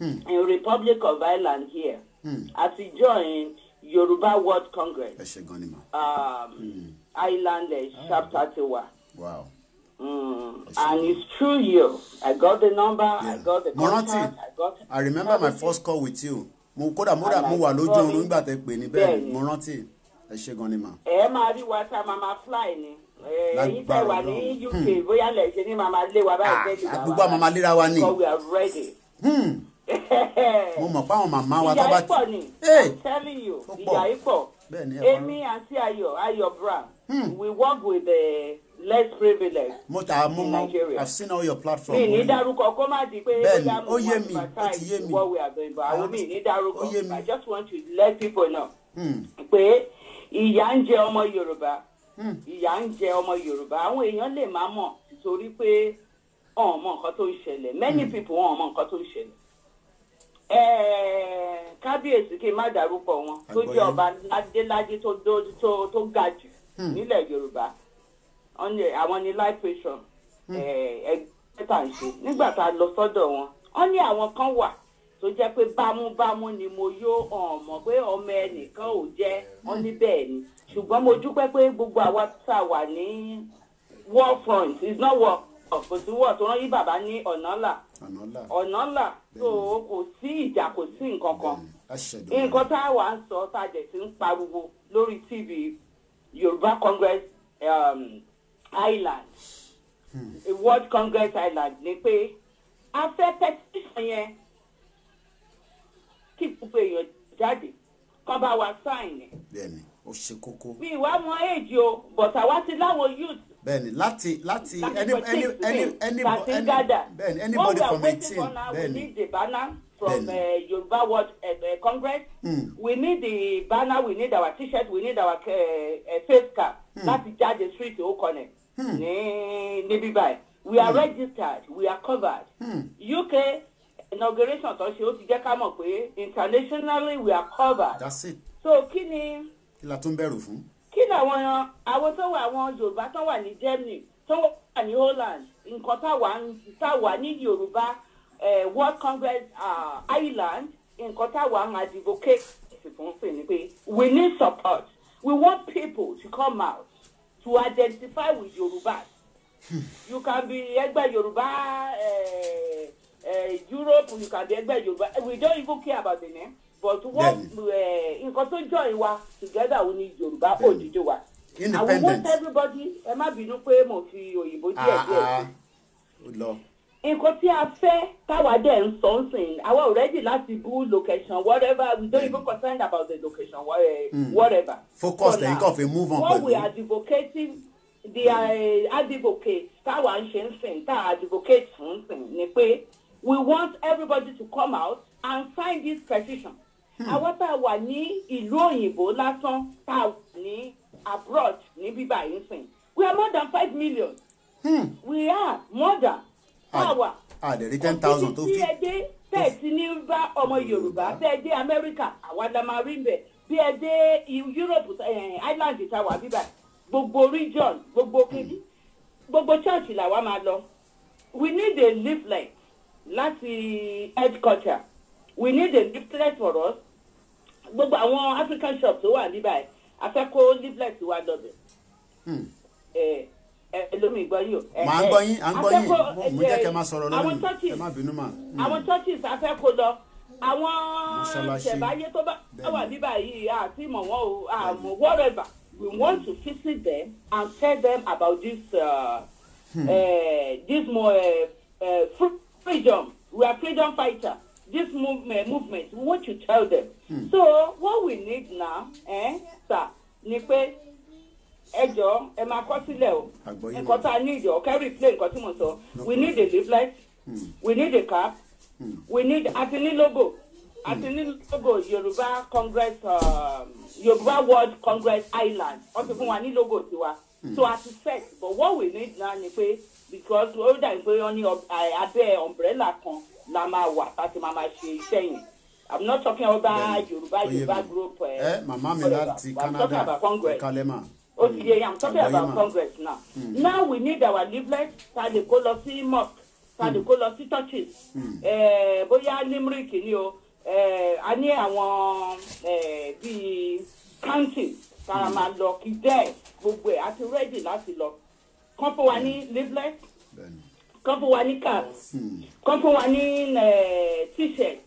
mm. in Republic of Ireland here mm. as we join Yoruba World Congress um, mm. Ireland uh, eh, ah. chapter tiwa. Wow. Mm. And it's true you. I got the number, yeah. I got the contact, I got I remember my first call with you. Mo kódà mo dà mo wà lójú oorun nígbà tẹ́ pè ní bẹ́ẹ̀ mo rántí ẹ ṣe gan ni mà. ẹ máa rí wa tá mama fly ni èyí tẹ wà ní UK hmm. bóyá lẹ́sẹ̀ ní mama lé wa báyìí bẹ́ẹ̀ ah, ni bàbá àgbègbè àwọn mama léra wa ni. we are ready. Hmm. mo mọ̀ pé àwọn màmá wa tó bá ti. ìyá ipò ni i'm telling you ìyá ipò èmi àti ayọ̀ ayọ̀ brown hmm. we work with the less privileged Mota, in Nigeria. I've seen all your platform. mi ní dárúkọ kó má di pé bóyá mo wà ní bàtà ìwọ we are àwọn mi ní dárúkọ I just want to let people know pé. Hmm ìyà ń jẹ ọmọ yorùbá hmm. ìyà ń jẹ ọmọ yorùbá àwọn èèyàn lè má mọ̀ torí pé wọn ò mọ nǹkan tó ń ṣẹlẹ̀ many hmm. people wọn ò mọ nǹkan tó ń ṣẹlẹ̀ kábíyèsí kí n má dárúkọ wọn tó jẹ́ ọba ládéládé tó ga jù hmm. nílẹ̀ yorùbá àwọn ni life patient ẹgbẹ́ tà ń ṣe nígbà tá a lọ sọ́dọ̀ wọn wọ́n ní àwọn kan wà tó jẹ́ pé bámúbámú ni mo yó ọmọ pé ọmọ ẹnìkan ò jẹ́ wọn níbẹ̀ ni ṣùgbọ́n mo dúpẹ́ pé gbogbo àwa tá a wà ní war front is not war kò sí war tó rán yí bàbá ní ọ̀nà là ọ̀nà là tó kò sí ìjà kò sí nǹkan kan nǹkan tá a wà ń sọ tá a jẹ̀ sí ń pariwo lórí tv yorùbá congress um, island hmm. world congress island ni pé a fẹ́ pẹ́tíṣàn yẹn kí gbogbo èèyàn jáde kán bá wa sáìn ẹ̀. bẹ́ẹ̀ni ó ṣe kókó. mi ìwà mọ èjì o bọ̀tà wá ti láwọn youth bẹ́ẹ̀ni láti láti any any any any bẹ́ẹ̀ni anybody from eighteen bẹ́ẹ̀ni from uh, eh, Yoruba World uh, uh, Congress. Mm. We need the banner, we need our t-shirt, we need our uh, uh, face cap. Mm. Láti jáde street Okone. Mm. Ní níbí báyìí. We are mm. registered, we are covered. Mm. UK inauguration tó ṣe ó ti jẹ́ ká mọ̀ pé internationally we are covered. that's it. so kí ni. kí la tún bẹ̀rù fún. kí ni àwọn àwọn tó wà àwọn yorùbá tó wà ní germany tó wà ní holland nǹkan táwa táwa ní yorùbá eh, world congress uh, island nǹkan táwa ń advocate fún fún ni pé we need support we want people to come out to identify with yorùbá hmm. you can be ẹgbẹ́ yorùbá. Uh, uh, Europe you can be ẹgbẹ́ Yorùbá eh, we don't even care about the name but what eh, nǹkan tó join wa together we need Yorùbá òdìjọ wa and we want everybody ẹ má bínú pé mo fi òyìnbó díẹ̀ ah, díẹ̀ ah, nǹkan tí a fẹ́ táwa dẹ̀ ń sọ ń sìn already láti bú location whatever we don't even concern about the location hmm. whatever. focus lẹ́yìn kan fi move on pẹ̀lú. what we are advocating the uh, advocate táwa ń ṣe ń sìn advocate fún sìn ni pé we want everybody to come out and sign this petition. Hmm. àwọn tá a wà ní ìlú òyìnbó lásán tá a wà ní abroad ní bíbá yìí sìn we are more than five million. Hmm. we are more than. àwa àdèrí ten thousand tó fi. ẹ dé bẹ́ẹ̀ ti ní bá ọmọ yorùbá bẹ́ẹ̀ dé amẹ́ríkà àwa la máa rí bẹ́ẹ̀ bí ẹ dé europe eh, island ta wà bíbá gbogbo region gbogbo kìdí hmm. gbogbo church làwa máa lọ we need a leaflet láti headquarter we need a leaflet for us gbogbo àwọn african shop tó wà níbà yìí a fẹ́ kó leaflet wa dọ̀bẹ̀ hmm. lómi ìgbọ́ yìí o. mà á gbọ́ yín à ń gbọ́ yín mo jẹ́ kẹ́ máa sọ̀rọ̀ lórí ẹ má bínú mà. Hmm. àwọn churches a fẹ́ kó lọ àwọn ṣẹ̀báyé tó bá wà níbà yìí àti mọ̀ wọ́n o àmọ́ whatever we want to visit them and tell them about this uh, hmm. uh, this more uh, uh, eh, fruit freedom. We are freedom fighters. This movement, movement, What you tell them. Hmm. So what we need now, eh, sir, ni pé ẹjọ́ ẹ máa kọ sílẹ̀ o. Nǹkan tá a need o, kẹ́rì play nǹkan tí mo sọ. We need a leaflet. Hmm. We need a cap. Hmm. We need àti ní logo. Àti hmm. ní logo Yoruba Congress um, Yorùbá World Congress Island. Wọ́n ti fún wa ní logo tiwa. Hmm. So àti set but what we need now ni pé because ó dàbí pé wọ́n ní abẹ́ umbrella kan la máa wà láti máa máa ṣe iṣẹ́ yẹn i'm not talking about yorùbá yorùbá group. Eh, màmá mi láti canada kalẹ́ mà. ó ti yẹ i'm talking about congress now. Mm. now we need our leaflet ta lè kó lọ sí mosque ta lè hmm. kó lọ sí churches hmm. eh, bóyá limerick ni o eh, a ní àwọn eh, bíi county tá a hmm. máa lọ kí dẹ́ẹ̀ gbogbo ẹ̀ àti ready láti lọ kán fún wa ní leaflet kán fún wa ní cap hmm. kán fún wa ní eh, t-shirt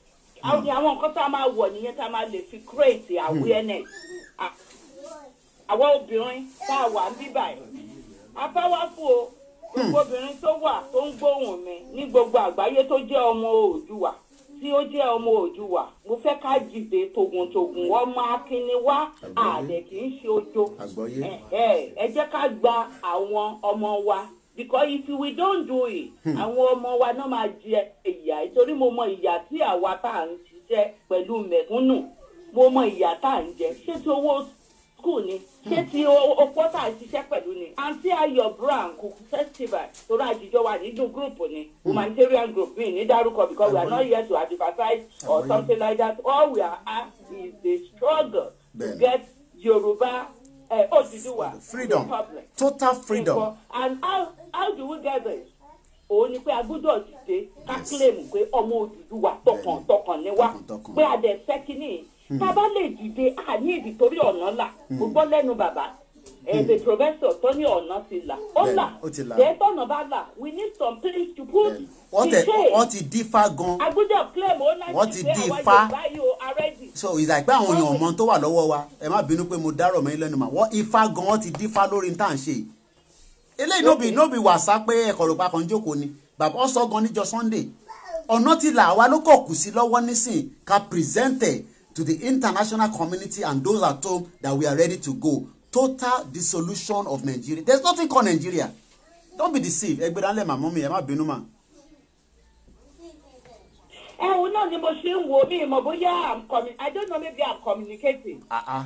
hmm. àwọn nǹkan tá a máa wọ̀ nìyẹn tá a máa lè fi create awareness hmm. àwa obìnrin tá a wà ń bíbà yìí afáwáfù o gbogbo obìnrin tó wà tó ń gbóhùn mi ní gbogbo àgbáyé tó jẹ́ ọmọ Oòduà tí ó jẹ́ ọmọ Òdùwà mo fẹ́ ká jìde tògùntògùn ọmọ akínni wá àlẹ́ kì í ṣe ojo ẹ jẹ́ ká gba àwọn ọmọ wa because if we don't do it hmm. àwọn ọmọ wa náà máa jẹ ìyà nítorí mo mọ ìyà tí àwa tá à ń ṣiṣẹ́ pẹ̀lú mẹ̀kúnnù mo mọ ìyà tá à ń jẹ ṣé tí owó school ni hmm. ṣé ti okó tá a ṣiṣẹ́ pẹ̀lú ni àǹtí ayọ̀ brown kò festival torí àjíjọ wà nínú group ni hmm. humanitarian group mi ní dárúkọ because we are not here to advertise or something like that all we are at is the struggle to get Yoruba uh, eh, Oduduwa freedom total freedom and how how do we get this òun ni pé a gbọ́dọ̀ dìde ká claim pé ọmọ Oduduwa tọkàntọkàn ni wá pé a dẹ̀ fẹ́ kínní Hmm. bàbá lè dìde àní ìdí torí ọ̀nà là hmm. mo gbọ́ lẹ́nu bàbá hmm. ẹ̀ẹ́dẹ̀ professor tó ní ọ̀nà ti là ó là dẹ́tọ̀ ọ̀nà bá là we need some things to put in place. wọ́n ti di fa gan. agbójọ claim ó láti wọ́n ti di fa so ìgbà ìgbà àwọn èèyàn ọmọ tó wà lọ́wọ́ wa ẹ má bínú pé mo dárò mọ́ ilé ẹnu mà wọ́n ifá gan wọ́n ti di fa lórí ní tà ń ṣe eléyìí nóbi nóbi wàsá pé ẹ̀kọ́ ló pa kan jókòó ni bàbá ọ̀sọ́ gan níjọ Sunday ọ̀nà ti là wá ló kọ̀ kù sí lọ́wọ́ nísìn ká pírẹsẹ̀ntẹ̀ to the international community and those at home that we are ready to go total dissolution of Nigeria there's nothing called Nigeria don't be deceived ẹgbẹ́dánlẹ̀ màmú mi ẹ má bínú mà. ẹ̀hún náà ni mo ṣe ń wo mi ìmọ̀ bóyá i'm coming i don't know maybe i'm communicating. Uh-uh.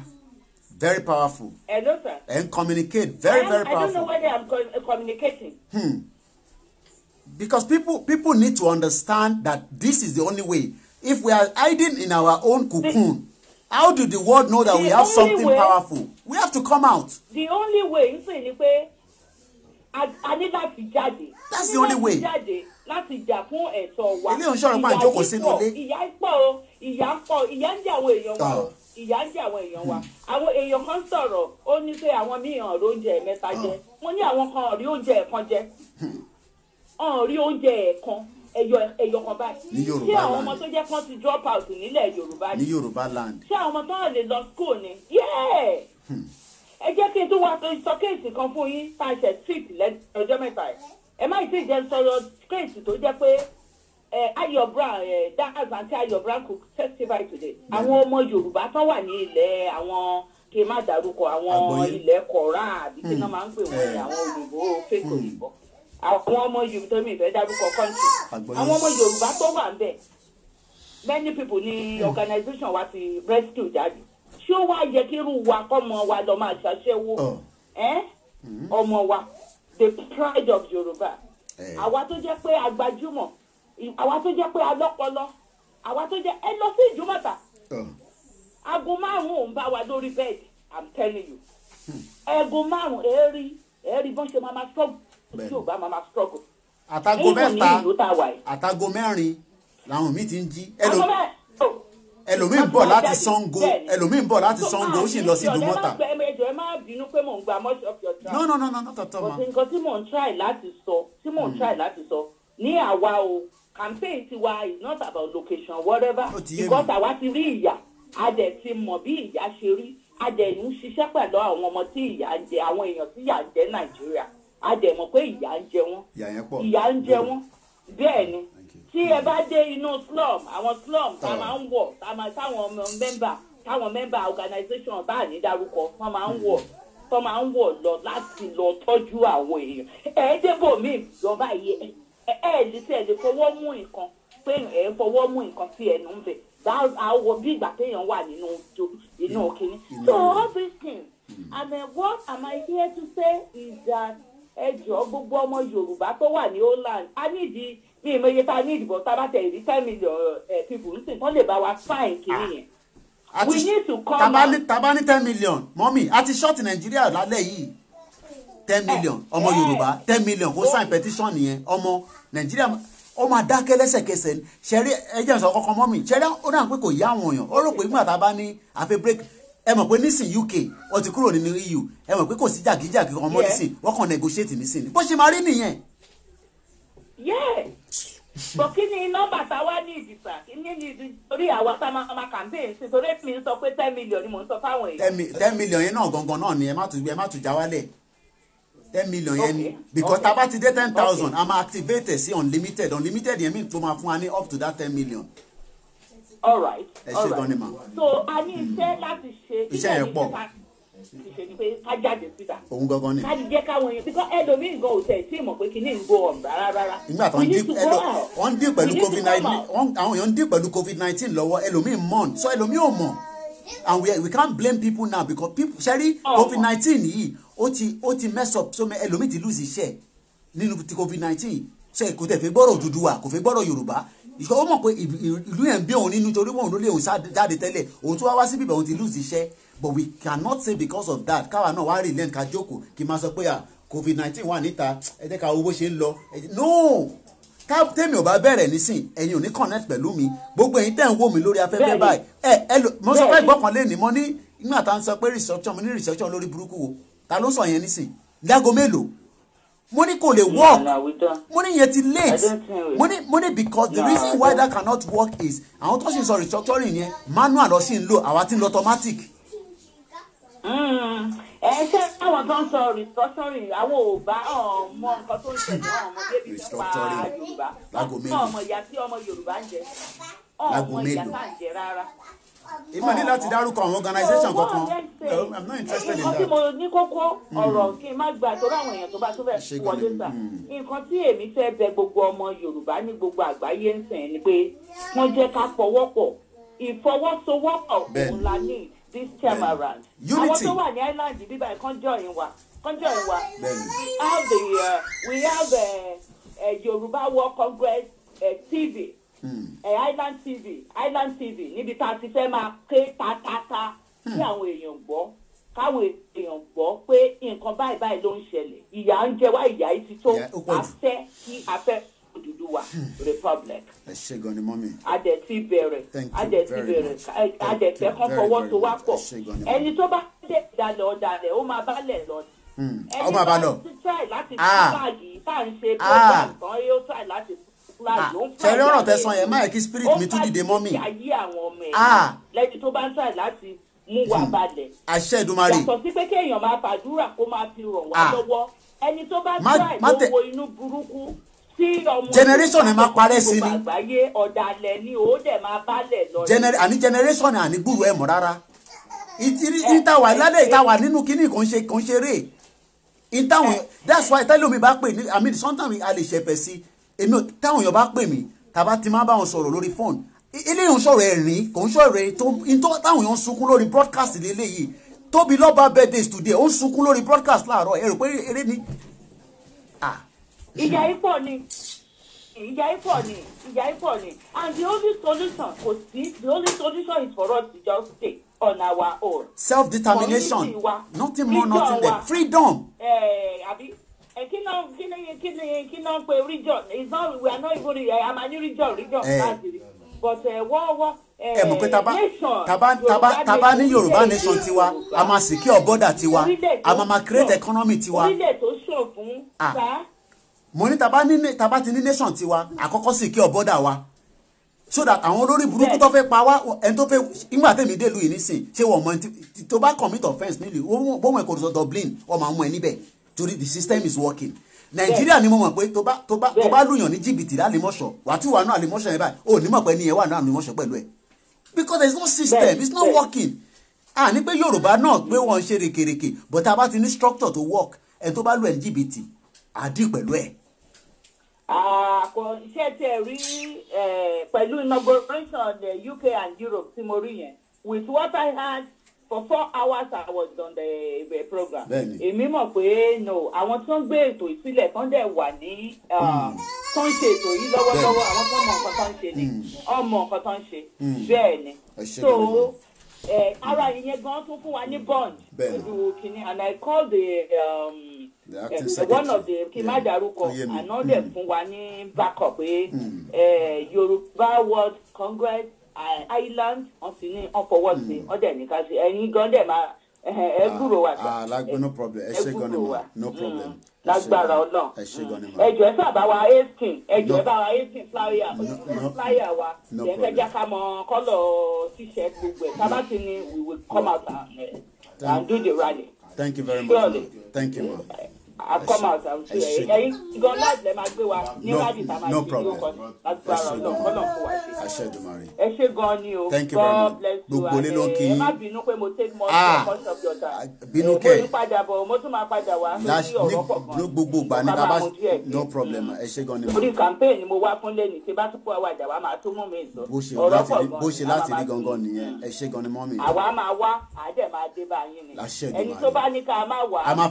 very powerful. hello sir. and communicate very very powerful. i don't know whether i'm co uh, communicating. Hmm. because people people need to understand that this is the only way if we are hiding in our own cocoon, the, how do the world know that we have something way, powerful? We have to come out. The only way ń sìn ni pé a ní láti jáde. That's the only way. jáde láti jà fún ẹ̀tọ́ wa. ilé ìṣòro máa jókòó sínú ilé. ìyá pọ̀ o ìyá pọ̀ ìyá ń jẹ àwọn èèyàn wa o ah. ìyá ń jẹ àwọn èèyàn wa. Hmm. àwọn èèyàn kan sọ̀rọ̀ ó ní pé àwọn míì hàn lóúnjẹ mẹ́ta jẹ. Ah. mo ní àwọn kan rí oúnjẹ ẹ̀kan jẹ. hàn hmm. rí oúnjẹ ẹ̀kan ẹyọ ẹyọ kan báyìí. ní yorùbá land ṣé àwọn ọmọ tó jẹ́ kán ti drop out nílẹ̀ yorùbá ní yorùbá land. ṣé àwọn ọmọ tó lè lọ school ni. Hmm. ẹ jẹ́ kí n tún wá sọ kéèsì kan fún yín tá a ṣe street lọ́jọ́ mẹ́ta yìí ẹ má ti jẹ́ sọ̀rọ̀ kéèsì tó jẹ́ pé ayọ̀bra dan azante ayọ̀bra cook testify today hmm. àwọn ọmọ yorùbá tó wà ní ilẹ̀ àwọn kí n má dárúkọ àwọn ilẹ̀ kọ̀ọ̀rán àbí kí n máa ń pè wọ́n ní eh. àwọn òyìnbó fẹ́kọ̀ọ́ àwọn ọmọ yorùbá mi ìfẹ́ dárúkọ kọ́ńtì àwọn ọmọ yorùbá tó wà ń bẹ̀ many people ní organisation wa ti rescue jáde ṣé ó wá yẹ kí irú wa kọ́mọ wa lọ máa ṣàṣẹ́wó hmm. ọmọ wa the pride of yorùbá àwa tó jẹ́ pé agbájúmọ̀ àwa tó jẹ́ pé alọ́pọlọ àwa tó jẹ́ ẹ lọ sí ìjùmọ̀ta aago márùn-ún ò ń bá wa lórí bẹ́ẹ̀dì i'm telling you ẹ̀gùn hmm. márùn-ún èérí èérí bọ́n ṣe máa ma sọ́gbù yóò bá máa struggle. àtago mẹ́ta àtago mẹ́rin làwọn míì ti ń jí oh. ẹlòmíì ń bọ̀ láti Ṣàngó ẹlòmíì ń bọ̀ láti Ṣàngó ó sì lọ sí Ìdúmọ̀tà. Ah, ẹjọ no no no no not at all ma. nǹkan tí mò ń try láti sọ tí mò ń hmm. try láti sọ ní àwa o campaign tiwa is not about location whatever because àwa ti rí ìyà a dẹ̀ ti mọ̀ bí ìyà ṣe rí a dẹ̀ ń ṣiṣẹ́ pẹ̀lú àwọn ọmọ tí ìyà ń jẹ àwọn èèyàn tí ìyà ń jẹ Nàìjíríà a dẹ̀ mọ̀ pé ìyà ń jẹ wọ́n ìyà ń jẹ wọ́n bẹ́ẹ̀ ni tí ẹ bá dé inú slum àwọn slum tá máa ń wọ̀ táwọn ọmọ mẹ́mbà táwọn mẹ́mbà organization bá ní dárúkọ wọ́n máa ń wọ̀ tó máa ń wọ̀ lọ láti lọ tọ́jú àwọn èèyàn ẹ̀ẹ́dẹ́gbò mi lọ́ba yìí ẹ̀ẹ́dẹ́sẹ̀ lè fọwọ́ mú nǹkan pé ẹ̀ ń fọwọ́ mú nǹkan sí ẹnu ń bẹ̀ àwọn bí ìgbà téèyàn wà nínú inú kínní. So all these things hmm. I mean what am I here to say is that ẹ jọ̀ọ́ gbogbo ọmọ Yorùbá tó wà ní Holland a nídìí bí ìmọye tá a ní ìdìbò tá ìdí ten million eh, people ń sìn kán lè bá wa fáìn kiri ah. yẹn. we need to call. out. taba ní ten million mọ́mì a ti ṣọ́ọ̀tì Nàìjíríà lálẹ́ yìí ten eh, million ọmọ Yorùbá eh. ten million kó sign oh. petition nìyẹn ọmọ Nàìjíríà ó máa dákẹ́ lẹ́sẹ̀kẹsẹ̀ ṣẹ́rí ẹjẹ́ sọ kọ́kọ́ mọ́mì ṣẹ́rí ó náà pé kò yá àwọn èèyàn ó rò pé nígbà tá a bá ní àfi break ẹ mọ̀ pé nísìn UK wọ́n ti kúrò nínú EU ẹ mọ̀ pé kò sí jàgíjàgí ọmọ nísìn wọ́n kàn negotiate nísìn bó ṣe máa rí nìyẹn. yẹ́ẹ̀ bọ̀ kí ni nọ́mbà tá a wá ní ìdìbà kí ni orí àwa tá a máa ma campaign sí torí mi sọ pé ten million ni mò ń sọ fáwọn èèyàn. ten million yẹn náà gangan náà ni ẹ má tún ẹ má tún já wálẹ̀ ten million yẹn ni because tá a bá ti dé ten thousand a máa activate sí unlimited unlimited yẹn mi tó máa fún wa ní up to that ten million all right all right so a ní iṣẹ́ láti ṣe iṣẹ́ yẹn pọ̀ ìṣe ni pé ká jáde síta òun gangan ni ká jẹ́ káwọn yẹn bíkọ́ ẹlòmíì gan ò tẹ̀ tí ìmọ̀ pé kí ní ń go on rárá rárá nígbà tó ń dín ẹlò wọ́n ń dín pẹ̀lú covid nineteen àwọn èèyàn ń dín pẹ̀lú covid nineteen lọ́wọ́ ẹlòmíì mọ̀ so ẹlòmíì ò mọ̀ and we, we can't blame people now because people ṣẹ́rí covid nineteen yìí ó ti ó ti mess up so ẹlòmíì ti lose iṣẹ́ nínú ti covid nineteen ṣe kò tẹ̀ fi gbọ́rọ̀ Odùduwà kò fi gbọ́rọ̀ Yorùbá ó mọ̀ pé ìlú yẹn bí òun nínú torí wọn ò lè òun jáde tẹ́lẹ̀ òun tó wá wá síbí òun ti lose iṣẹ́ but we cannot say because of that káwa náà wá rí lẹ́nu ká jókòó kí n máa sọ pé à ah, covid nineteen wà níta ẹ jẹ́ ká owó ṣe ń lọ no ká tèmi ò bá bẹ̀rẹ̀ nísìn ẹ̀yin ò ní connect pẹ̀lú mi gbogbo ẹ̀yin tẹ̀ ń wò mí lórí afẹ́fẹ́ báyìí ẹ ẹ mo sọ pé ìgbọ́kàn lè ní mo ní nígbà tá à ń sọ pé research mi ní research lórí burúkú wo mo ní kò lè work mo ní yẹn ti late mo ní mo ní because the reason why that cannot work is àwọn tó ṣì sọ restructuring yẹn manual lọ sí ń lò àwa ti ń lọ automatic. Hmm. ẹ ṣe àwọn tó ń sọ restructuring àwọn ò bá ọmọ nǹkan tó ń ṣe ní ọmọ nípa Yorùbá ọmọ ìyá tí ọmọ Yorùbá ń jẹ ọmọ ìyá tá à ń jẹ rárá ìmọ̀ ní láti dárúkọ àwọn organisation kankan um, i'm not interested in that. nǹkan tí mo ní kókó hmm. ọ̀rọ̀ kí n má gbà tó ráwọn èèyàn tó bá tó fẹ́ wọlé gbà hmm. nǹkan tí èmi fẹ́ bẹ gbogbo ọmọ yorùbá ní gbogbo àgbáyé ń sìn ni pé wọ́n jẹ́ ká fọwọ́pọ̀ ìfọwọ́sowọ́pọ̀ òun la ní this time around àwọn tó wà ní island bíbá ẹ̀ kán jọ ìwà kán jọ ìwà uh, we have uh, uh, yorùbá world congress uh, tv ẹ eh, Island TV Island TV níbi tá a ti fẹ́ máa ké tatata kí hmm. àwọn èèyàn gbọ́ káwọn èèyàn gbọ́ pé nǹkan báyìí báyìí ló ń ṣẹlẹ̀ ìyà ń jẹ wá ìyà yìí ti tó afẹ́ kí afẹ́ Odùduwà hmm. republic. ẹ ṣe gan ni mọ́mí. adẹ̀ ti bẹ̀rẹ̀ adẹ̀ ti bẹ̀rẹ̀ adẹ̀ fẹ́ kán fọwọ́ tó wá pọ̀ ẹni tó bá dé ìdálẹ̀ ọ̀dàlẹ̀ ó máa bálẹ̀ lọ ni. Hmm. ó máa bá ẹni tó bá ti try láti fún ah. báàgì tá à ń ṣe program ah. kan yóò try láti fún. Ah, ṣẹ̀rí ọ̀rọ̀ tẹ̀sán yẹn máa kí spirit mi tún dìde mọ́ mi. Ah. lẹ́ni tó bá ń tà láti mú wa hmm. balẹ̀. àṣẹ Èdùmàrè. yàtọ̀ sí pé kéèyàn máa fàdúrà kó máa fi ràn wá ah. lọ́wọ́ ẹni tó bá tà ló wo inú burúkú tí ọmọ generation ẹ máa parẹ́ sí ni àgbáyé ọ̀dàlẹ̀ ni ó dẹ̀ máa bálẹ̀ lọ. àní generation àní gbúrú ẹ̀ mọ̀ rárá ìtawà lálẹ́ ìtawà nínú kínní kò ń ṣe kò ń ṣeré ìtawà eh. that's why tẹ́lẹ̀ omi bá pè ní i mean sometimes a lè ṣẹ̀fẹ̀ sí i èmi táwọn èèyàn bá pè mí tàbá ti máa bá wọn sọ̀rọ̀ lórí fóònù e, eléyìí ń sọ̀rọ̀ ẹ̀rín kò ń sọ̀rọ̀ ẹ̀rín tó táwọn èèyàn ń sunkún lórí broadcast lélẹ́yìí Tóbi Lọ́ba birthday today ó ń sunkún lórí broadcast láàárọ̀ ẹ̀rù pé eré ni. ìjà ipò ni ìjà ipò ni ìjà ipò ni and the only solution kò sí the only solution is for us to just stay on our own. self-determination nothing more nothing less freedom. Eh, Eh, kí náà not we are not eh, a ma region region eh. káàkiri but wọ́wọ́ ẹ mọ̀ pé taba ní yorùbá nation tiwa a máa secure border tiwa a máa máa create economy tiwa. Ah, tó sọ fún ta. mo ní taba ti ní nation tiwa àkọ́kọ́ secure border wa so that àwọn olórí burúkú tó fẹ́ pa wá ẹni tó fẹ́ ìgbà tèmi dèlú yìí nísìn ṣé wọ́n mọ̀ tó bá commit offence nílùú bóun ẹ̀kọ́ tó sọ Dublin wọ́n máa mú ẹ níbẹ̀ torí the system is working nàìjíríà ni mo mọ̀ pé tó bá tó bá tó bá lùyàn ní jìbìtì lálẹ́mọ̀ṣọ́ wàtí wà náà àlẹ́mọ̀ṣọ́ yẹn báyìí ò ní mọ̀ pé ní ẹ wà náà àlẹ́mọ̀ṣọ́ pẹ̀lú ẹ because there is no system it's not working à ní pé yorùbá náà pé wọ́n ń ṣe rekereke but a bá ti ní structure to work ẹ tó bá lù ẹ ní jìbìtì àdí pẹ̀lú ẹ. àkọ iṣẹ́ tí ẹ rí pẹ̀lú inauguration the UK and Europe tí mo rí yẹn with what I had for four hours I was on the, the program. Èmi mọ̀ pé no àwọn tó ń gbé ètò ìsílẹ̀ tán dẹ̀ wà ní uh, hmm. tó ń ṣe ètò yìí lọ́wọ́lọ́wọ́ àwọn tó mọ nǹkan tó ń ṣe ni hmm. ọmọ nǹkan tó ń ṣe hmm. bẹ́ẹ̀ ni so eh, ara ìyẹn gan tún fún wa ní bond pẹ̀lú kínní and I call the. Um, the uh, one of the kí n má dárúkọ àná dẹ̀ fún wa ní backup pé eh, Yorùbá World Congress island wọn sì ní sí hmm. ọdẹ ní ká sí gan dẹ̀ máa ẹ ah, gbúrò wa sá ah, no problem ẹ ṣe gan no hmm. problem lágbára Ọlọ́run ẹjọ hmm. ẹ sábà wa eighteen ẹjọ ẹ bá wa eighteen flyer wa ẹ fẹ́ jẹ́ ká mọ̀ kọ́lọ̀ gbogbo ẹ̀ sábà ni we will come out eh, and do the rally. thank you very much ma thank you ma. I've come out I'm sure ẹ̀yin gan láti lè máa gbé wa ní rádìí tá a máa God bless you and ẹ má bínú pé mo ah, gbogbo ìgbà ní bàbá no problem ẹ ṣe gan ni. orí campaign mo wá fún lẹ́nu tí bá tún kó àwàdà wa máa tó mú mi sọ ọ̀rọ̀ pọ̀ gan bó ṣe láti rí gangan nìyẹn ẹ ṣe gan ni mọ́mì. àwa máa wá àdẹ̀ máa dé báyìí ni ẹni tó bá ní ká máa wá náà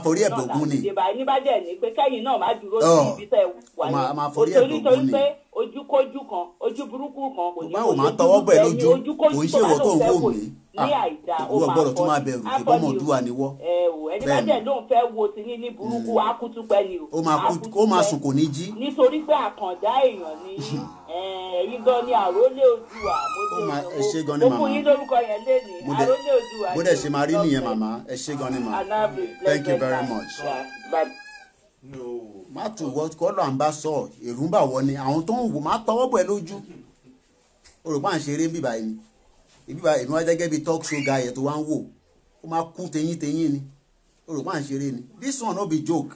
láti dé báyìí oníbàjẹ́ ni pé kẹ́yìn náà má dúró sí ibi tẹ́ wà ní òtòrí torí pé ojúkójú kan ojú burúkú kan kò ní kó ojú bẹ́ẹ̀ ni ojúkójú tó bá lòun fẹ́ wò ní ah, àìdá ó máa kọ́ ni abọ́dúwà ni wọ́ ẹni bá dẹ̀ lóun fẹ́ wo ti ní ní burúkú akútúpẹ́ hmm. ni o ó máa sùn kò ní jí. nítorí pé àkàndá èèyàn ni ẹ̀yin gan ni àrólé Oòduà mo fún yín lórúkọ yẹn léni àrólé Oòduà ni mo dẹ̀ ṣe máa rí nìyẹn màmá ẹ ṣé gan ni màmá thank you very much. Yeah, má tù wọ kọ́lọ̀ à ń bá sọ èrúmbà wọ ni àwọn tó ń wò má tọwọ́ bọ̀ ẹ́ lójú olùkọ́ à ń ṣeré bíbá yìí ìbíbá èmi wá gẹ́gẹ́ bíi talk show guy ẹ̀ tó wá ń wò ó máa kú tẹ̀yìn tẹ̀yìn ni olùkọ́ à ń ṣeré ni this one no be joke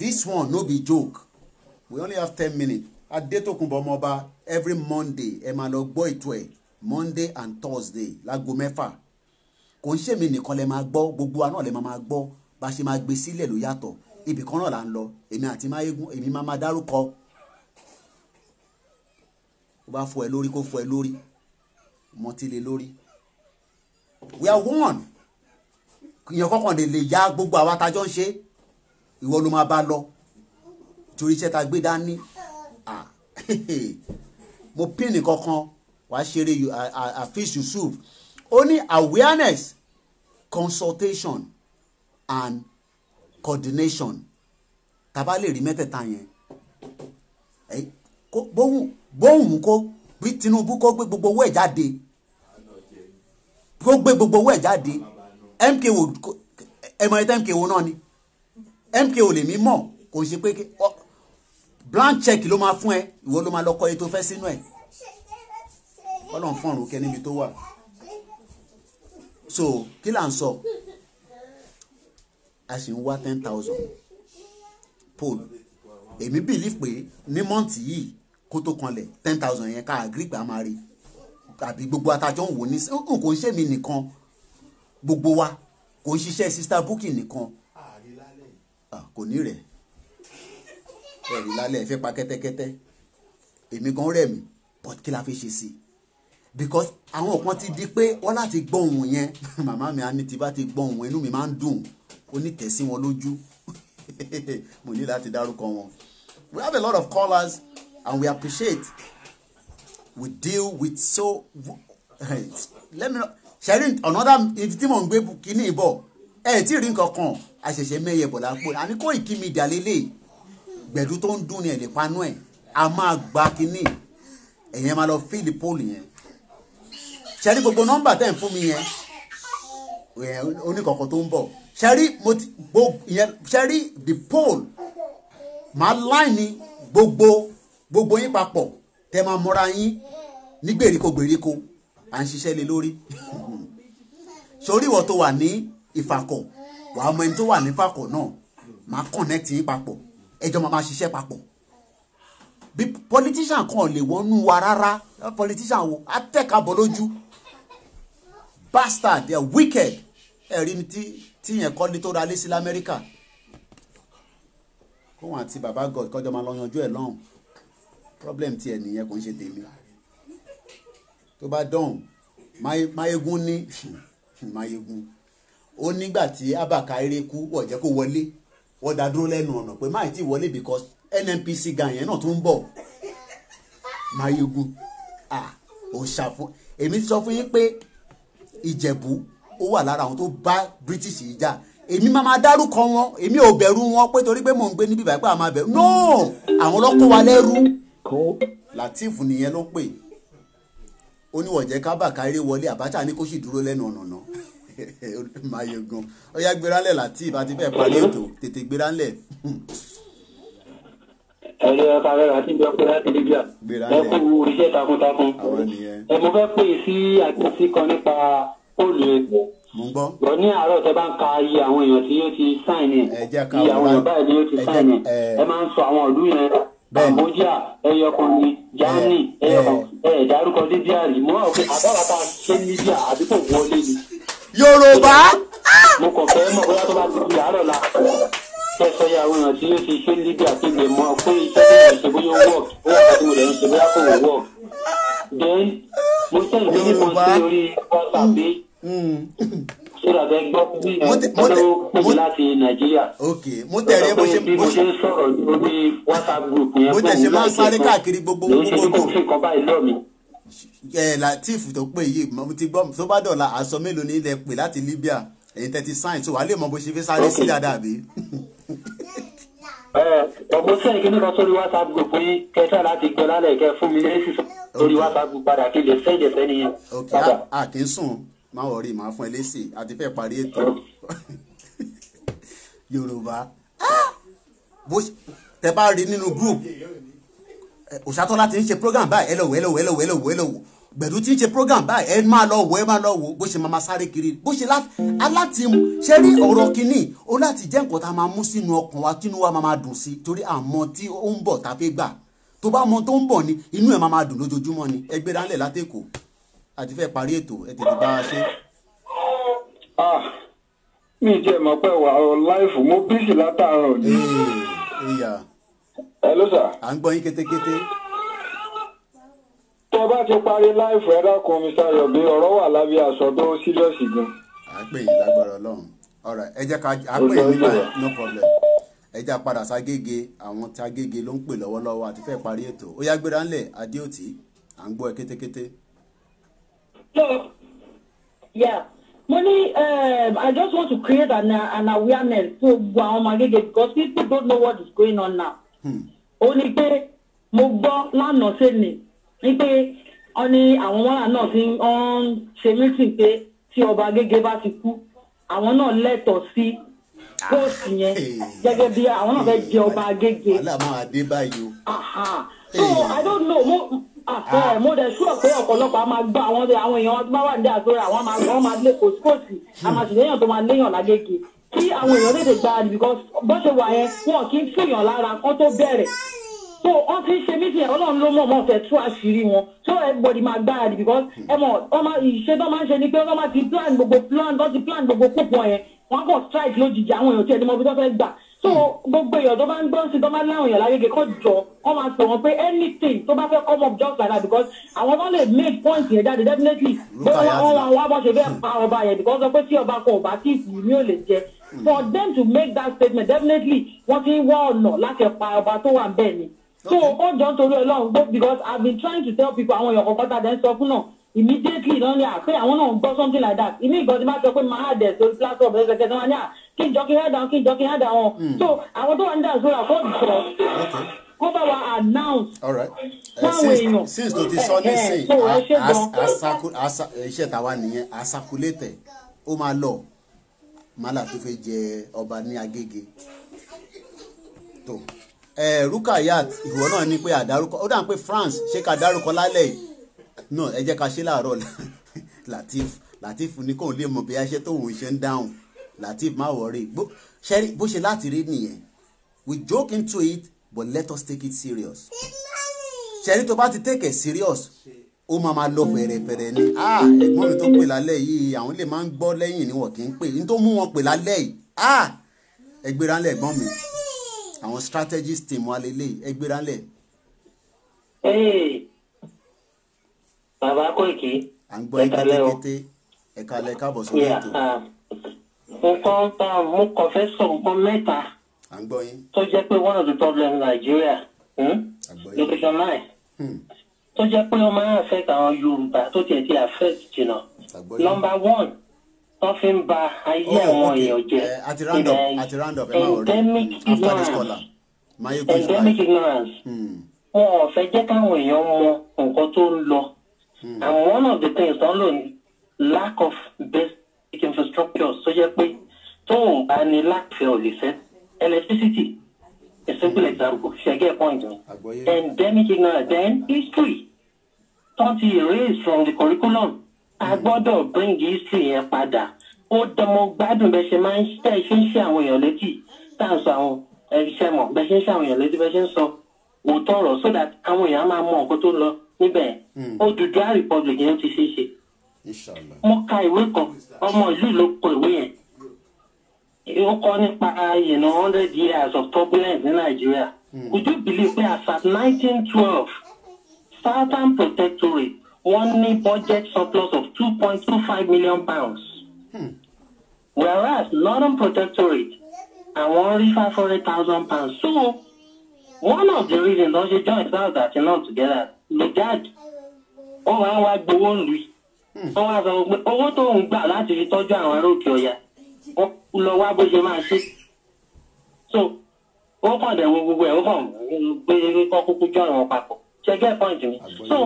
this one no be joke we only have ten minutes adétòkùnbọ̀ ọmọọba every monday ẹ máa lọ gbọ́ ètò ẹ̀ monday and thursday láago mẹ́fà kò ń ṣèmi nìkan lẹ máa gbọ́ gbogbo wa náà lẹ máa máa gbọ́ bá ṣe máa gbé sílẹ̀ ló yàtọ̀ ibì náà là ń lọ èmi àti máyégún èmi máa máa dárúkọ ó bá fọ ẹ lórí kó fọ ẹ lórí mọtílẹ lórí we are one ìyẹn kọkàn lè lè ya gbogbo àwa tájọ ń ṣe ìwọ ló máa bá lọ torí iṣẹ́ tá a gbé dání mo pín nìkan kan wàá ṣeré Afeez Yusuf ó ní awareness consultation and coordination tàbá lè rí mẹ́tẹ̀ẹ̀ta yẹn bóhùn bóhùn kó bí Tinubu kó gbé gbogbo owó ẹ̀ jáde kó gbé gbogbo owó ẹ̀ jáde MKO ẹ̀mọ̀ ẹ̀tẹ́ MKO náà ni MKO lèmi mọ̀ kò ṣe pé blank check ló máa fún ẹ ìwọ ló máa lọ kọ ètò fẹ́ sínú ẹ̀ kọ́lọ̀ ń fọ̀rùn kẹ́ níbi tó wà so kí là ń sọ. So, a sì ń ten thousand poll èmi bìlí pé ní mọ́ǹtì yìí kó tó kanlẹ̀ ten thousand yẹn ká àgírí pé a máa rí àbí gbogbo atajọ́ ń wò ní kò ń ṣe mi nìkan gbogbo wa kò ń ṣiṣẹ́ sister booking nìkan kò ní rẹ̀ ẹ̀rí lálẹ́ ìfẹ́ pa kẹ́tẹ́kẹ́tẹ́ èmi gan rẹ̀ mí but kí la fi ṣe sí because àwọn kan ti di pé wọ́n láti gbọ́ ohun yẹn màmá mi á ní ti bá ti gbọ́ ohun inú mi máa ń dùn onítẹ̀sí wọn lójú mo ní láti dárúkọ wọn we have a lot of callers and we appreciate we deal with so let me know sharing another ibi tí mò ń gbé kíní ìbọ̀ ẹ tí ì rí nǹkan kan àṣẹ̀ṣẹ̀ mẹyẹ bọ̀dà pò àní kó ìkíni ìdálélé gbẹ̀dú tó ń dún ni ẹ̀ lè panú ẹ̀ a máa gba kíní ẹ̀yẹn máa lọ fíìlì póòlù yẹn ṣẹ́ni gbogbo nọ́mbà tẹ̀ ń fún mi yẹn oníkọ̀ọ̀kan tó ń bọ̀ ṣẹ́rí mo ti gbogbo ìyẹn ṣẹ́rí the pole máa láìní gbogbo gbogbo yín papọ̀ tẹ́ máa mọ́ra yín ní gbèríko gbèríko à ń ṣiṣẹ́ lé lórí sórí ìwọ tó wà ní ìfàkọ̀ wà á mọ ẹni tó wà ní ìfàkọ̀ náà máa connect yín papọ̀ ẹjọ́ máa máa ṣiṣẹ́ papọ̀ bí politician kan lè wọnú wa rárá politician wo á tẹ̀ka bọ́ lójú bastard they are wicked ẹ̀rí ni tí tí yẹn kọ́ ní tó ra lé sí lamẹ́ríkà kóun àti bàbá god kọjọ máa lọ yanjú ẹ̀ lọ́hùn problem tiẹ̀ nìyẹn kò ń ṣe tèmi tó bá dọ̀hùn máyégún ní máyégún ó nígbà tí abba kyari kú wọ́n jẹ́ kó wọlé wọ́n dá dúró lẹ́nu ọ̀nà pé máì tí wọlé because nnpc gan yẹn náà tún ń bọ̀ máyégún Ah, ò ṣàfún èmi sọ fún yín pé ìjẹ̀bú ó wà lára àwọn tó bá British yìí jà èmi máa máa dárúkọ wọn èmi ò bẹ̀rù wọn pé torí pé mò ń gbé níbí báyìí àwọn máa no àwọn ló kó wa lẹ́rú Lateef nìyẹn ló pè oníwọ̀jẹ́ kábàkárí wọlé Abacha ní kó sì dúró lẹ́nu ọ̀nà náà máa yọ gan ọyá gbéránlẹ̀ Lateef àti fẹ́ẹ́ parí ètò tètè gbéránlẹ̀. ẹ̀rọ ẹ̀ka rẹ̀ àti ìjọ láti libya ẹ kú iṣẹ́ takuntakun ẹ̀ mo fẹ́ pè sí àkíyèsí kan nípa fóònù egbò bọ̀ ní àárọ̀ tẹ bá ń ka iye àwọn èèyàn tí yóò ti sáìn ní iye àwọn èèyàn báyìí ni yóò ti sáìn ní ẹ máa ń sọ àwọn ìlú yẹn Cambodia ẹyọkan ni Germany ẹyọkan ẹ dárúkọ Libya rí mọ́ ọ̀kẹ́ àbáwátá ṣé Libya àbí kò wọlé ni. Yorùbá. mo kàn fẹ́ mọ̀ bóyá tó bá ti di àárọ̀ la kẹsọ ya àwọn èèyàn tí yóò ti ṣe Libya kí lè mọ̀ pé iṣẹ́ tó yẹ ṣe bóyá wọ́ọ̀k bóyá àti mo lè ń ṣe bóyá kò wọ́ọ̀k. then mo sẹ́yìn bí mo ṣe orí WhatsApp sódà bẹ gbọ́ bí ọdún láti nàìjíríà mo tẹ̀lé bó ṣe bó ṣe ń sọ̀rọ̀ lórí whatsapp group yẹn mo tẹ̀lé máa ń sáré káàkiri gbogbo gbogbo ló ṣe kọ́ báyìí lọ́ọ̀mì. ẹ latif tó pè yìí mo ti gbọ́ tó bá dọ̀la aṣọ mélòó ní ilẹ̀ pè láti libya èyí tẹ́tí sáìn tó wà lè mọ bó ṣe fi sáré sí dáadáa bí. ọ̀pọ̀ sẹ́yìn kí nípa sórí whatsapp group yín kẹta láti gbọ́ lálẹ́ kẹ fún mi lẹ́sìn sórí whatsapp group padà kí lè sẹ́yìn má wọrí màá fún ẹ lésì àti fẹ́ parí ètò yorùbá ah! bó tẹ bá rí nínú group òṣàtọ́lá ti ń ṣe program báyìí ẹ lọ wò ẹ lọ wò ẹ lọ wò ẹ lọ wò ẹ lọ wò gbẹ̀dú ti ń ṣe program báyìí ẹ máa lọ wò ẹ máa lọ wò bó ṣe máa sáré kiri bó ṣe aláti ṣe rí ọ̀rọ̀ kínní ó láti jẹ́ nǹkan tá a máa mú sínú ọkàn wa kínú wa máa dùn sí torí àmọ́ tí ó ń bọ̀ tá a fẹ́ gbà tó bá mọ tó ń bọ̀ ni inú ẹ̀ máa dùn lójoojúmọ́ ni ẹgbẹ́ látẹ̀kọ̀ọ́ àti fẹ́ parí ètò ẹ tètè bá a ṣe. Ah, mi jẹ́ mọ̀ pé wà á láìfù mo bísí látàárọ̀ ni. ẹ ló sà. à ń gbọ́ yín kétékété. tó bá ti parí láìfù ẹ dákun mr yobe ọ̀rọ̀ wà lábẹ́ aṣọ tó síríọ̀sì gan. à ń pè yín lágbára ọlọ́run ọ̀rọ̀ ẹ jẹ́ ká à ń pè yín nígbà no problem ẹ jẹ́ àpadà ságége àwọn tí agége ló ń pè lọ́wọ́lọ́wọ́ àti fẹ́ parí ètò ó yá gbéra ńlẹ̀ adéòtí à ń gbọ́ ẹ kétékété. So, yeah. Money, um, I just want to create an, uh, an awareness to Guaomagege because people don't know what is going on now. Hmm. Ó ní pé mo gbọ́ lánàá ṣe ni ní pé wọ́n ní àwọn wọ́n náà ti ń ṣe mítìn pé tí ọba Agége bá ti kú àwọn náà lẹ́tọ̀ọ́ sí póòsì yẹn ah, eh. gẹ́gẹ́ bí àwọn náà fẹ́ jẹ ọba Agége. Eh, wàhálà máa dé eh. so I don't know mo Ah, eh, mo dẹ̀ sọ pé ọ̀pọ̀lọpọ̀ a máa gbọ́ àwọn àwọn èèyàn bá wà ní àgbẹ̀rẹ̀ àwọn máa wọ́n máa lé kòsíkòsì a máa ṣèléyàn tó máa léyàn lágége kí àwọn èèyàn lè lè gba àdì because bó ṣe wà yẹn wọn kì í fìyàn lára kán tó bẹ̀rẹ̀ so wọn ti ń ṣe mí fìyàn ọlọ́run ló mọ̀ mọ́ fẹ́ tú àṣírí wọn so everybody máa gbá àdì because ẹ mọ̀ ìṣe tó máa ń ṣe ni pé wọ́n máa ti plan gbogbo plan tó ti plan gbogbo púpọ̀ yẹn wọ́n kàn strike lójijì àwọn èèyàn tí ẹni mọ̀ bí wọ́n fẹ́ gbà so gbogbo èèyàn tó bá ń gbọ́ sí tó bá láwọn èèyàn lágbègbè kọ́ jọ kọ́ máa sọ wọn pé anything tó bá fẹ́ come up just like that because àwọn náà lè make point yẹn jáde definitely pé wọ́n wá wá bọ́ ṣe fẹ́ pa ọba yẹn because sọ pé tí ọba kan ò bá tí ì ní ò lè jẹ for them to make that statement definitely wọ́n ti ń wá ọ̀nà láti pa ọba tó wà bẹ́ẹ̀ ni so ó jọ nítorí ọlọ́run gbó because i been trying to tell people àwọn èèyàn kọ̀ọ̀kan tàdé ń sọ fún náà immediately lọ́nà àpé ah, àwọn náà ń gbọ́ something like that ìmí ìgbọ́n ti máa sọ pé máa dẹ̀ sórí platform ẹ̀ṣẹ̀kẹ̀ tí wọ́n ní à ah, kí jọkí hádà kí jọkí hádà wọn so àwọn tó wà ní dàzúrà kò jọ kó bá wa announce. all right fáwọn eh, èèyàn since tó ti sọ eh, eh, nísìnyí iṣẹ́ tàwa nìyẹn asakulétẹ̀ ó máa lọ màálà tó fẹ́ jẹ ọba ní Agége tó Rukayat ìwọ náà ní pé àdárúkọ ó dà ń pé France ṣé ká dárúkọ lálẹ́ yìí no ẹ jẹ́ ká ṣe láàárọ̀ Latif Latif ní kò lè mọ̀ bí aṣẹ́ tóun ṣe ń dáhùn. Latif, má wọrí bó ṣe láti rí nìyẹn we joke into it but let us take it serious ṣẹ́rí tó bá ti take it serious ó máa máa lọ fẹ̀rẹ̀fẹ̀rẹ̀ ni ah ẹ̀gbọ́n mi tó pè lálẹ́ yìí àwọn lè máa ń gbọ́ lẹ́yìn ni wọ́n kì í pè ní tó mú wọn pè lálẹ́ yìí ah ẹgbẹ́ranlẹ̀ ẹ̀gbọ́n mi àwọn strategist team wa lélẹ̀ ẹgbẹ́ranlẹ̀. bàbá Koiki ẹ̀ka lẹ́ o ẹ̀ka lẹ́ káàbọ̀ sórí ètò. Um, nǹkan um, mo kàn fẹ́ sọ nǹkan mẹ́ta tó jẹ́ pé one of the problems Nigeria hmm? location line hmm. tó jẹ́ pé ó máa ń affect àwọn Yorùbá tó tiẹ̀ ti affect jìnnà number one wọ́n fi ń ba ayé oh, àwọn èèyàn jẹ́ eh, endemic hmm. ignorance endemic ignorance wọn ò fẹ́ jẹ́ káwọn èèyàn mọ nǹkan tó ń lọ and one of the things tó ń lò ní lack of basic infrastructure tó yẹ pé tóun bá ní láti ò electricity a simple example ṣe get point mi endemic ignorance then history tán ti from the curriculum a mm-hmm. gbọ́dọ̀ bring history yẹn padà ó dánmọ́ gbádùn bẹ́ẹ̀ ṣe máa ń tẹ̀ ṣe ń ṣe àwọn èèyàn létí tá à ń sọ àwọn iṣẹ́ mọ̀ bẹ́ẹ̀ ṣe ń ṣe àwọn èèyàn létí bẹ́ẹ̀ ṣe ń sọ òótọ́ ọ̀rọ̀ so that àwọn èèyàn máa mọ nǹkan tó ń lọ níbẹ̀ Odùduwà mm. republic yẹn ti ṣe é ṣe. mo hundred years of turbulence in Nigeria. Hmm. would you believe pé as at nineteen twelve southern protectorate wọ́n budget surplus of two point two five million pounds hmm. whereas northern protectorate àwọn only hundred thousand pounds so one of the reasons you ṣe join south àti north together the dad. Oh, I wá gbowó Hmm. wọ́n wá sọ pé owó tó ń gbà láti fi tọ́jú àwọn ará ọ̀yà wọ́n lọ wá bó ṣe máa ṣe so ó kàn dẹ̀ gbogbo ẹ̀ ó kàn gbé kọ́ kúkú jọ àwọn papọ̀ ṣe gẹ́ pọ́ǹtì mi so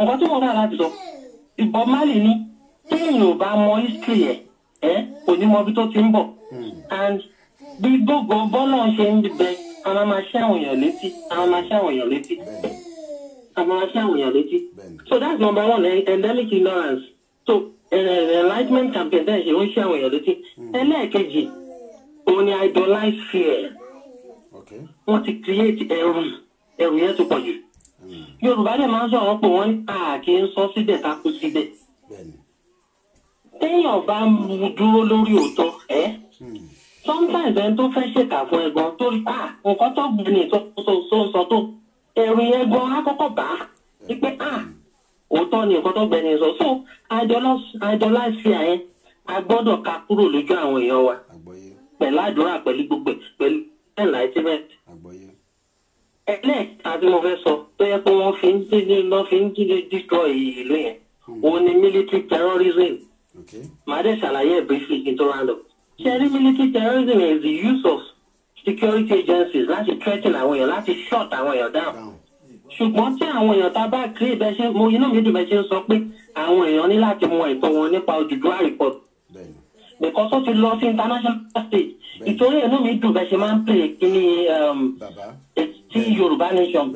nǹkan tí mo bá láti sọ ìbọn málì ni téèyàn ò bá mọ history ẹ̀ ẹ́ kò ní mọ ibi tó ti ń bọ̀ hmm. and bí gbogbo bọ́lọ̀ ṣe ń bẹ àwọn máa ṣe àwọn èèyàn létí àwọn máa ṣe àwọn èèyàn létí àwọn máa ṣe àwọn èèyàn létí so that's number one endemic ignorance so eh, enlightenment campaign bẹ́ẹ̀ ṣe ń ṣe àwọn èèyàn létí hmm. ẹlẹ́ẹ̀kejì òun ni idolize fear wọ́n ti create ẹ̀rù ẹ̀rù yẹn ti pọ̀ jù hmm. yorùbá dẹ̀ máa ń sọ̀rọ̀ pé wọ́n káàkiri ń sọ síbẹ̀ ká kú síbẹ̀ téèyàn bá mú dúró lórí òótọ́ ẹ́ hmm. sometimes ẹni tó fẹ́ ṣèkà fún ẹ̀gbọ́n torí nǹkan tó gbìn ní sọ́sọ́sọ́ tó ẹ̀rù yẹn gan akọ́kọ́ bá a ní pé A òótọ́ ni nǹkan tó gbẹ̀yìn sọ so àìdọ́láṣí àyẹn a gbọ́dọ̀ ka kúrò lójú àwọn èèyàn wa pẹ̀lú àdúrà pẹ̀lú gbogbo pẹ̀lú enlightenment. ẹlẹ́ẹ̀ka tí mo fẹ́ sọ tó yẹ pé wọ́n fi ń dídí lọ́ fi ń dídí destroy ìlú yẹn hmm. òun ni military terrorism màá dẹ̀ ṣàlàyé ẹ̀ briefly kí n tó round up. ṣe military terrorism is the use of security agencies láti threaten àwọn èèyàn láti shut àwọn èèyàn down. down ṣùgbọ́n tí àwọn èèyàn tá a bá kiri bẹ́ẹ̀ ṣe mo inú mi dùn bẹ́ẹ̀ ṣe ń sọ pé àwọn èèyàn ní láti mọ ẹ̀tọ́ wọn nípa Odùduwà report because ti lọ sí international stage ìtorí inú mi dùn bẹ́ẹ̀ ṣe máa ń pè é kíní um, tí Yorùbá nation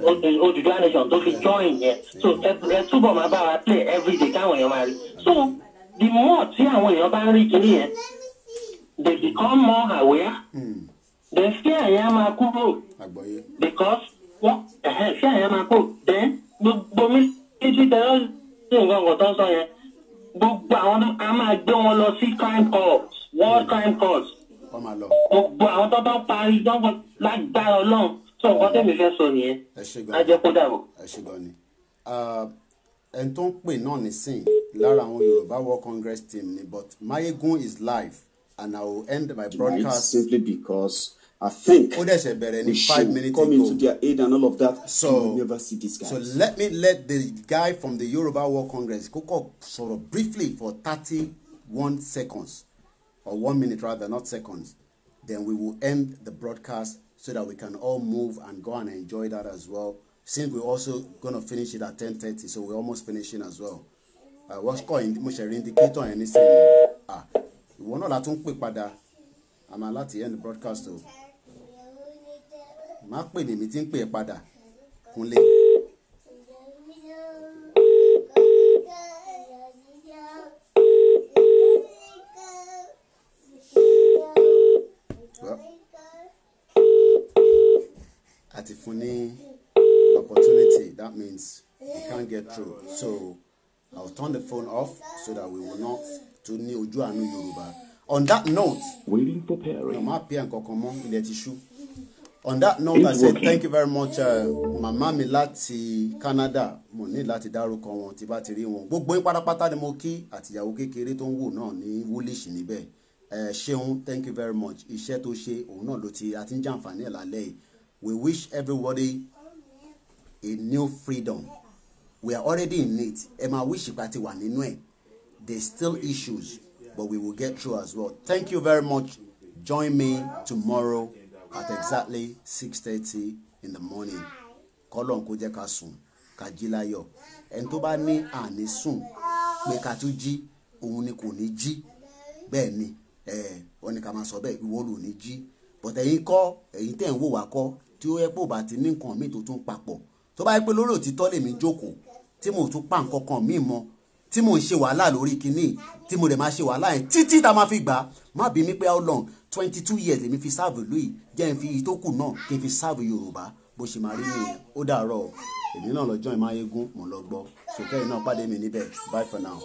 Odùduwà nation tó fi join yẹn so ẹ túbọ̀ máa bá wa play everyday káwọn èèyàn máa rí so the more tí àwọn èèyàn bá ń rí kíní yẹn they become more aware mm. the fear yẹn á máa kúrò because wọ́n ṣé àyẹ̀ máa kó dẹ́n gbogbo mílíọ̀tì tẹ̀lé ní nǹkan kan tó ń sọ yẹn gbogbo àwọn a máa gbé wọn lọ sí crime court world crime court gbogbo àwọn tó bá parí dánwò lágbára ọlọ́run tó nǹkan tẹ̀mí fẹ́ sọ nìyẹn á jẹ́ kó dàbọ̀. ẹni tó ń pè náà nísìn lára àwọn Yorùbá World Congress team ni but Mayegun is live and I will end my broadcast. And simply because. I think ó dẹ̀sẹ̀ bẹ̀rẹ̀ ní five minutes ago. come into their aid and all of that. so you never see this guy. so let me let the guy from the Yoruba World Congress sort of briefly for thirty one seconds or one minute rather not seconds then we will end the broadcast so that we can all move and go and enjoy that as well since we're also gonna finish it at ten thirty so we're almost finishing as well uh, what's called mo ṣe rí indicator yẹn nísìnyí ah ìwọ náà la quick, pè I'm àmà to end the broadcast though má pè ní mi tí ń pè é padà kúnlé. àti fún ní opportunity that means we can't get through so I will turn the phone off so that we will not tún ní ojú àánú Yorùbá on that note waiting for pairing ọmọ àpẹ nǹkan mọ ilẹ̀ ti ṣú on that note i say thank you very much Mama uh, màmá mi láti Canada mo ní láti dárúkọ wọn tí bá ti rí wọn gbogbo yín pátápátá ni mo kí àtìyàwó kékeré tó ń wò náà ní wúlíṣì níbẹ̀ ẹ ṣeun thank you very much iṣẹ́ tó ṣe òun náà ló ti a ti ń jàǹfààní ẹ̀ lálẹ́ yìí we wish everybody a new freedom we are already in it ẹ máa wíṣì pa ti wà nínú ẹ̀ there is still issues but we will get through as well thank you very much join me tomorrow at exactly six thirty in the morning kọ́lọ́n kó jẹ́ ká sùn ká jí láyọ̀ ẹni tó bá ní àní sùn pé ká tún jí òun ni kò ní jí bẹ́ẹ̀ ni wọ́n ní ká máa sọ bẹ́ẹ̀ ìwọ ló ní jí bọ̀tẹ̀ yín kọ́ ẹ̀yin tẹ̀ ń wò wá kọ́ tí ó yẹ pé ò bá ti ní nǹkan míì tó tún papọ̀ tó bá yẹ pé lórí òtítọ́ lèmi jókòó tí mò tún pa nǹkan kan míì mọ́ tí mò ń ṣe wàhálà lórí kinní tí mo dẹ̀ máa ṣe wàhálà yẹn títí tá a máa fi gbà má bí mi pé how twenty two years èmi fi sáàbù lóyè jẹ́ n fi ìtókù náà kí n fi sáàbù yorùbá bó ṣe máa rí nìyẹn ó dàárọ̀ èmi náà lọ́jọ́ ìmáyégún mò ń lọ gbọ́ ṣùgbọ́n ẹ̀yin náà pàdé mi níbẹ̀ bye for now.